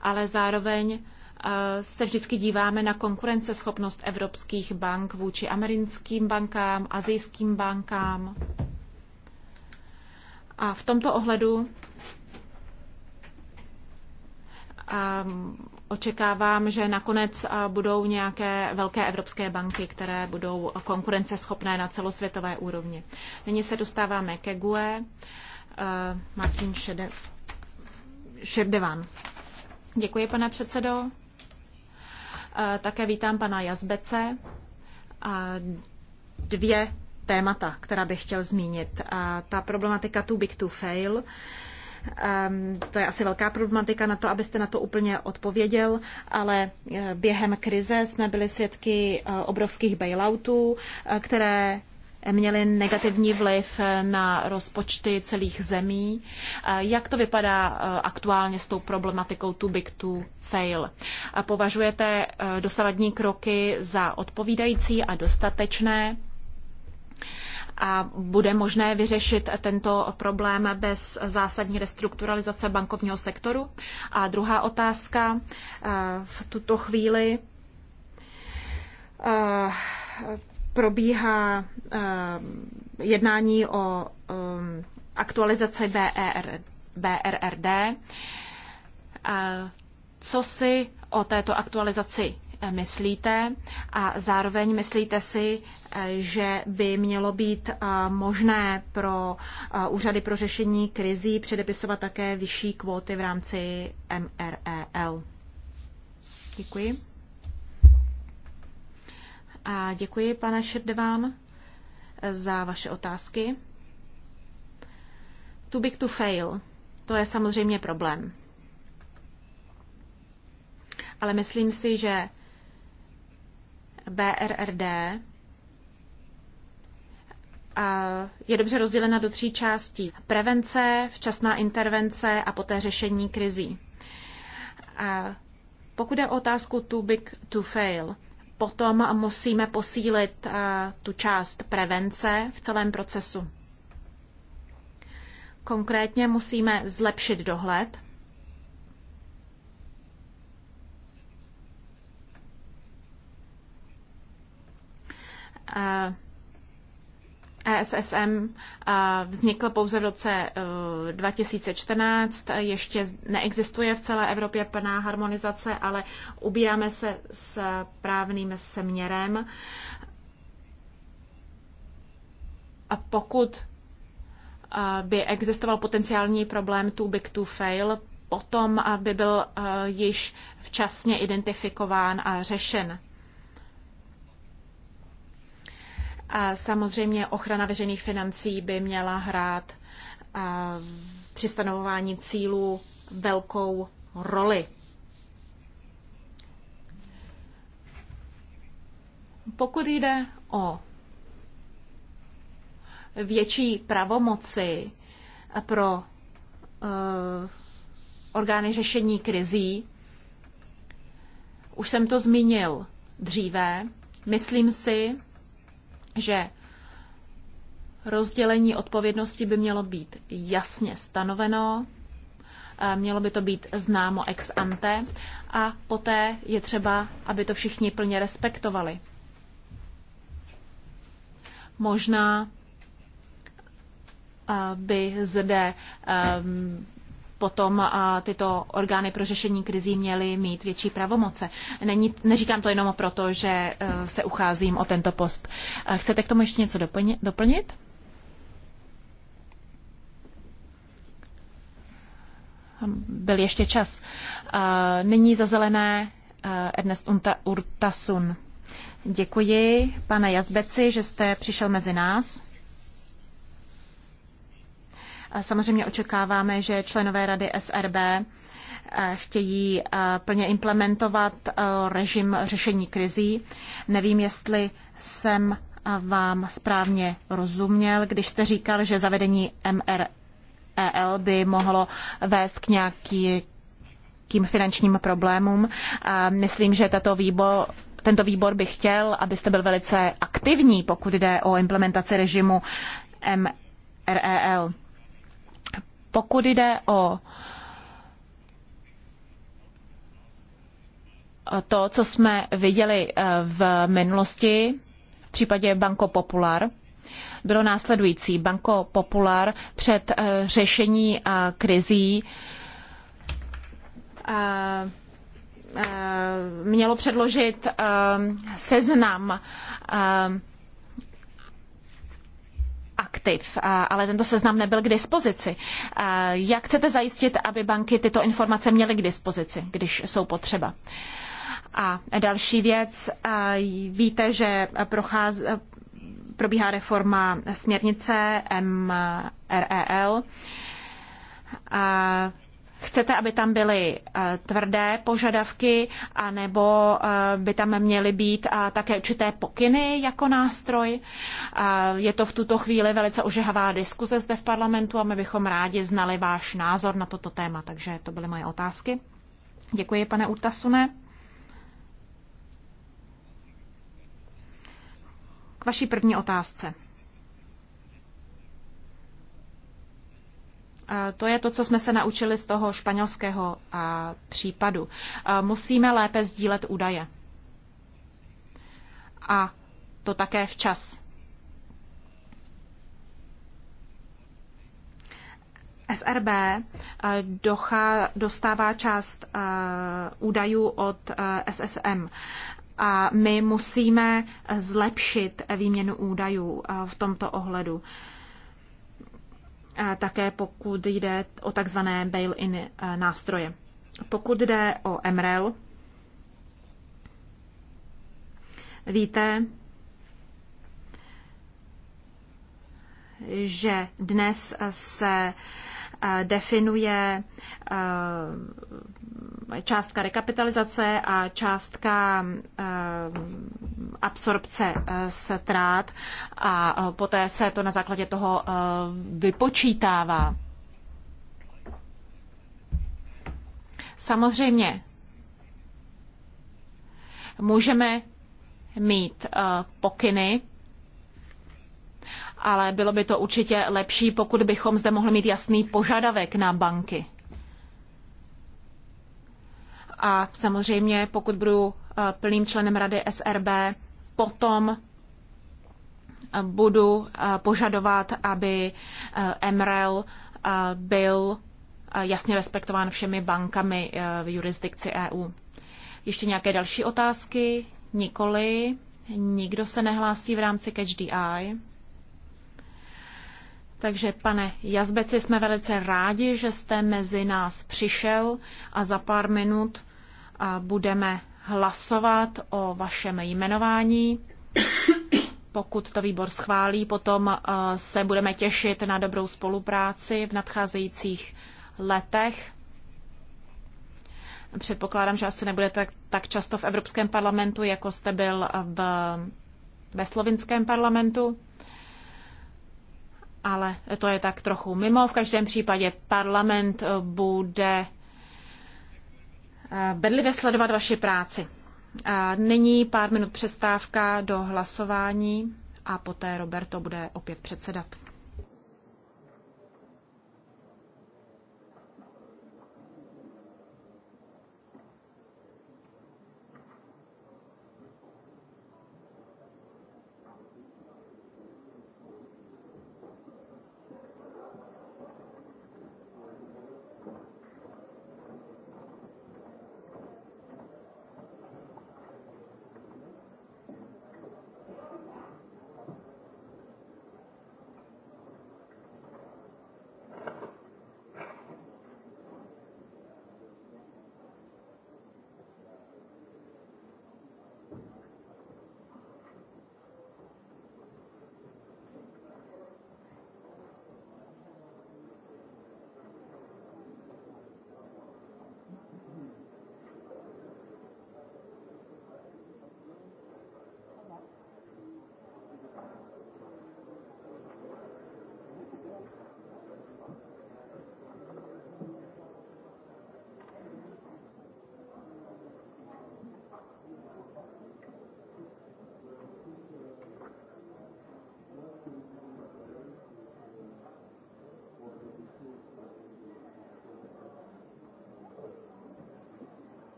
Ale zároveň eh, se vždycky díváme na konkurenceschopnost evropských bank vůči americkým bankám, azijským bankám. A v tomto ohledu ehm, Očekávám, že nakonec budou nějaké velké evropské banky, které budou konkurenceschopné na celosvětové úrovni. Nyní se dostáváme ke GUE. E, Martin Šede... Šerdevan. Děkuji, pane předsedo. E, také vítám pana Jazbece. E, dvě témata, která bych chtěl zmínit. Ta problematika too big to fail Ehm, to je asi velká problematika na to, abyste na to úplně odpověděl, ale eh, během krize jsme byli svědky eh, obrovských bailoutů, eh, které měly negativní vliv na rozpočty celých zemí. Jak to vypadá aktuálně s tou problematikou too big to fail? Považujete dosavadní kroky za odpovídající a dostatečné? A bude možné vyřešit tento problém bez zásadní restrukturalizace bankovního sektoru? A druhá otázka eh, v tuto chvíli eh, probíhá eh, jednání o aktualizaci BR, e BRRD. E co si o této aktualizaci myslíte a zároveň myslíte si, eh, že by mělo být eh, možné pro eh, úřady pro řešení krizí předepisovat také vyšší kvóty v rámci MREL. Děkuji. A děkuji, pane Šerdeván, za vaše otázky. Too big to fail. To je samozřejmě problém ale myslím si, že BRRD je dobře rozdělena do tří částí. Prevence, včasná intervence a poté řešení krizí. A pokud je o otázku too big to fail, potom musíme posílit tu část prevence v celém procesu. Konkrétně musíme zlepšit dohled ESSM eh, e eh, vznikl pouze v roce 2014, eh, ještě neexistuje v celé Evropě plná harmonizace, ale ubíráme se s právným směrem. A pokud by existoval potenciální problém too big to fail, potom by byl již včasně identifikován a řešen. Samozřejmě ochrana veřejných financí by měla hrát při stanovování cílů velkou roli. Pokud jde o větší pravomoci pro uh, orgány řešení krizí, už jsem to zmínil dříve, myslím si, že rozdělení odpovědnosti by mělo být jasně stanoveno, eh, mělo by to být známo ex ante a poté je třeba, aby to všichni plně respektovali. Možná eh, by zde um, potom tyto orgány pro řešení krizí měly mít větší pravomoce. Není, neříkám to jenom proto, že e, se ucházím o tento post. Chcete k tomu ještě něco doplnit? Byl ještě čas. Nyní za zelené e, Ernest Urtasun. Děkuji, pane Jazbeci, že jste přišel mezi nás. Samozřejmě očekáváme, že členové rady SRB eh, chtějí eh, plně implementovat eh, režim řešení krizí. Nevím, jestli jsem vám správně rozuměl, když jste říkal, že zavedení MREL by mohlo vést k nějakým finančním problémům. Myslím, že tato výbor, tento výbor by chtěl, abyste byl velice aktivní, pokud jde o implementaci režimu MREL. Pokud jde o to, co jsme viděli eh, v minulosti v případě Banco Popular, bylo následující. Banco Popular před eh, řešení krizí eh, mělo předložit seznam aktiv, ale tento seznam nebyl k dispozici. Jak chcete zajistit, aby banky tyto informace měly k dispozici, když jsou potřeba? A další věc, víte, že procház, probíhá reforma směrnice MREL. A Chcete, aby tam byly eh, tvrdé požadavky, anebo eh, by tam měly být eh, také určité pokyny jako nástroj? Je to v tuto chvíli velice ožehavá diskuze zde v parlamentu a my bychom rádi znali váš názor na toto téma. Takže to byly moje otázky. Děkuji, pane Utasune. K vaší první otázce. To je to, co jsme se naučili z toho španělského případu. Musíme lépe sdílet údaje. A to také včas. SRB docha, dostává část údajů od SSM. A my musíme zlepšit výměnu údajů v tomto ohledu také pokud jde o takzvané bail-in eh, nástroje. Pokud jde o MREL, víte, že dnes se Eh, definuje eh, částka rekapitalizace a částka eh, absorpce ztrát a poté se to na základě toho vypočítává. Samozřejmě můžeme mít pokyny ale bylo by to určitě lepší, pokud bychom zde mohli mít jasný požadavek na banky. A samozřejmě, pokud budu eh, plným členem rady SRB, potom eh, budu eh, požadovat, aby MREL byl jasně respektován všemi bankami v jurisdikci EU. Ještě nějaké další otázky? Nikoli. Nikdo se nehlásí v rámci Catch the Eye. Takže pane Jazbeci, jsme velice rádi, že jste mezi nás přišel a za pár minut budeme hlasovat o vašem jmenování. Pokud to výbor schválí, potom se budeme těšit na dobrou spolupráci v nadcházejících letech. Předpokládám, že asi nebudete tak často v Evropském parlamentu, jako jste byl v, ve slovinském parlamentu ale to je tak trochu mimo. V každém případě parlament eh, bude eh, bedlivě sledovat vaši práci. Nyní pár minut přestávka do hlasování a poté Roberto bude opět předsedat.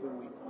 two weeks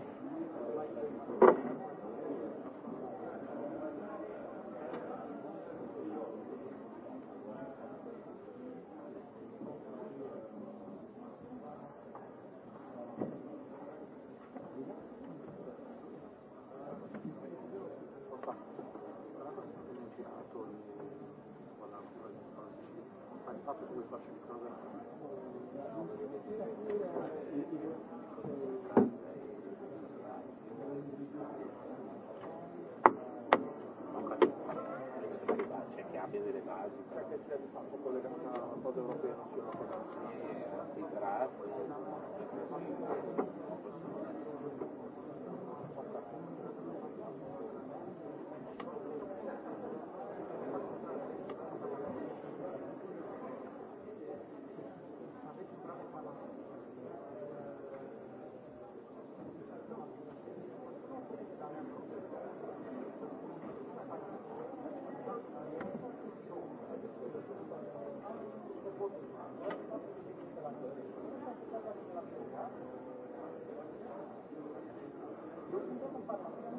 parlamentu.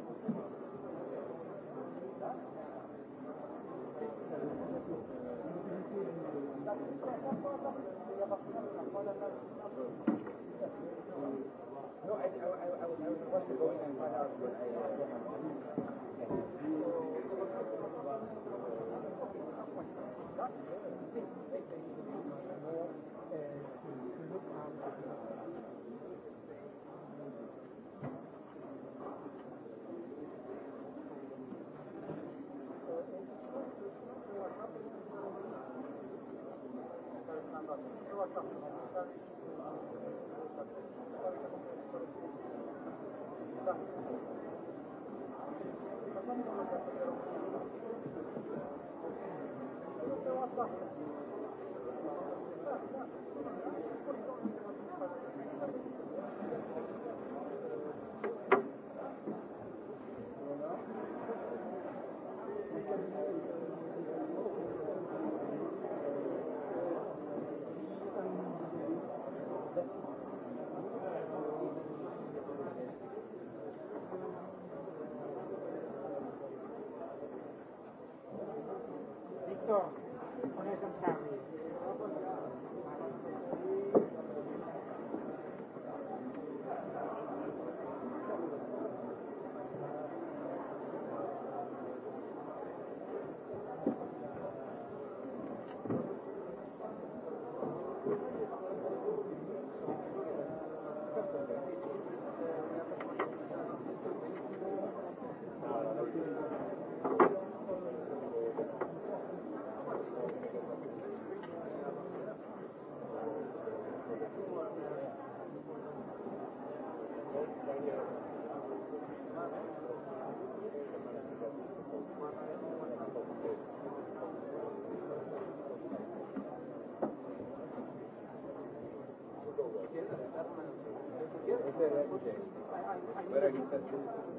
No, I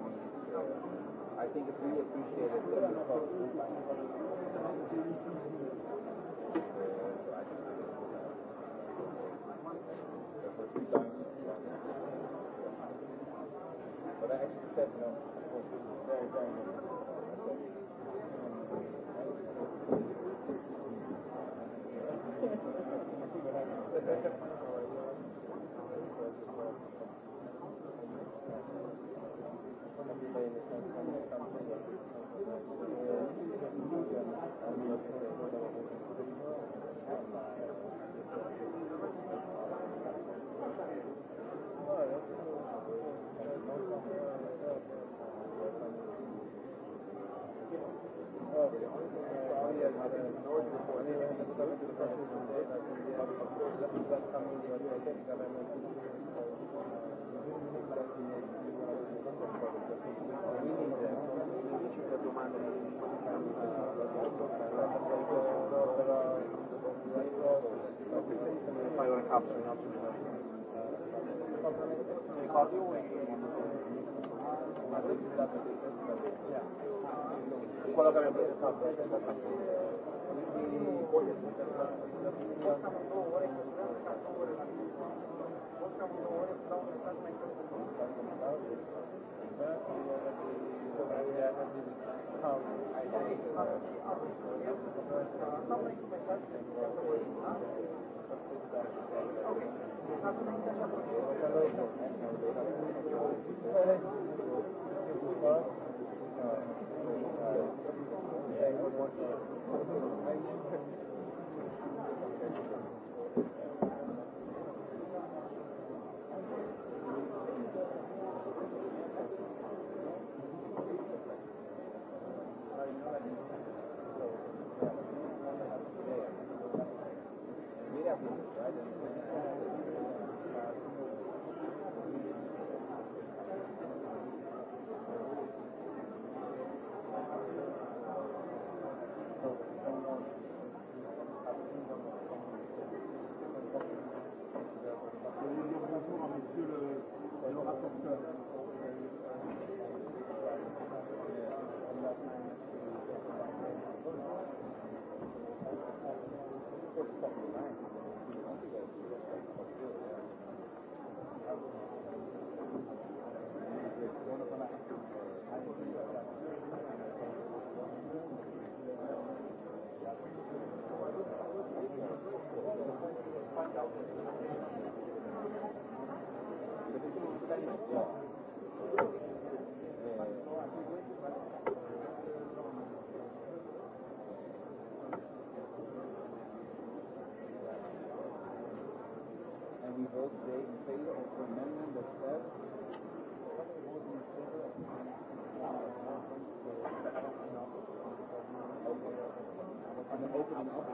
mean, uh, I think it's really appreciated that you talk the but I actually said no. Very, very good.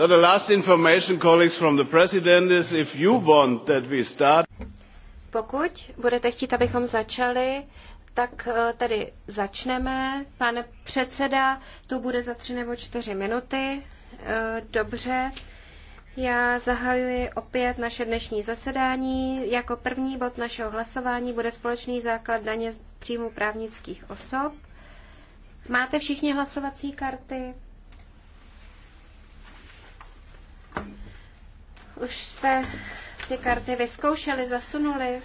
So the last information, colleagues, from the president is if you want that we start. Pokud budete chtít, abychom začali, tak eh, tedy začneme. Pan předseda tu bude za tři nebo čtyři minuty. Eh, dobře. Já zahajuji opět naše dnešní zasedání. Jako první bod našeho hlasování bude společný základ daně z příjmu právnických osob. Máte všichni hlasovací karty? Už jste ty karty vyzkoušeli, zasunuli.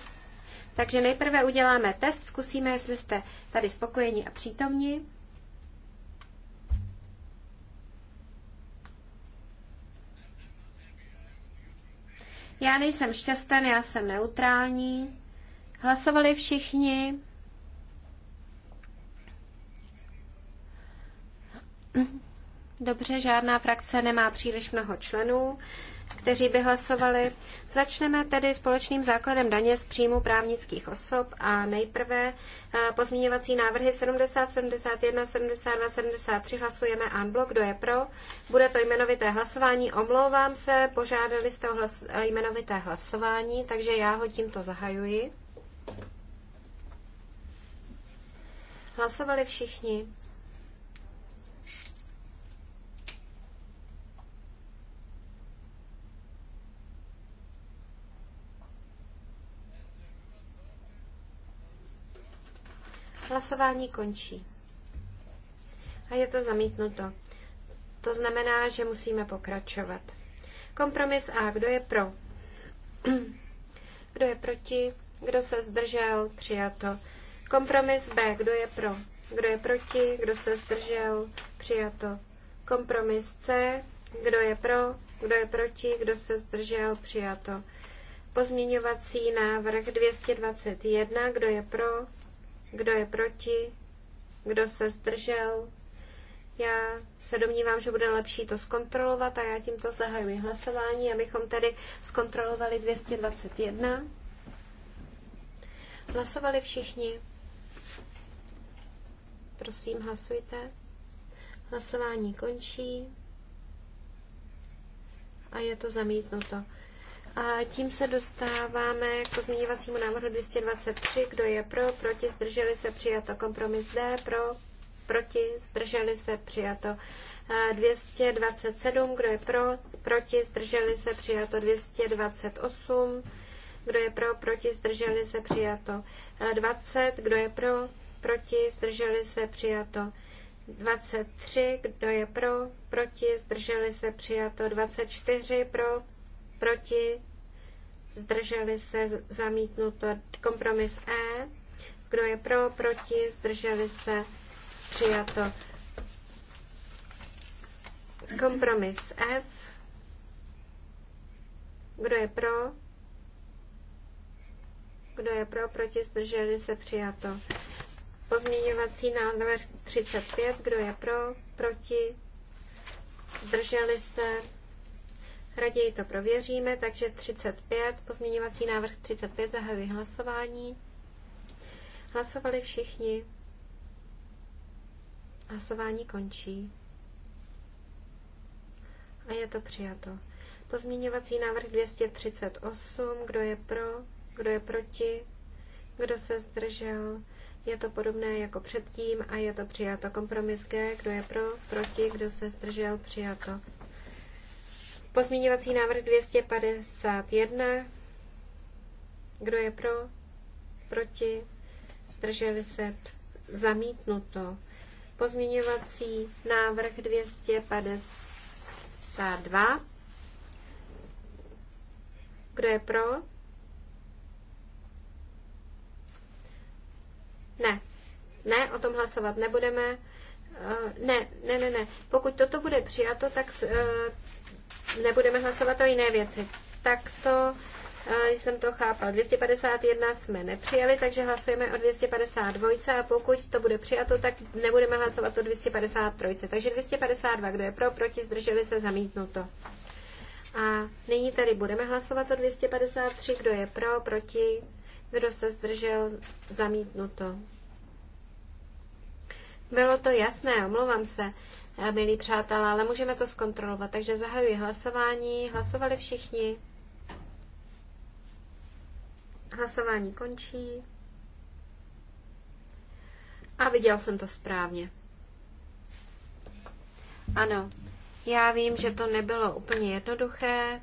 Takže nejprve uděláme test, zkusíme, jestli jste tady spokojeni a přítomní. Já nejsem šťasten, já jsem neutrální. Hlasovali všichni. Dobře, žádná frakce nemá příliš mnoho členů kteří by hlasovali. Začneme tedy společným základem daně z příjmu právnických osob a nejprve eh, pozměňovací návrhy 70, 71, 72, 73 hlasujeme unblock. Kdo je pro? Bude to jmenovité hlasování. Omlouvám se, požádali jste o hlas, eh, jmenovité hlasování, takže já ho tímto zahajuji. Hlasovali všichni. Hlasování končí. A je to zamítnuto. To znamená, že musíme pokračovat. Kompromis A. Kdo je pro? Kdo je proti? Kdo se zdržel? Přijato. Kompromis B. Kdo je pro? Kdo je proti? Kdo se zdržel? Přijato. Kompromis C. Kdo je pro? Kdo je proti? Kdo se zdržel? Přijato. Pozměňovací návrh 221. Kdo je pro? kdo je proti, kdo se zdržel. Já se domnívám, že bude lepší to zkontrolovat a já tímto zahajuji hlasování, abychom tedy zkontrolovali 221. Hlasovali všichni. Prosím, hlasujte. Hlasování končí a je to zamítnuto. A tím se dostáváme k pozměňovacímu návrhu 223. Kdo je pro, proti, zdrželi se, přijato. Kompromis D, pro, proti, zdrželi se, přijato. 227, kdo je pro, proti, zdrželi se, přijato. 228, kdo je pro, proti, zdrželi se, přijato. 20, kdo je pro, proti, zdrželi se, přijato. 23, kdo je pro, proti, zdrželi se, přijato. 24, pro, proti, zdrželi se, zamítnuto. Kompromis E, kdo je pro, proti, zdrželi se, přijato. Kompromis F, kdo je pro, kdo je pro, proti, zdrželi se, přijato. Pozměňovací návrh 35, kdo je pro, proti, zdrželi se, Raději to prověříme, takže 35, pozměňovací návrh 35, zahajuji hlasování. Hlasovali všichni. Hlasování končí. A je to přijato. Pozměňovací návrh 238, kdo je pro, kdo je proti, kdo se zdržel. Je to podobné jako předtím a je to přijato. Kompromis G, kdo je pro, proti, kdo se zdržel, přijato. Pozměňovací návrh 251. Kdo je pro? Proti? Zdrželi se? Zamítnuto. Pozměňovací návrh 252. Kdo je pro? Ne. Ne, o tom hlasovat nebudeme. Eh, ne, ne, ne, ne. Pokud toto bude přijato, tak eh, nebudeme hlasovat o jiné věci. Tak to eh, jsem to chápal. 251 jsme nepřijali, takže hlasujeme o 252 a pokud to bude přijato, tak nebudeme hlasovat o 253. Takže 252, kdo je pro, proti, zdrželi se, zamítnuto. A nyní tady budeme hlasovat o 253, kdo je pro, proti, kdo se zdržel, zamítnuto. Bylo to jasné, omlouvám se. Eh, milí přátelé, ale můžeme to zkontrolovat. Takže zahajuji hlasování. Hlasovali všichni. Hlasování končí. A viděl jsem to správně. Ano, já vím, že to nebylo úplně jednoduché.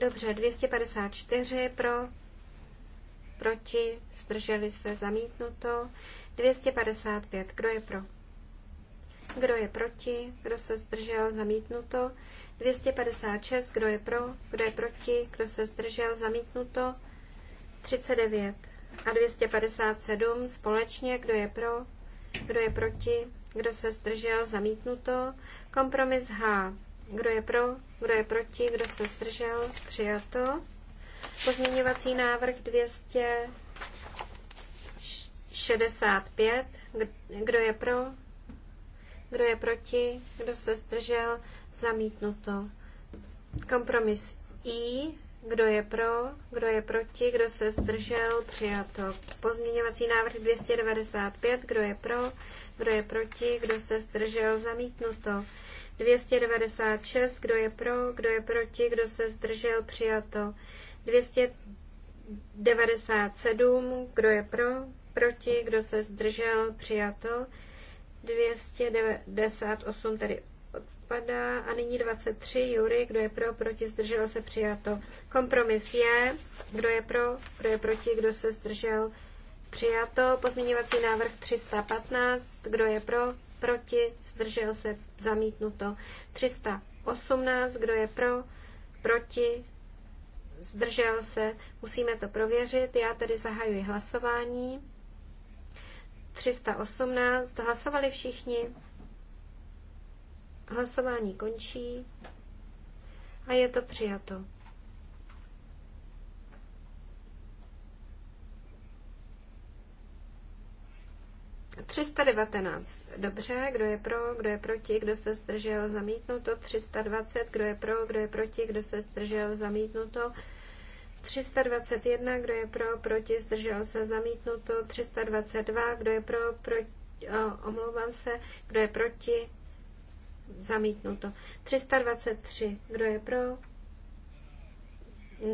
Dobře, 254 pro, proti, zdrželi se, zamítnuto. 255, kdo je pro? Kdo je proti? Kdo se zdržel? Zamítnuto. 256. Kdo je pro? Kdo je proti? Kdo se zdržel? Zamítnuto. 39 a 257 společně. Kdo je pro? Kdo je proti? Kdo se zdržel? Zamítnuto. Kompromis H. Kdo je pro? Kdo je proti? Kdo se zdržel? Přijato. Pozměňovací návrh 265. Kdo je pro? Kdo je proti? Kdo se zdržel? Zamítnuto. Kompromis I. Kdo je pro? Kdo je proti? Kdo se zdržel? Přijato. Pozměňovací návrh 295. Kdo je pro? Kdo je proti? Kdo se zdržel? Zamítnuto. 296. Kdo je pro? Kdo je proti? Kdo se zdržel? Přijato. 297. Kdo je pro? Proti? Kdo se zdržel? Přijato. 298 tedy odpadá a nyní 23 Jury, kdo je pro, proti, zdržel se přijato. Kompromis je, kdo je pro, kdo je proti, kdo se zdržel přijato. Pozměňovací návrh 315, kdo je pro, proti, zdržel se zamítnuto. 318, kdo je pro, proti, zdržel se. Musíme to prověřit. Já tedy zahajuji hlasování. 318. Hlasovali všichni. Hlasování končí a je to přijato. Třista devatenáct. Dobře, kdo je pro, kdo je proti, kdo se zdržel, zamítnuto. 320, kdo je pro, kdo je proti, kdo se zdržel, zamítnuto. 321, kdo je pro, proti, zdržel se, zamítnuto. 322, kdo je pro, proti, omlouvám se, kdo je proti, zamítnuto. 323, kdo je pro?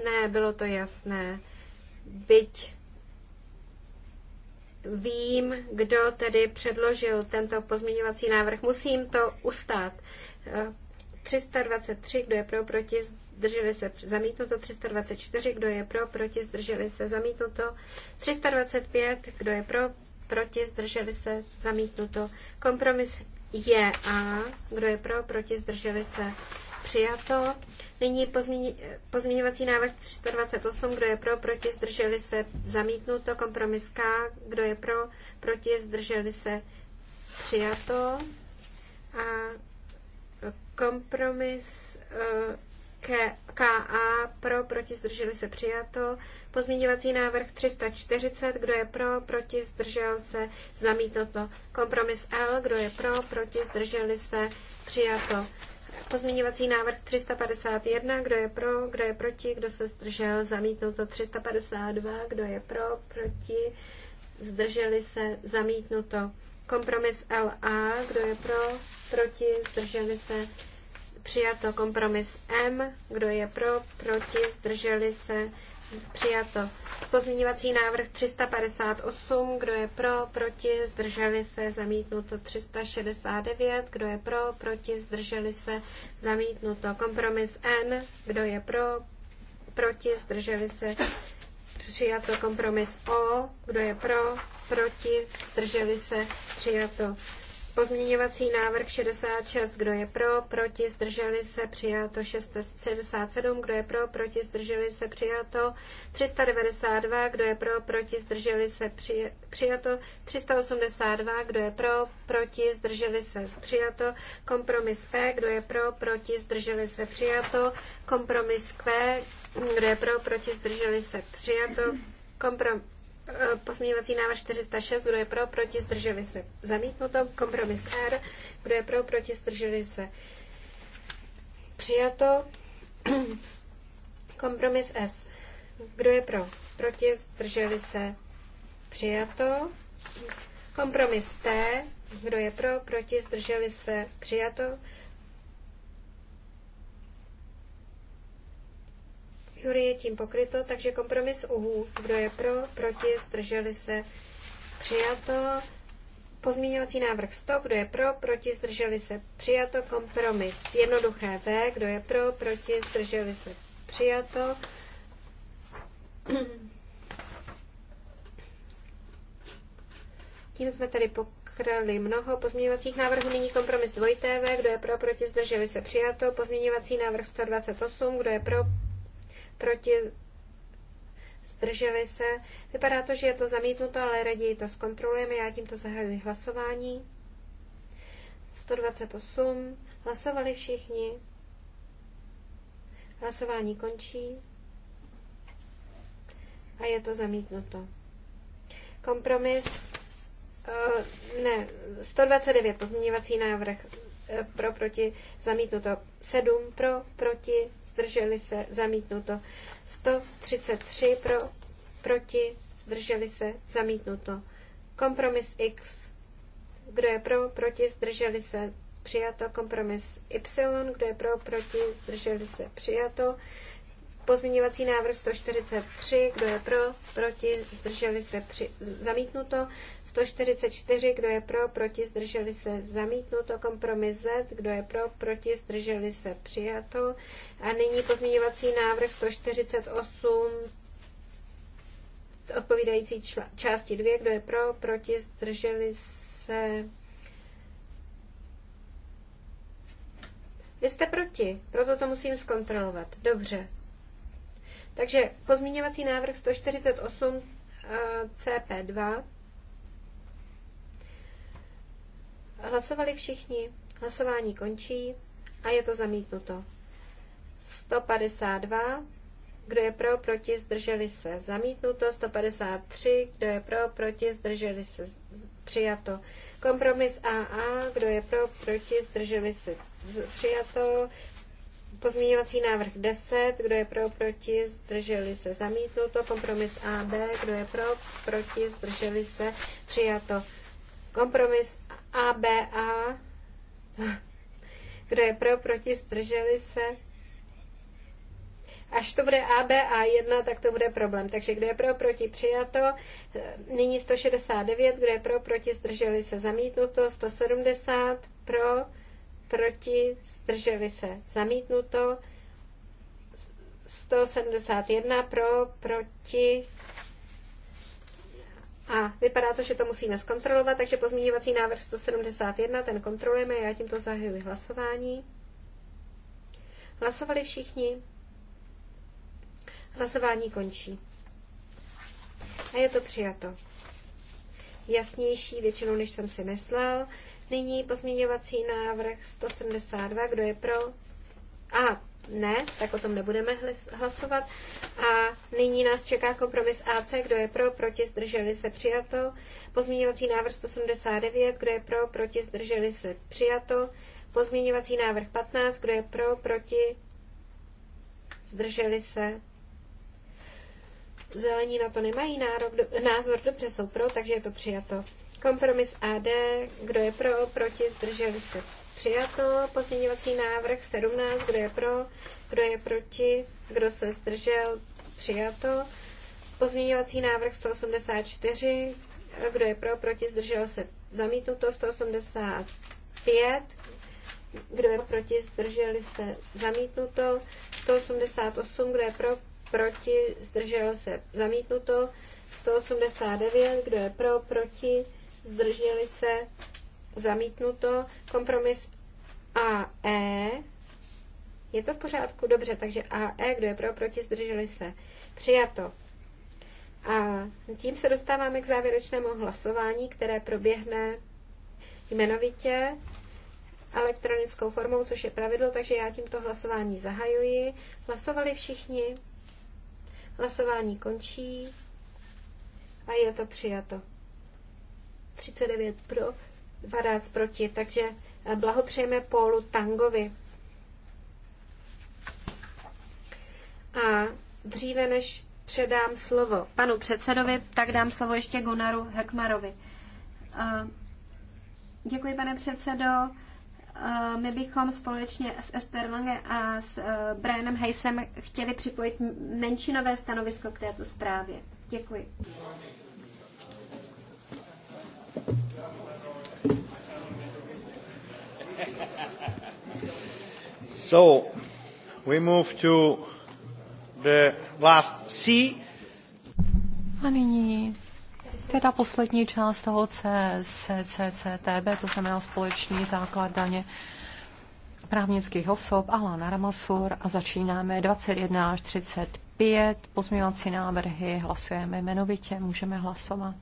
Ne, bylo to jasné. Byť vím, kdo tedy předložil tento pozměňovací návrh, musím to ustát 323, kdo je pro, proti, zdrželi se zamítnuto, 324, kdo je pro, proti, zdrželi se zamítnuto, 325, kdo je pro, proti, zdrželi se zamítnuto, kompromis je A, kdo je pro, proti, zdrželi se přijato. Nyní pozměň, pozměňovací návrh 328, kdo je pro, proti, zdrželi se zamítnuto, kompromis K, kdo je pro, proti, zdrželi se přijato. A Kompromis eh, KA pro, proti, zdrželi se přijato. Pozměňovací návrh 340, kdo je pro, proti, zdržel se, zamítnuto. Kompromis L, kdo je pro, proti, zdrželi se, přijato. Pozměňovací návrh 351, kdo je pro, kdo je proti, kdo se zdržel, zamítnuto 352, kdo je pro, proti, zdrželi se, zamítnuto. Kompromis LA, kdo je pro, proti, zdrželi se, přijato. Kompromis M, kdo je pro, proti, zdrželi se, přijato. Pozměňovací návrh 358, kdo je pro, proti, zdrželi se, zamítnuto 369, kdo je pro, proti, zdrželi se, zamítnuto. Kompromis N, kdo je pro, proti, zdrželi se, přijato. Kompromis O, kdo je pro, proti, zdrželi se, přijato. Pozměňovací návrh 66, kdo je pro, proti, zdrželi se, přijato 67, kdo je pro, proti, zdrželi se, přijato 392, kdo je pro, proti, zdrželi se, přijato 382, kdo je pro, proti, zdrželi se, přijato kompromis P, e, kdo je pro, proti, zdrželi se, přijato kompromis Q, kdo je pro, proti, zdrželi se, přijato. Komprom, eh, pozměňovací návrh 406, kdo je pro, proti, zdrželi se, zamítnuto. Kompromis R, kdo je pro, proti, zdrželi se, přijato. Kompromis S, kdo je pro, proti, zdrželi se, přijato. Kompromis T, kdo je pro, proti, zdrželi se, přijato. Jury je tím pokryto, takže kompromis UHU. Kdo je pro, proti, zdrželi se, přijato. Pozměňovací návrh 100, kdo je pro, proti, zdrželi se, přijato. Kompromis jednoduché V, kdo je pro, proti, zdrželi se, přijato. Tím jsme tady pokryli mnoho pozměňovacích návrhů. Nyní kompromis 2TV, kdo je pro, proti, zdrželi se, přijato. Pozměňovací návrh 128, kdo je pro, proti, zdrželi se. Vypadá to, že je to zamítnuto, ale raději to zkontrolujeme. Já tímto zahajuji hlasování. 128. Hlasovali všichni. Hlasování končí. A je to zamítnuto. Kompromis. Eh, ne, 129 pozměňovací návrh pro, proti, zamítnuto. 7 pro, proti, zdrželi se, zamítnuto. 133 pro, proti, zdrželi se, zamítnuto. Kompromis X, kdo je pro, proti, zdrželi se, přijato. Kompromis Y, kdo je pro, proti, zdrželi se, přijato. Pozměňovací návrh 143, kdo je pro, proti, zdrželi se při, zamítnuto. 144, kdo je pro, proti, zdrželi se zamítnuto. Kompromis Z, kdo je pro, proti, zdrželi se přijato. A nyní pozměňovací návrh 148, odpovídající čla, části 2, kdo je pro, proti, zdrželi se vy jste proti, proto to musím zkontrolovat. Dobře. Takže pozměňovací návrh 148 eh, CP2. Hlasovali všichni, hlasování končí a je to zamítnuto. 152, kdo je pro, proti, zdrželi se. Zamítnuto 153, kdo je pro, proti, zdrželi se. Přijato. Kompromis AA, kdo je pro, proti, zdrželi se. Přijato Pozměňovací návrh 10, kdo je pro, proti, zdrželi se, zamítnuto. Kompromis AB, kdo je pro, proti, zdrželi se, přijato. Kompromis ABA, kdo je pro, proti, zdrželi se. Až to bude ABA1, tak to bude problém. Takže kdo je pro, proti, přijato. Nyní 169, kdo je pro, proti, zdrželi se, zamítnuto. 170, pro, proti, zdrželi se, zamítnuto. 171 pro, proti. A vypadá to, že to musíme zkontrolovat, takže pozměňovací návrh 171, ten kontrolujeme, já tímto zahajuji hlasování. Hlasovali všichni. Hlasování končí. A je to přijato. Jasnější většinou, než jsem si myslel. Nyní pozměňovací návrh 172, kdo je pro? A ne, tak o tom nebudeme hlasovat. A nyní nás čeká kompromis AC, kdo je pro, proti, zdrželi se, přijato. Pozměňovací návrh 179, kdo je pro, proti, zdrželi se, přijato. Pozměňovací návrh 15, kdo je pro, proti, zdrželi se. Zelení na to nemají nárok, názor, dobře jsou pro, takže je to přijato. Kompromis AD, kdo je pro, proti, zdrželi se. Přijato. Pozměňovací návrh 17, kdo je pro, kdo je proti, kdo se zdržel. Přijato. Pozměňovací návrh 184, kdo je pro, proti, zdržel se. Zamítnuto 185, kdo je proti, zdrželi se. Zamítnuto 188, kdo je pro, proti, zdržel se. Zamítnuto 189, kdo je pro, proti, zdrželi se, zamítnuto. Kompromis AE, je to v pořádku? Dobře, takže AE, kdo je pro, proti, zdrželi se, přijato. A tím se dostáváme k závěrečnému hlasování, které proběhne jmenovitě elektronickou formou, což je pravidlo, takže já tímto hlasování zahajuji. Hlasovali všichni. Hlasování končí a je to přijato. 39 pro, 12 proti. Takže eh, blahopřejeme Pólu Tangovi. A dříve než předám slovo panu předsedovi, tak dám slovo ještě Gunaru Hekmarovi. Eh, děkuji, pane předsedo. Eh, my bychom společně s Lange a s Brianem Hejsem chtěli připojit menšinové stanovisko k této zprávě. Děkuji. So, we move to the last C. A nyní teda poslední část toho C, C, C, C, T, B, to znamená společný základ daně právnických osob, Alan Ramasur a začínáme 21 až 35, pozměňovací návrhy, hlasujeme jmenovitě, můžeme hlasovat.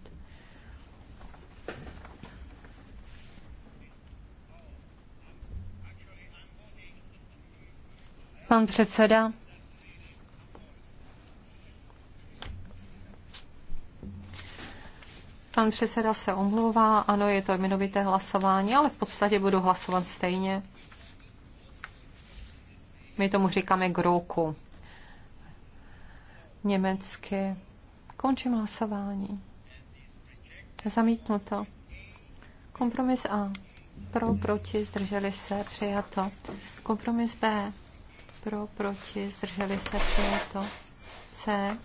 Pan předseda. Pan předseda se omlouvá, ano, je to jmenovité hlasování, ale v podstatě budu hlasovat stejně. My tomu říkáme grouku. Německy. Končím hlasování. Zamítnuto. Kompromis A. Pro, proti, zdrželi se, přijato. Kompromis B. Pro, proti, zdrželi se, přijato. C.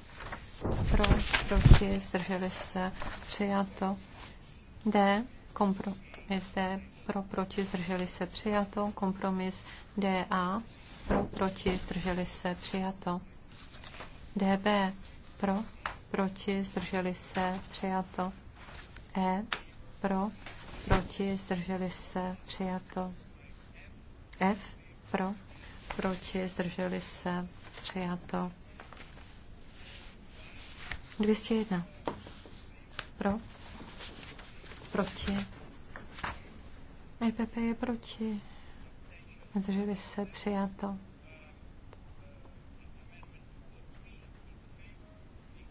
Pro, proti, zdrželi se, přijato. D. Kompromis D. Pro, proti, zdrželi se, přijato. Kompromis DA. Pro, proti, zdrželi se, přijato. DB. Pro, proti, zdrželi se, přijato. E pro, proti, zdrželi se, přijato. F pro, proti, zdrželi se, přijato. 201. Pro, proti. EPP je proti. Zdrželi se, přijato.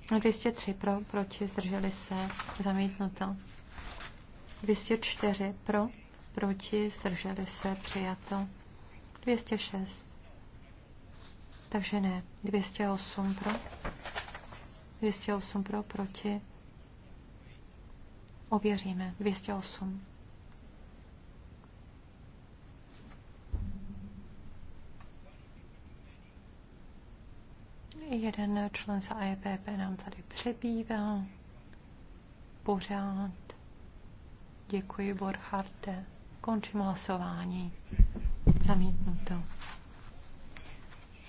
203 pro, proti, zdrželi se, zamítnuto. 204 pro, proti, zdrželi se, přijato. 206. Takže ne. 208 pro. 208 pro, proti. Ověříme. 208. Jeden člen z EPP nám tady přebývá. Pořád. Děkuji, Borcharte. Končím hlasování. Zamítnuto.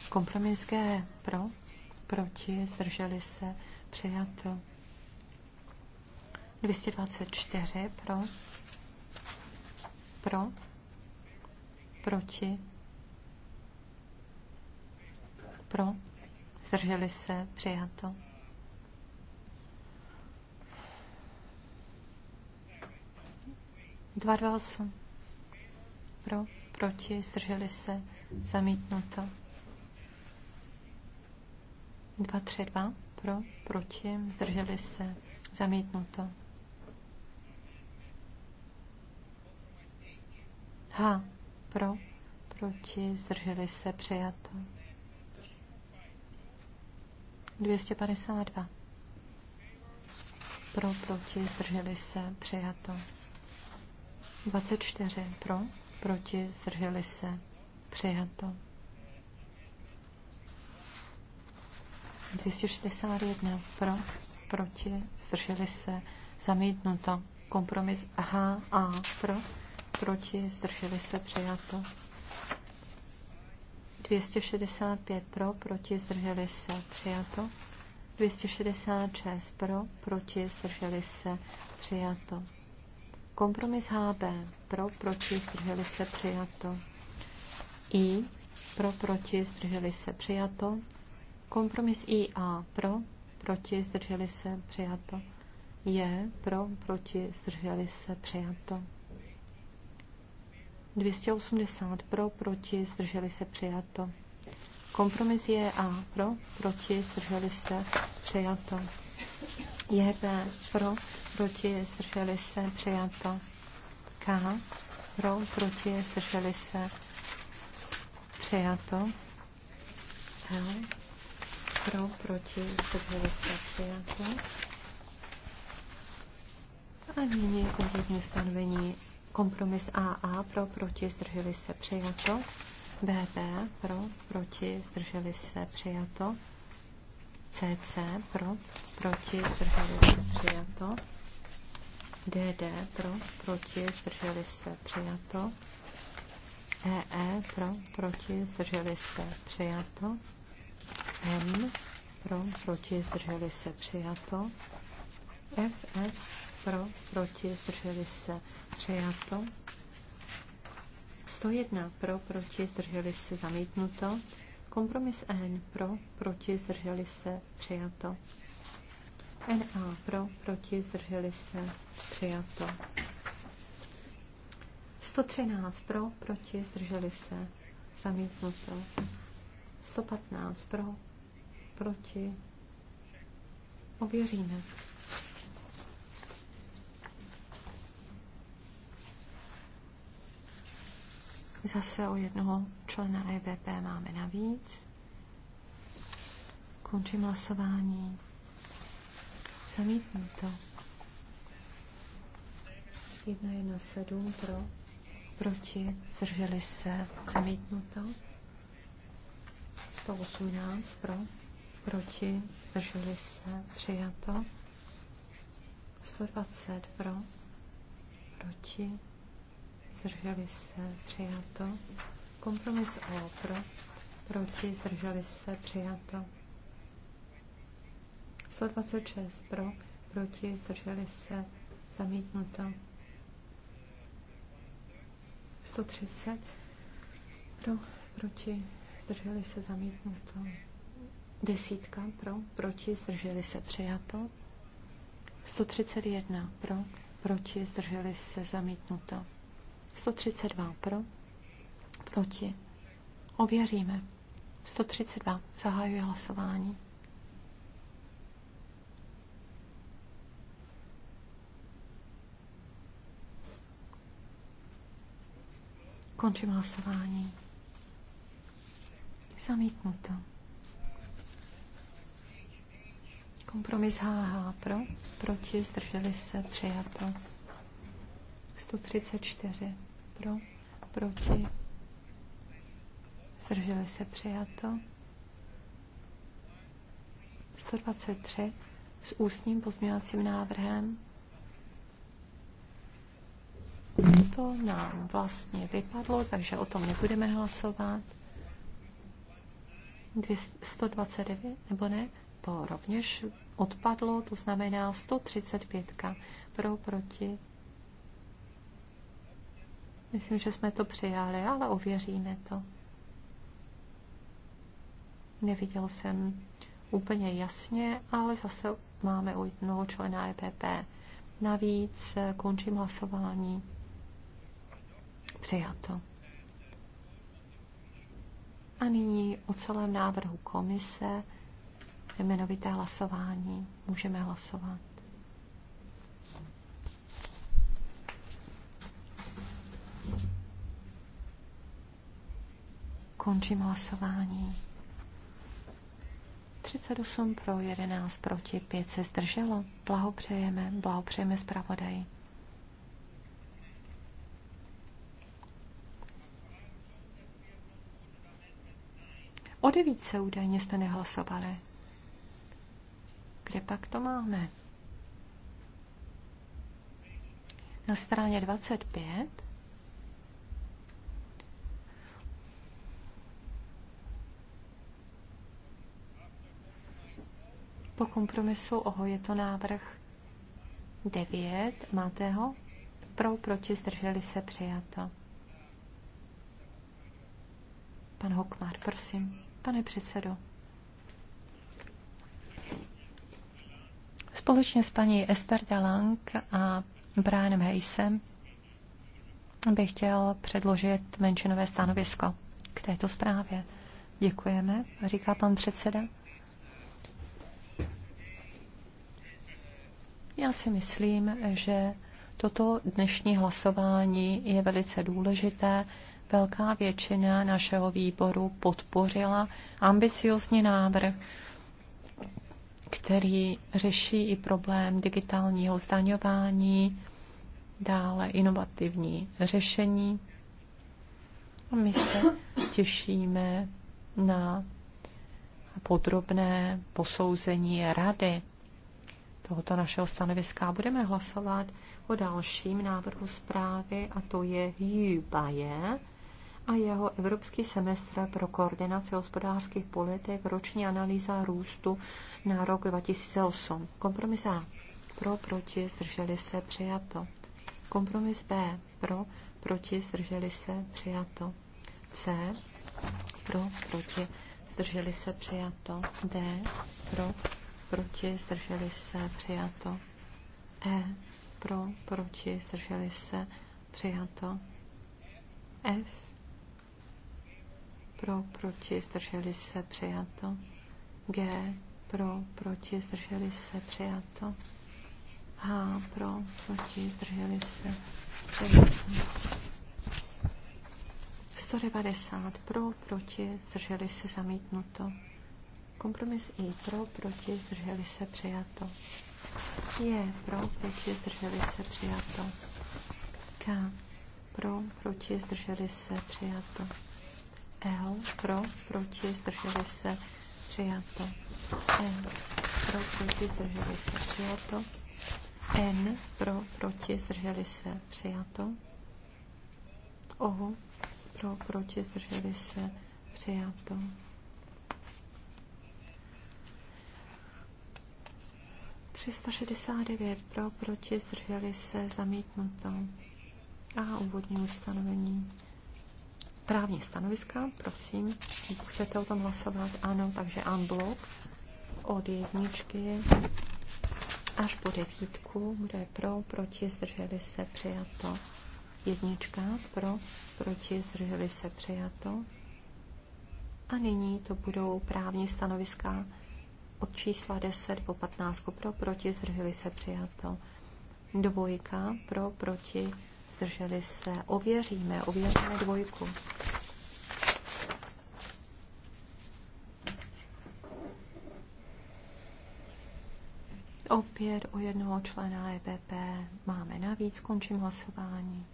Kompromis G. Pro. Proti. Zdrželi se. Přijato. 224. Pro. Pro. Proti. Pro zdrželi se, přijato. Dva, dva, osm. Pro, proti, zdrželi se, zamítnuto. Dva, tři, dva. Pro, proti, zdrželi se, zamítnuto. H, pro, proti, zdrželi se, přijato. 252. Pro, proti, zdrželi se, přijato. 24. Pro, proti, zdrželi se, přijato. 261. Pro, proti, zdrželi se, zamítnuto. Kompromis H a pro, proti, zdrželi se, přijato. 265 pro, proti, zdrželi se, přijato. 266 pro, proti, zdrželi se, přijato. Kompromis HB pro, proti, zdrželi se, přijato. I pro, proti, zdrželi se, přijato. Kompromis IA pro, proti, zdrželi se, přijato. J pro, proti, zdrželi se, přijato. 280 pro, proti, zdrželi se přijato. Kompromis je A pro, proti, zdrželi se přijato. Je B pro, proti, zdrželi se přijato. K pro, proti, zdrželi se přijato. L pro, proti, zdrželi se přijato. A nyní je kompletní stanovení Kompromis AA pro, proti, zdrželi se, přijato. BB pro, proti, zdrželi se, přijato. CC pro, proti, zdrželi se, přijato. DD pro, proti, zdrželi se, přijato. EE e, pro, proti, zdrželi se, přijato. M pro, proti, zdrželi se, přijato. FF pro, proti, zdrželi se, Přijato. 101 pro, proti, zdrželi se, zamítnuto. Kompromis N pro, proti, zdrželi se, přijato. NA pro, proti, zdrželi se, přijato. 113 pro, proti, zdrželi se, zamítnuto. 115 pro, proti, ověříme. Zase o jednoho člena EVP máme navíc. Končím hlasování. 1, 7 pro, proti, zdrželi se, zamítnuto. 118 pro, proti, zdrželi se, přijato. 120 pro, proti, zdrželi se, přijato. Kompromis O pro, proti, zdrželi se, přijato. 126 pro, proti, zdrželi se, zamítnuto. 130 pro, proti, zdrželi se, zamítnuto. Desítka pro, proti, zdrželi se, přijato. 131 pro, proti, zdrželi se, zamítnuto. 132 pro, proti. Ověříme. 132. Zahajuji hlasování. Končím hlasování. Zamítnuto. Kompromis HH pro, proti, zdrželi se, přijato. 134 pro, proti, zdrželi se přijato. 123 s ústním pozměňovacím návrhem. To nám vlastně vypadlo, takže o tom nebudeme hlasovat. 129 nebo ne, to rovněž odpadlo, to znamená 135 pro, proti, Myslím, že jsme to přijali, ale ověříme to. Neviděl jsem úplně jasně, ale zase máme u jednoho člena EPP. Navíc eh, končím hlasování. Přijato. A nyní o celém návrhu komise jmenovité hlasování. Můžeme hlasovat. Končím hlasování. 38 pro, 11 proti, 5 se zdrželo. Blahopřejeme, blahopřejeme zpravodaji. O devítce údajně jsme nehlasovali. Kde pak to máme? Na straně 25 po kompromisu oho je to návrh 9. Máte ho? Pro, proti, zdrželi se, přijato. Pan Hokmar, prosím. Pane předsedo. Společně s paní Esther Dalang a Brianem Hejsem bych chtěl předložit menšinové stanovisko k této zprávě. Děkujeme, říká pan předseda. Já si myslím, že toto dnešní hlasování je velice důležité. Velká většina našeho výboru podpořila ambiciozní návrh, který řeší i problém digitálního zdaňování, dále inovativní řešení. A my se těšíme na podrobné posouzení rady tohoto našeho stanoviska. Budeme hlasovat o dalším návrhu zprávy a to je Jubaje a jeho Evropský semestr pro koordinaci hospodářských politik, roční analýza růstu na rok 2008. Kompromis A. Pro, proti, zdrželi se, přijato. Kompromis B. Pro, proti, zdrželi se, přijato. C. Pro, proti, zdrželi se, přijato. D. Pro, proti, zdrželi se, přijato. E, pro, proti, zdrželi se, přijato. F, pro, proti, zdrželi se, přijato. G, pro, proti, zdrželi se, přijato. H, pro, proti, zdrželi se, přijato. 190 pro, proti, zdrželi se, zamítnuto. Kompromis I pro, proti, zdrželi se, přijato. Je pro, proti, zdrželi se, přijato. K pro, proti, zdrželi se, přijato. L pro, proti, zdrželi se, přijato. N pro, proti, zdrželi se, přijato. N pro, proti, zdrželi se, přijato. O pro, proti, zdrželi se, přijato. 369 pro, proti, zdrželi se, zamítnuto. A úvodní ustanovení. Právní stanoviska, prosím. Chcete o tom hlasovat? Ano, takže unblock od jedničky až po devítku, kde je pro, proti, zdrželi se, přijato. Jednička, pro, proti, zdrželi se, přijato. A nyní to budou právní stanoviska od čísla 10 po 15 pro, proti, zdrželi se přijato. Dvojka pro, proti, zdrželi se. Ověříme, ověříme dvojku. Opět o jednoho člena EPP máme navíc. Končím hlasování.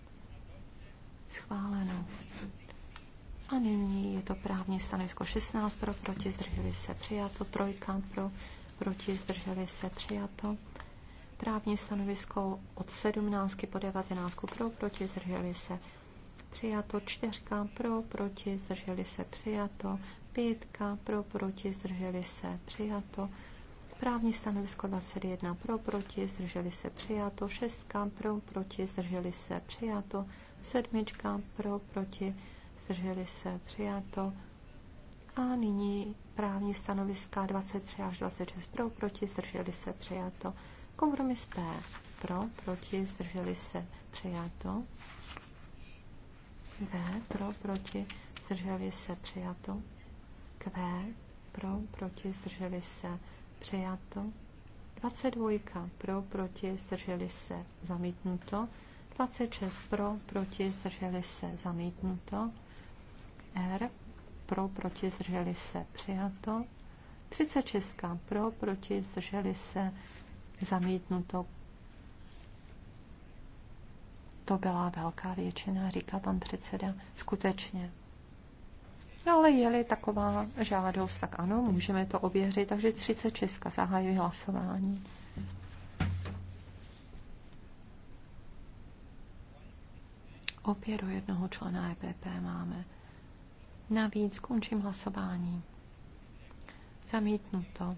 Schváleno. A nyní je to právní stanovisko 16 pro, proti, zdrželi se přijato, trojka pro, proti, zdrželi se přijato. Právní stanovisko od 17 po 19 pro, proti, zdrželi se přijato, čtyřka pro, proti, zdrželi se přijato, pětka pro, proti, zdrželi se přijato. Právní stanovisko 21 pro, proti, zdrželi se přijato, šestka pro, proti, zdrželi se přijato, sedmička pro, proti, zdrželi se, přijato. A nyní právní stanoviska 23 až 26 pro, proti, zdrželi se, přijato. Kompromis P pro, proti, zdrželi se, přijato. V pro, proti, zdrželi se, přijato. Q pro, proti, zdrželi se, přijato. 22 pro, proti, zdrželi se, zamítnuto. 26 pro, proti, zdrželi se, zamítnuto. R pro, proti, zdrželi se, přijato. 36 pro, proti, zdrželi se, zamítnuto. To byla velká většina, říká pan předseda. Skutečně. Ale je-li taková žádost, tak ano, můžeme to ověřit. Takže 36 zahajuji hlasování. Opět do jednoho člena EPP máme. Navíc končím hlasování. Zamítnuto.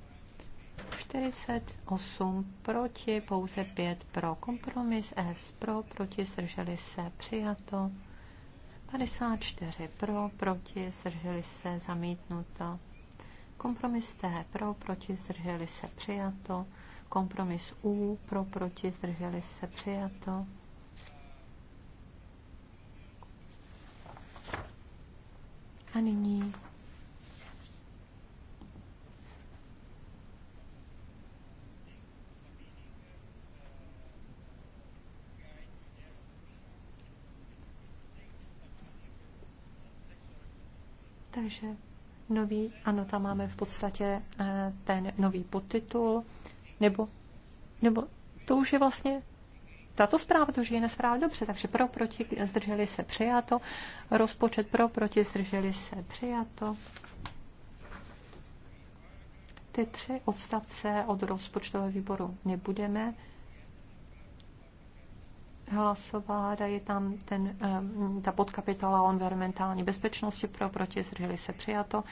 48 proti, pouze 5 pro. Kompromis S pro, proti, zdrželi se, přijato. 54 pro, proti, zdrželi se, zamítnuto. Kompromis T pro, proti, zdrželi se, přijato. Kompromis U pro, proti, zdrželi se, přijato. A nyní Takže nový, ano, tam máme v podstatě eh, ten nový podtitul, nebo, nebo to už je vlastně tato zpráva, protože je nespráva dobře, takže pro, proti, zdrželi se přijato, rozpočet pro, proti, zdrželi se přijato. Ty tři odstavce od rozpočtového výboru nebudeme hlasovat a je tam ten, eh, ta podkapitola o environmentální bezpečnosti pro, proti, zdrželi se přijato.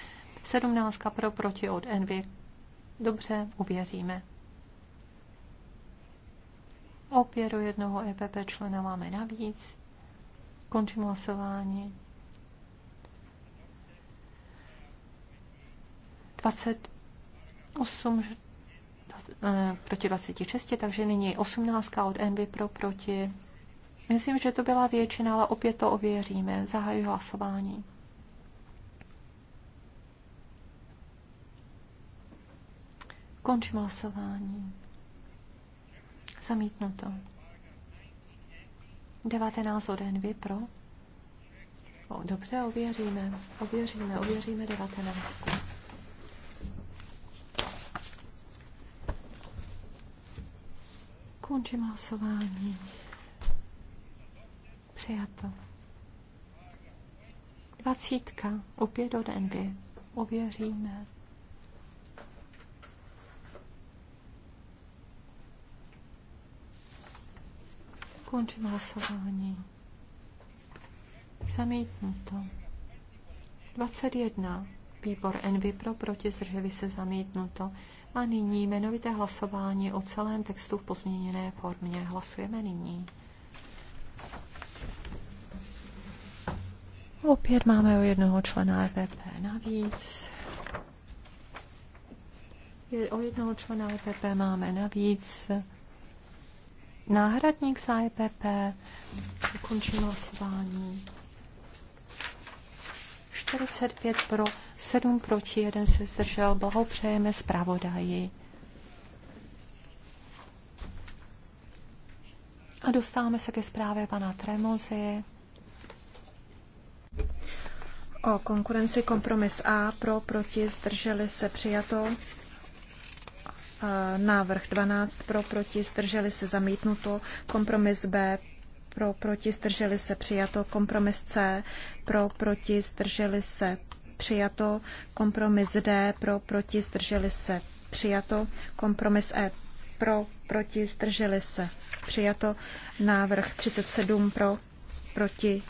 17 pro, proti od Envy. Dobře, uvěříme. Opět o jednoho EPP člena máme navíc. Končím hlasování. 28 eh, proti 26, takže nyní 18 od NB pro proti. Myslím, že to byla většina, ale opět to ověříme. Zahajuji hlasování. Končím hlasování. Zamítnuto. 19 od vy pro. O, dobře, ověříme. Ověříme, ověříme 19. Končím hlasování. Přijato. Dvacítka, opět od Envy. Ověříme. Končím hlasování. Zamítnuto. 21. Výbor Envy pro proti zdrželi se zamítnuto. A nyní jmenovité hlasování o celém textu v pozměněné formě. Hlasujeme nyní. Opět máme o jednoho člena EPP navíc. Je, o jednoho člena EPP máme navíc náhradník za EPP. Ukončím hlasování. 45 pro, 7 proti, 1 se zdržel. Blahopřejeme zpravodaji. A dostáváme se ke zprávě pana Tremozy. O konkurenci kompromis A pro, proti, zdrželi se přijato návrh 12 pro, proti, zdrželi se zamítnuto, kompromis B pro, proti, zdrželi se přijato, kompromis C pro, proti, zdrželi se přijato, kompromis D pro, proti, zdrželi se přijato, kompromis E pro, proti, zdrželi se přijato, návrh 37 pro, proti,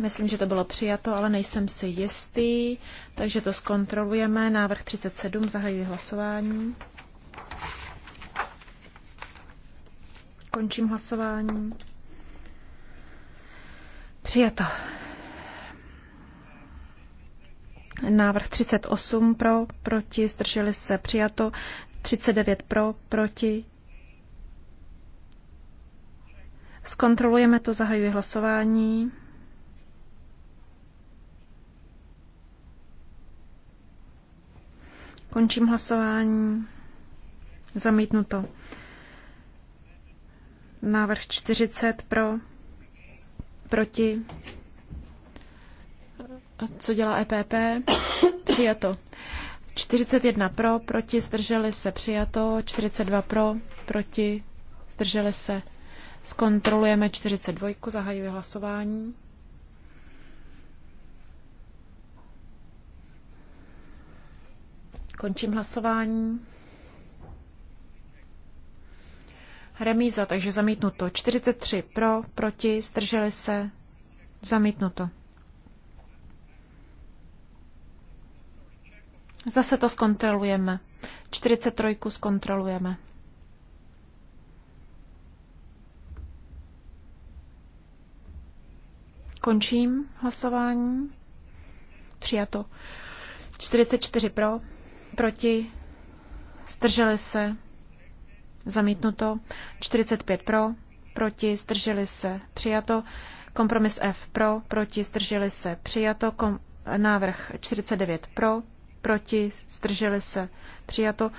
Myslím, že to bylo přijato, ale nejsem si jistý, takže to zkontrolujeme. Návrh 37, zahajuji hlasování. Končím hlasování. Přijato. Návrh 38 pro, proti, zdrželi se, přijato. 39 pro, proti. Zkontrolujeme to, zahajuji hlasování. Končím hlasování. Zamítnuto. Návrh 40 pro, proti. Co dělá EPP? Přijato. 41 pro, proti, zdrželi se, přijato. 42 pro, proti, zdrželi se. Zkontrolujeme 42, zahajuji hlasování. Končím hlasování. Remíza, takže zamítnuto. 43 pro, proti, strželi se, zamítnuto. Zase to zkontrolujeme. 43 zkontrolujeme. Končím hlasování. Přijato. 44 pro, proti, zdrželi se, zamítnuto, 45 pro, proti, zdrželi se, přijato, kompromis F pro, proti, zdrželi se, přijato, kom, návrh 49 pro, proti, zdrželi se, přijato,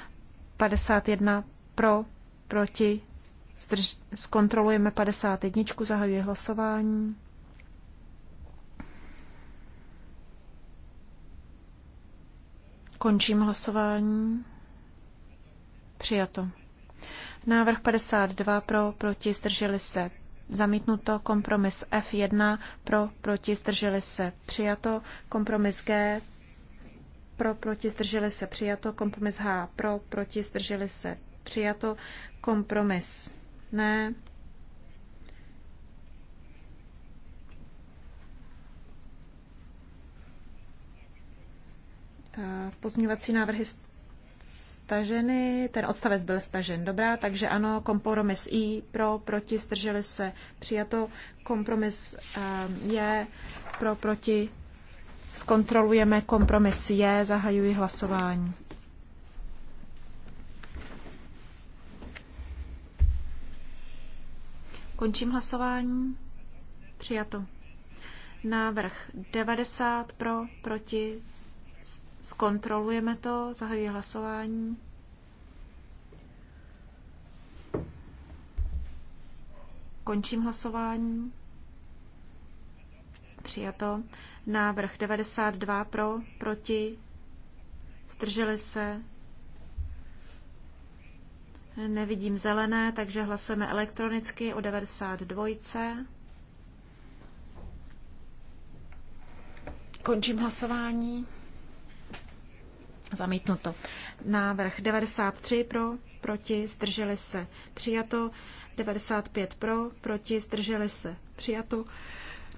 51 pro, proti, zdrž, zkontrolujeme 51, zahajuji hlasování. Končím hlasování. Přijato. Návrh 52 pro, proti, zdrželi se. Zamítnuto kompromis F1 pro, proti, zdrželi se. Přijato kompromis G pro, proti, zdrželi se. Přijato kompromis H pro, proti, zdrželi se. Přijato kompromis. Ne. Pozměňovací návrhy staženy, ten odstavec byl stažen, dobrá, takže ano, kompromis I pro, proti, zdrželi se, přijato, kompromis ehm, je pro, proti, zkontrolujeme kompromis je, zahajuji hlasování. Končím hlasování. Přijato. Návrh 90 pro, proti, Zkontrolujeme to, zahajuji hlasování. Končím hlasování. Přijato. Návrh 92 pro, proti, zdrželi se. Nevidím zelené, takže hlasujeme elektronicky o 92. Končím hlasování. Zamítnuto. Návrh 93 pro, proti, zdrželi se, přijato. 95 pro, proti, zdrželi se, přijato.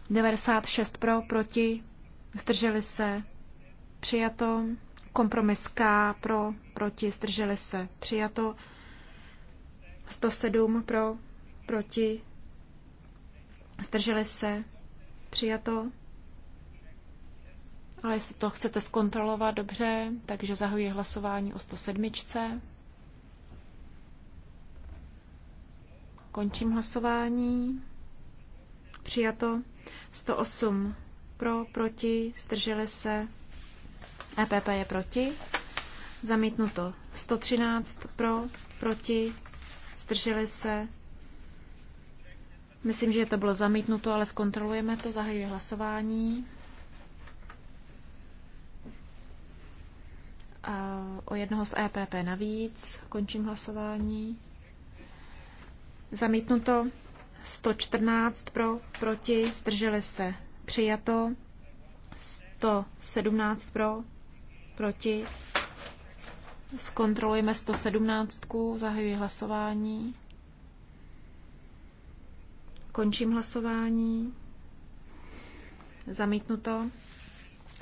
96 pro, proti, zdrželi se, přijato. Kompromis K pro, proti, zdrželi se, přijato. 107 pro, proti, zdrželi se, přijato. Ale jestli to chcete zkontrolovat dobře, takže zahajuji hlasování o 107. Končím hlasování. Přijato 108 pro, proti, zdrželi se. EPP je proti. Zamítnuto 113 pro, proti, zdrželi se. Myslím, že to bylo zamítnuto, ale zkontrolujeme to, zahajuji hlasování. o jednoho z EPP navíc. Končím hlasování. Zamítnuto 114 pro, proti, zdrželi se. Přijato 117 pro, proti. Zkontrolujeme 117, zahajuji hlasování. Končím hlasování. Zamítnuto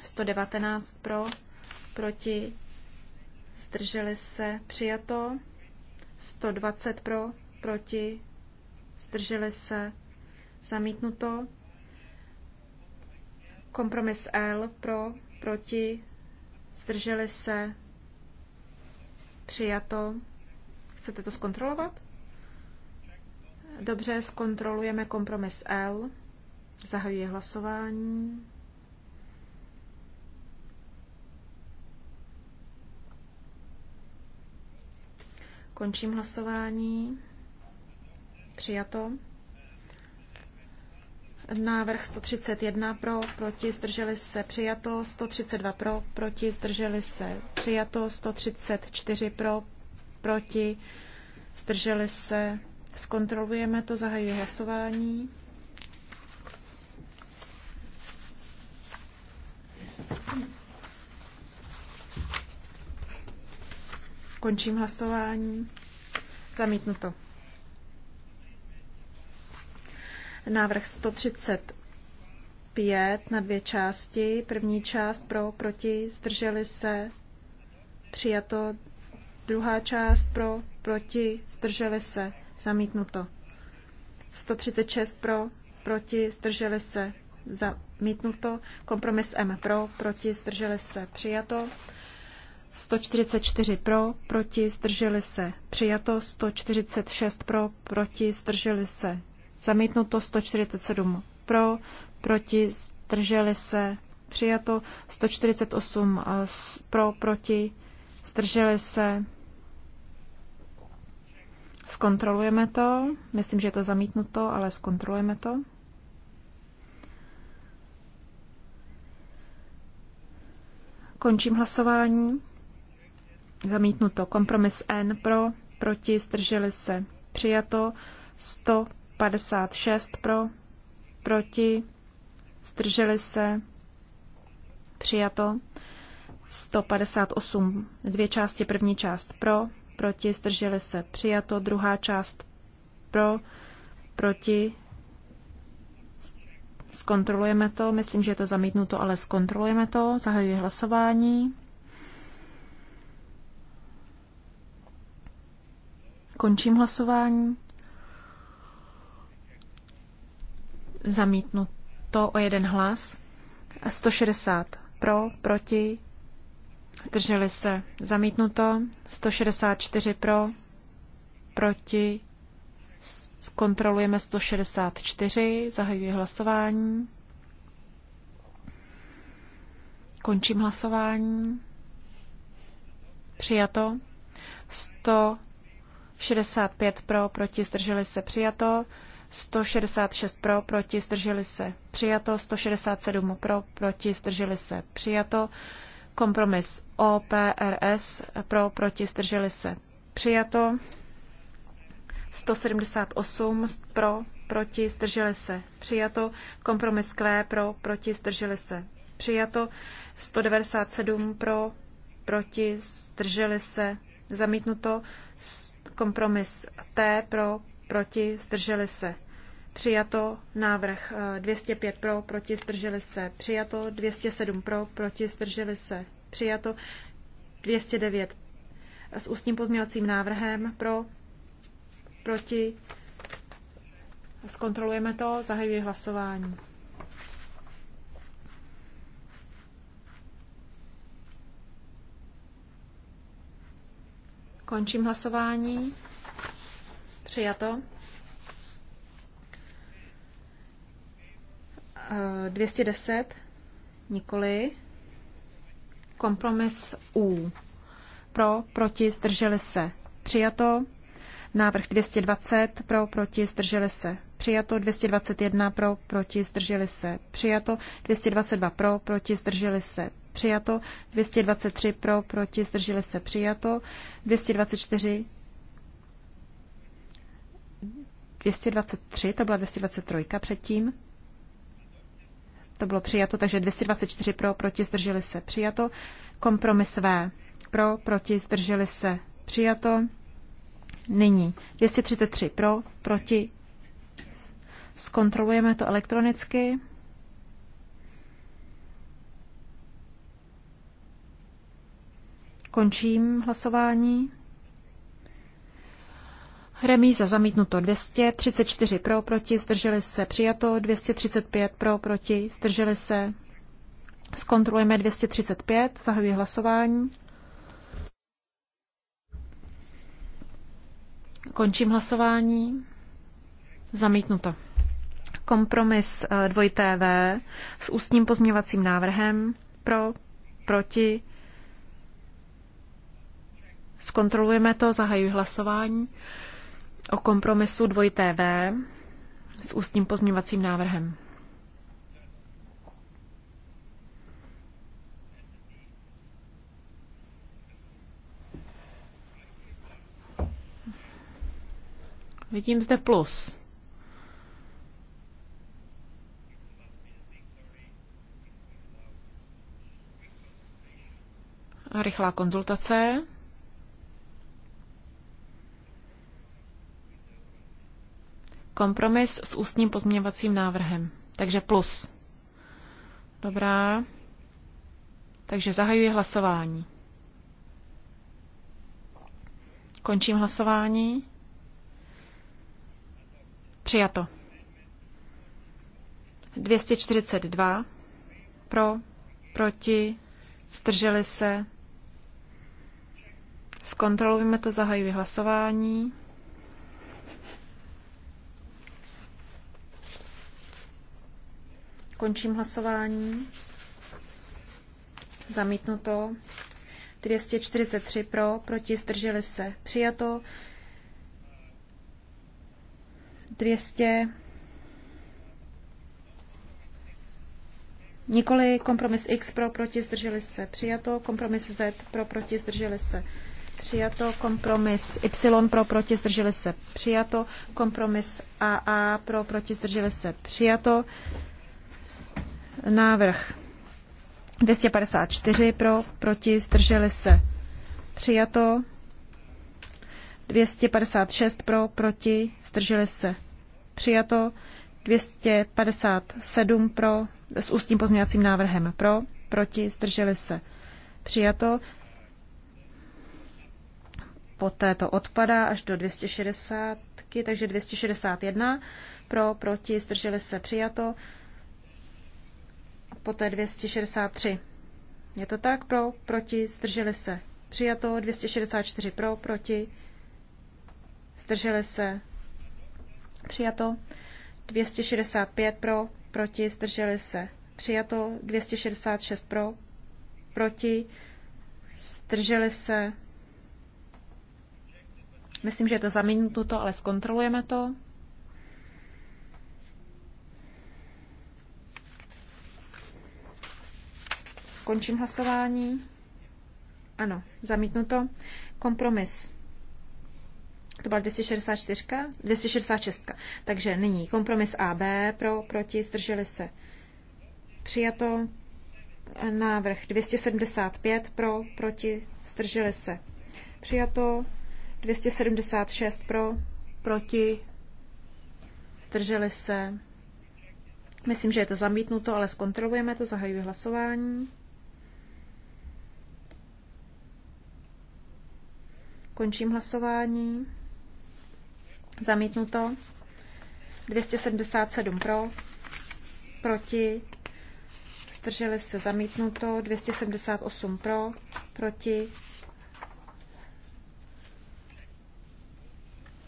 119 pro, proti, zdrželi se, přijato. 120 pro, proti, zdrželi se, zamítnuto. Kompromis L pro, proti, zdrželi se, přijato. Chcete to zkontrolovat? Dobře, zkontrolujeme kompromis L. Zahajuji hlasování. Končím hlasování. Přijato. Návrh 131 pro, proti, zdrželi se, přijato. 132 pro, proti, zdrželi se, přijato. 134 pro, proti, zdrželi se. Zkontrolujeme to, zahajuji hlasování. Thank you. Končím hlasování. Zamítnuto. Návrh 135 na dvě části. První část pro, proti, zdrželi se, přijato. Druhá část pro, proti, zdrželi se, zamítnuto. 136 pro, proti, zdrželi se, zamítnuto. Kompromis M pro, proti, zdrželi se, přijato. 144 pro, proti, zdrželi se. Přijato 146 pro, proti, zdrželi se. Zamítnuto 147 pro, proti, zdrželi se. Přijato 148 eh, pro, proti, zdrželi se. Zkontrolujeme to. Myslím, že je to zamítnuto, ale zkontrolujeme to. Končím hlasování. Zamítnuto. Kompromis N pro, proti, zdrželi se. Přijato. 156 pro, proti, zdrželi se. Přijato. 158. Dvě části. První část pro, proti, zdrželi se. Přijato. Druhá část pro, proti. Zkontrolujeme to. Myslím, že je to zamítnuto, ale zkontrolujeme to. Zahajuji hlasování. Končím hlasování. Zamítnu to o jeden hlas. 160 pro, proti, zdrželi se. Zamítnuto. 164 pro, proti, zkontrolujeme 164, zahajuji hlasování. Končím hlasování. Přijato. 100 65 pro, proti, zdrželi se, přijato. 166 pro, proti, zdrželi se, přijato. 167 pro, proti, zdrželi se, přijato. Kompromis OPRS pro, proti, zdrželi se, přijato. 178 pro, proti, zdrželi se, přijato. Kompromis Q pro, proti, zdrželi se, přijato. 197 pro, proti, zdrželi se, zamítnuto. Kompromis T pro, proti, zdrželi se. Přijato návrh 205 eh, pro, proti, zdrželi se. Přijato 207 pro, proti, zdrželi se. Přijato 209 s ústním podměvacím návrhem pro, proti. Zkontrolujeme to, zahajuji hlasování. Končím hlasování. Přijato. 210, eh, nikoli. Kompromis U. Pro, proti, zdrželi se. Přijato. Návrh 220, pro, proti, zdrželi se. Přijato 221 pro, proti, zdrželi se. Přijato 222 pro, proti, zdrželi se přijato, 223 pro, proti, zdrželi se přijato, 224 223, to byla 223 předtím. To bylo přijato, takže 224 pro, proti, zdrželi se přijato. Kompromis V. Pro, proti, zdrželi se přijato. Nyní 233 pro, proti. Zkontrolujeme to elektronicky. Končím hlasování. Remíza zamítnuto 234 pro, proti, zdrželi se, přijato 235 pro, proti, zdrželi se. Zkontrolujeme 235, zahajuji hlasování. Končím hlasování. Zamítnuto. Kompromis 2TV eh, s ústním pozměvacím návrhem pro, proti, Zkontrolujeme to, zahajuji hlasování o kompromisu dvojité V s ústním pozměvacím návrhem. Vidím zde plus. Rychlá konzultace. kompromis s ústním pozměňovacím návrhem. Takže plus. Dobrá. Takže zahajuji hlasování. Končím hlasování. Přijato. 242 pro, proti, zdrželi se. Zkontrolujeme to, zahajuji hlasování. Končím hlasování. Zamítnuto. 243 pro, proti zdrželi se. Přijato. 200. Nikoli kompromis X pro, proti zdrželi se. Přijato. Kompromis Z pro, proti zdrželi se. Přijato kompromis Y pro proti zdrželi se přijato, kompromis AA pro proti zdrželi se přijato. Návrh 254 pro, proti, zdrželi se. Přijato. 256 pro, proti, zdrželi se. Přijato. 257 pro, s ústním pozměňovacím návrhem pro, proti, zdrželi se. Přijato. Poté to odpadá až do 260, takže 261 pro, proti, zdrželi se. Přijato poté 263. Je to tak? Pro, proti, zdrželi se. Přijato 264 pro, proti, zdrželi se. Přijato 265 pro, proti, zdrželi se. Přijato 266 pro, proti, zdrželi se. Myslím, že je to zamítnuto, ale zkontrolujeme to. Končím hlasování. Ano, zamítnuto. Kompromis. To byla 264, 266. Takže nyní kompromis AB pro, proti, zdrželi se. Přijato návrh 275 pro, proti, zdrželi se. Přijato 276 pro, proti, zdrželi se. Myslím, že je to zamítnuto, ale zkontrolujeme to, zahajuji hlasování. Končím hlasování. Zamítnuto. 277 pro, proti, zdrželi se zamítnuto, 278 pro, proti.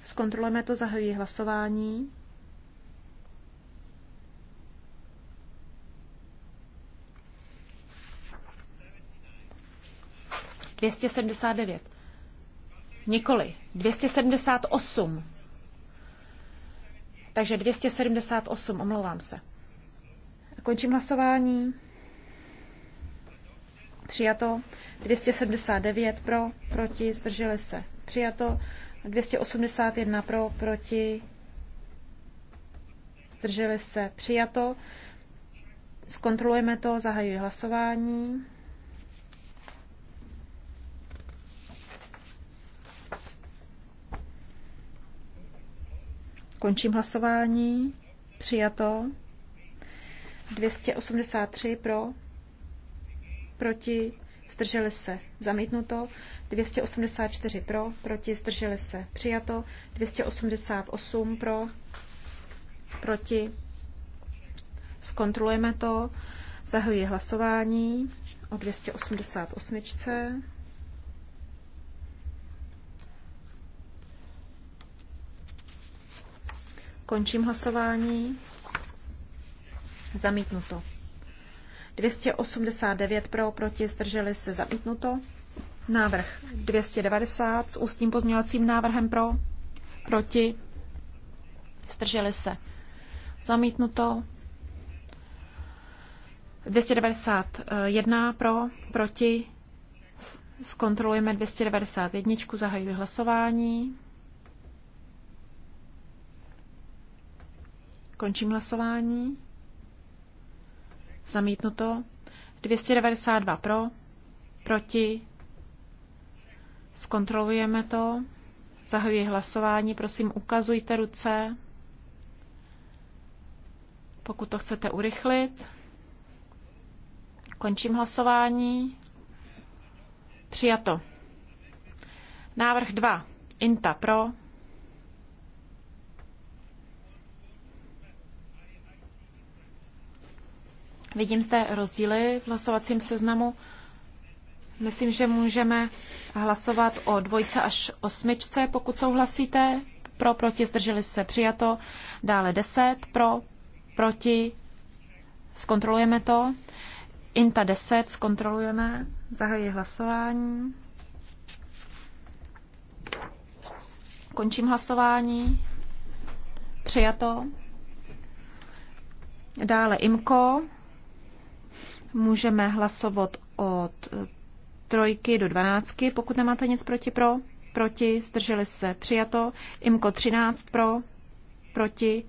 Zkontrolujeme to, zahajuji hlasování. Dvěstě sedmdesát devět. Nikoli. 278. Takže 278, omlouvám se. Končím hlasování. Přijato. 279 pro, proti, zdrželi se. Přijato. 281 pro, proti, zdrželi se. Přijato. Zkontrolujeme to, zahajuji hlasování. Končím hlasování. Přijato. 283 pro. Proti. Zdrželi se. Zamítnuto. 284 pro. Proti. Zdrželi se. Přijato. 288 pro. Proti. Zkontrolujeme to. Zahajuji hlasování o 288. Končím hlasování. Zamítnuto. 289 pro, proti, zdrželi se zamítnuto. Návrh 290 s ústním pozměňovacím návrhem pro, proti, zdrželi se zamítnuto. 291 pro, proti, zkontrolujeme 291, zahajuji hlasování. Končím hlasování. Zamítnuto. 292 pro, proti. Zkontrolujeme to. Zahajuji hlasování. Prosím, ukazujte ruce, pokud to chcete urychlit. Končím hlasování. Přijato. Návrh 2. Inta pro. Vidím zde rozdíly v hlasovacím seznamu. Myslím, že můžeme hlasovat o dvojce až osmičce, pokud souhlasíte. Pro, proti, zdrželi se, přijato. Dále deset, pro, proti, zkontrolujeme to. INTA deset zkontrolujeme, zahajuji hlasování. Končím hlasování. Přijato. Dále IMKO Můžeme hlasovat od trojky do dvanáctky, pokud nemáte nic proti pro. Proti, zdrželi se, přijato. Imko 13 pro, proti,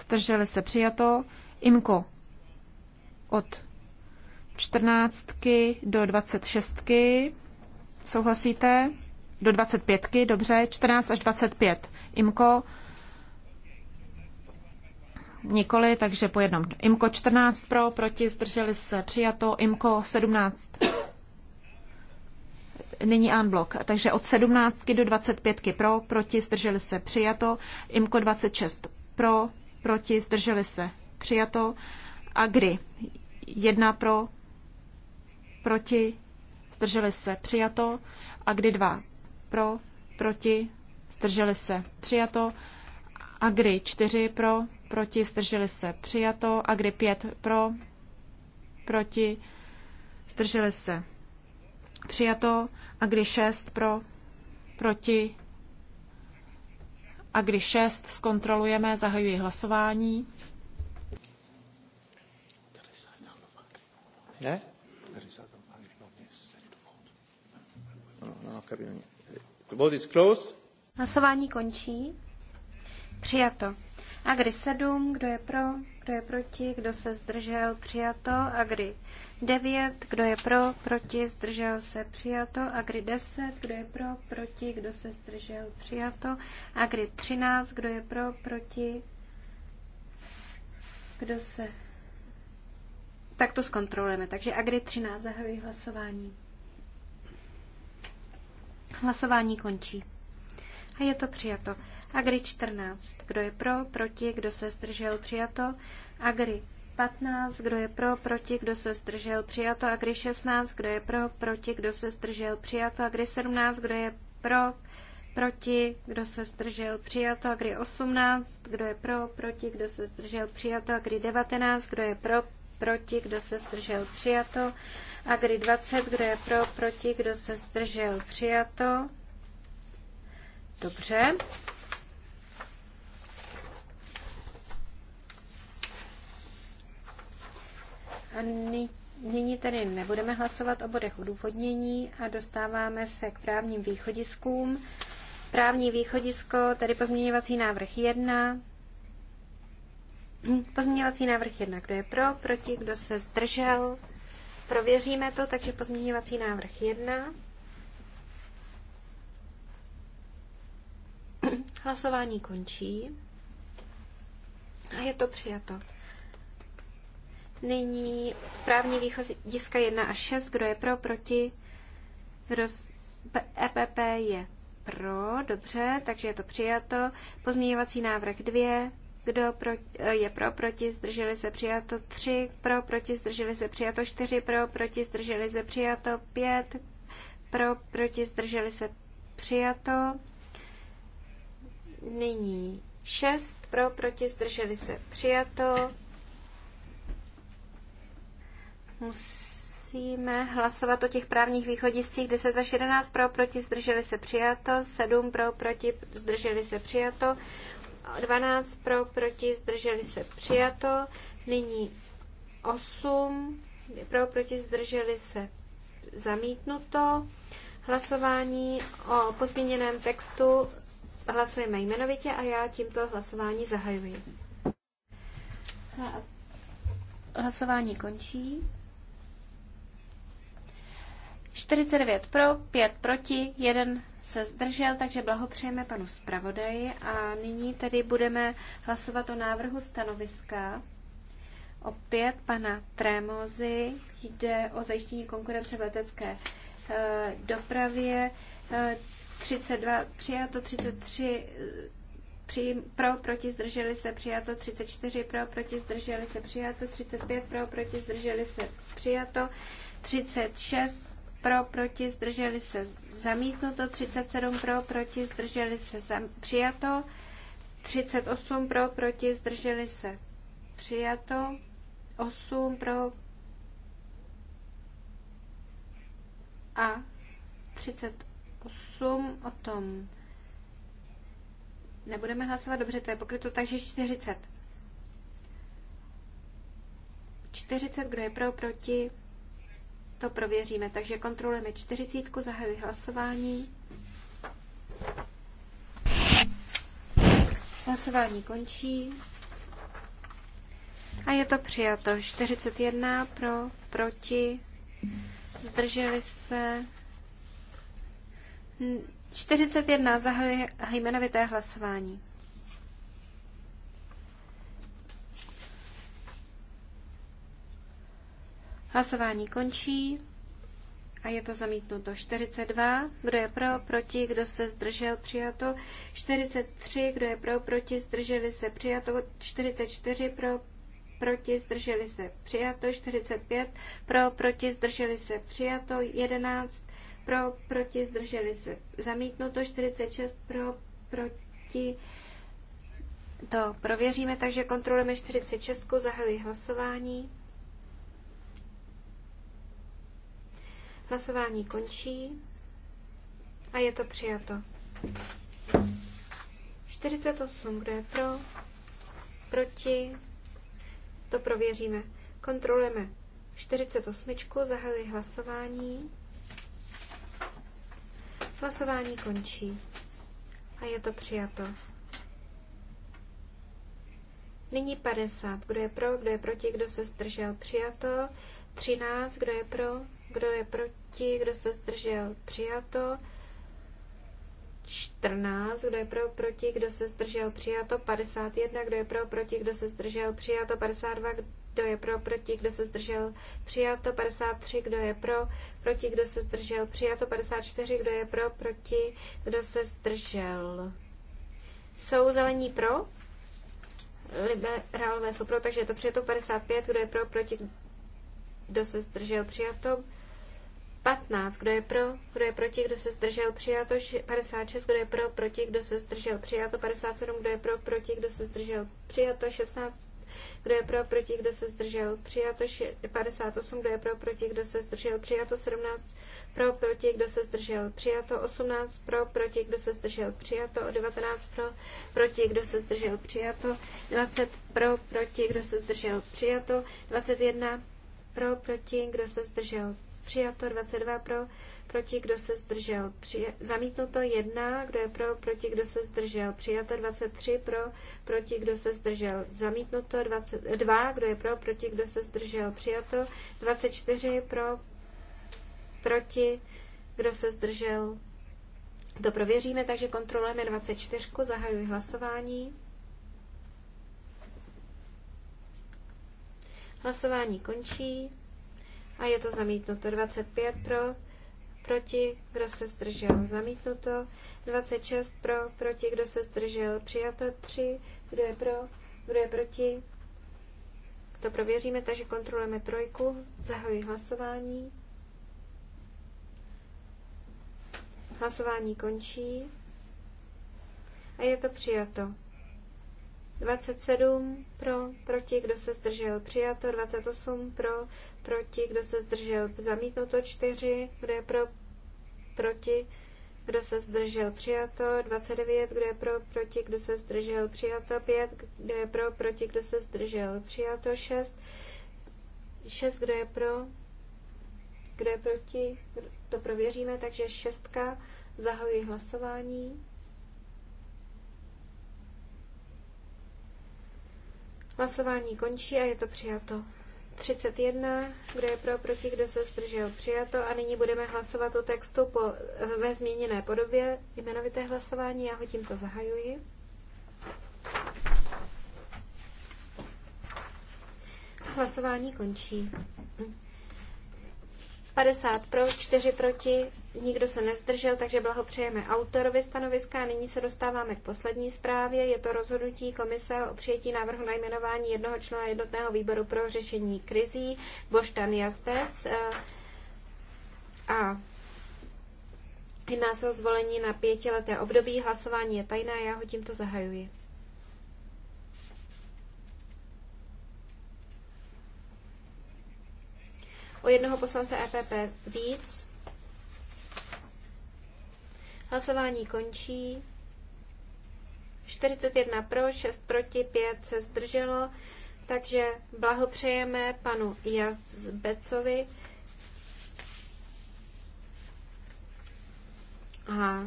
zdrželi se, přijato. Imko od 14 do 26. Souhlasíte? Do 25, dobře. 14 až 25. Imko nikoli, takže po jednom. IMKO 14 pro, proti, zdrželi se, přijato. IMKO 17. Nyní unblock, takže od 17 do 25 pro, proti, zdrželi se, přijato. IMKO 26 pro, proti, zdrželi se, přijato. Agri 1 pro, proti, zdrželi se, přijato. Agri 2 pro, proti, zdrželi se, přijato. Agri 4 pro, proti, zdrželi se přijato. Agri 5 pro, proti, zdrželi se přijato. Agri 6 pro, proti. Agri 6 zkontrolujeme, zahajuji hlasování. Hlasování končí. Přijato. A kdy sedm, kdo je pro, kdo je proti, kdo se zdržel, přijato. A kdy devět, kdo je pro, proti, zdržel se, přijato. A kdy deset, kdo je pro, proti, kdo se zdržel, přijato. A kdy třináct, kdo je pro, proti, kdo se... Tak to zkontrolujeme. Takže a kdy třináct zahajují hlasování. Hlasování končí. A je to přijato. Agri 14. Kdo je pro, proti, kdo se zdržel, přijato. Agri 15. Kdo je pro, proti, kdo se zdržel, přijato. Agri 16. Kdo je pro, proti, kdo se zdržel, přijato. Agri 17. Kdo je pro, proti, kdo se zdržel, přijato. Agri 18. Kdo je pro, proti, kdo se zdržel, přijato. Agri 19. Kdo je pro, proti, kdo se zdržel, přijato. Agri 20. Kdo je pro, proti, kdo se zdržel, přijato. Dobře. nyní tedy nebudeme hlasovat o bodech odůvodnění a dostáváme se k právním východiskům. Právní východisko, tedy pozměňovací návrh 1. Pozměňovací návrh 1. Kdo je pro, proti, kdo se zdržel? Prověříme to, takže pozměňovací návrh 1. Hlasování končí. A je to přijato. Nyní právní východiska 1 až 6. Kdo je pro, proti? Roz... EPP e je pro, dobře, takže je to přijato. Pozměňovací návrh 2. Kdo pro, e, je pro, proti, zdrželi se přijato 3, pro, proti, zdrželi se přijato 4, pro, proti, zdrželi se přijato 5, pro, proti, zdrželi se přijato. Nyní 6, pro, proti, zdrželi se přijato. Musíme hlasovat o těch právních východiscích 10 až 11 pro, proti, zdrželi se přijato, 7 pro, proti, zdrželi se přijato, 12 pro, proti, zdrželi se přijato, nyní 8 pro, proti, zdrželi se zamítnuto. Hlasování o pozměněném textu hlasujeme jmenovitě a já tímto hlasování zahajuji. Hlasování končí. 49 pro, 5 proti, 1 se zdržel, takže blahopřejeme panu zpravodaji a nyní tedy budeme hlasovat o návrhu stanoviska. Opět pana Trémozy jde o zajištění konkurence v letecké e, dopravě. E, eh, 32 přijato, 33 eh, při, pro, proti, zdrželi se, přijato, 34 pro, proti, zdrželi se, přijato, 35 pro, proti, zdrželi se, přijato, 36 pro, proti, zdrželi se zamítnuto, 37 pro, proti, zdrželi se zam, přijato, 38 pro, proti, zdrželi se přijato, 8 pro a 38 o tom nebudeme hlasovat, dobře, to je pokryto, takže 40. 40, kdo je pro, proti, to prověříme. Takže kontrolujeme čtyřicítku, zahajuji hlasování. Hlasování končí. A je to přijato. 41 pro, proti, zdrželi se. 41 zahajuje jmenovité hlasování. Hlasování končí a je to zamítnuto. 42, kdo je pro, proti, kdo se zdržel, přijato. 43, kdo je pro, proti, zdrželi se, přijato. 44, pro, proti, zdrželi se, přijato. 45, pro, proti, zdrželi se, přijato. 11, pro, proti, zdrželi se, zamítnuto. 46, pro, proti, to prověříme, takže kontrolujeme 46, zahajuji hlasování. Hlasování končí a je to přijato. 48, kdo je pro, proti, to prověříme. Kontrolujeme 48, zahajuji hlasování. Hlasování končí a je to přijato. Nyní 50. Kdo je pro, kdo je proti, kdo se zdržel? Přijato. 13. Kdo je pro, kdo je proti, kdo se zdržel, přijato. 14, kdo je pro, proti, kdo se zdržel, přijato. 51, kdo je pro, proti, kdo se zdržel, přijato. 52, kdo je pro, proti, kdo se zdržel, přijato. 53, kdo je pro, proti, kdo se zdržel, přijato. 54, kdo je pro, proti, kdo se zdržel. Jsou zelení pro? Liberálové jsou pro, takže je to přijato. 55, kdo je pro, proti, kdo se zdržel, přijato. 15. Kdo je pro? Kdo je proti? Kdo se zdržel? Přijato 56. Kdo je pro? Proti? Kdo se zdržel? Přijato 57. Kdo je pro? Proti? Kdo se zdržel? Přijato 16. Kdo je pro? Proti? Kdo se zdržel? Přijato 58. Kdo je pro? Proti? Kdo se zdržel? Přijato 17. Pro? Proti? Kdo se zdržel? Přijato 18. Pro? Proti? Kdo se zdržel? Přijato 19. Pro? Proti? Kdo se zdržel? Přijato 20. Pro? Proti? Kdo se zdržel? Přijato 21. Pro? Proti? Kdo se zdržel? přijato 22 pro, proti kdo se zdržel, při, zamítnuto 1, kdo je pro, proti kdo se zdržel, přijato 23 pro, proti kdo se zdržel, zamítnuto 22, kdo je pro, proti kdo se zdržel, přijato 24 pro, proti kdo se zdržel. To prověříme, takže kontrolujeme 24, zahajuji hlasování. Hlasování končí a je to zamítnuto. 25 pro, proti, kdo se zdržel, zamítnuto. 26 pro, proti, kdo se zdržel, přijato. 3, kdo je pro, kdo je proti. To prověříme, takže kontrolujeme trojku. Zahajuji hlasování. Hlasování končí. A je to přijato. 27 pro, proti, kdo se zdržel, přijato, 28 pro, proti, kdo se zdržel, zamítnuto, 4, kdo je pro, proti, kdo se zdržel, přijato, 29, kdo je pro, proti, kdo se zdržel, přijato, 5, kdo je pro, proti, kdo se zdržel, přijato, 6, 6, kdo je pro, kdo je proti, to prověříme, takže šestka, zahajuji hlasování. Hlasování končí a je to přijato. 31, kdo je pro, proti, kdo se zdržel, přijato. A nyní budeme hlasovat o textu po, ve změněné podobě. Jmenovité hlasování, já ho tímto zahajuji. Hlasování končí. 50 pro, 4 proti, nikdo se nezdržel, takže blahopřejeme autorovi stanoviska. A nyní se dostáváme k poslední zprávě. Je to rozhodnutí komise o přijetí návrhu na jmenování jednoho člena jednotného výboru pro řešení krizí, Boštan Jaspec. Eh, a jedná se o zvolení na pětileté období. Hlasování je tajné, já ho tímto zahajuji. o jednoho poslance EPP víc. Hlasování končí. 41 pro, 6 proti, 5 se zdrželo. Takže blahopřejeme panu Jazbecovi. A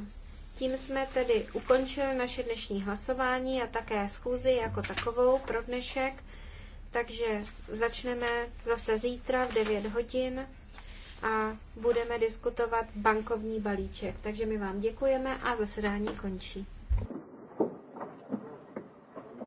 tím jsme tedy ukončili naše dnešní hlasování a také schůzi jako takovou pro dnešek. Takže začneme zase zítra v 9 hodin a budeme diskutovat bankovní balíček. Takže my vám děkujeme a zasedání končí.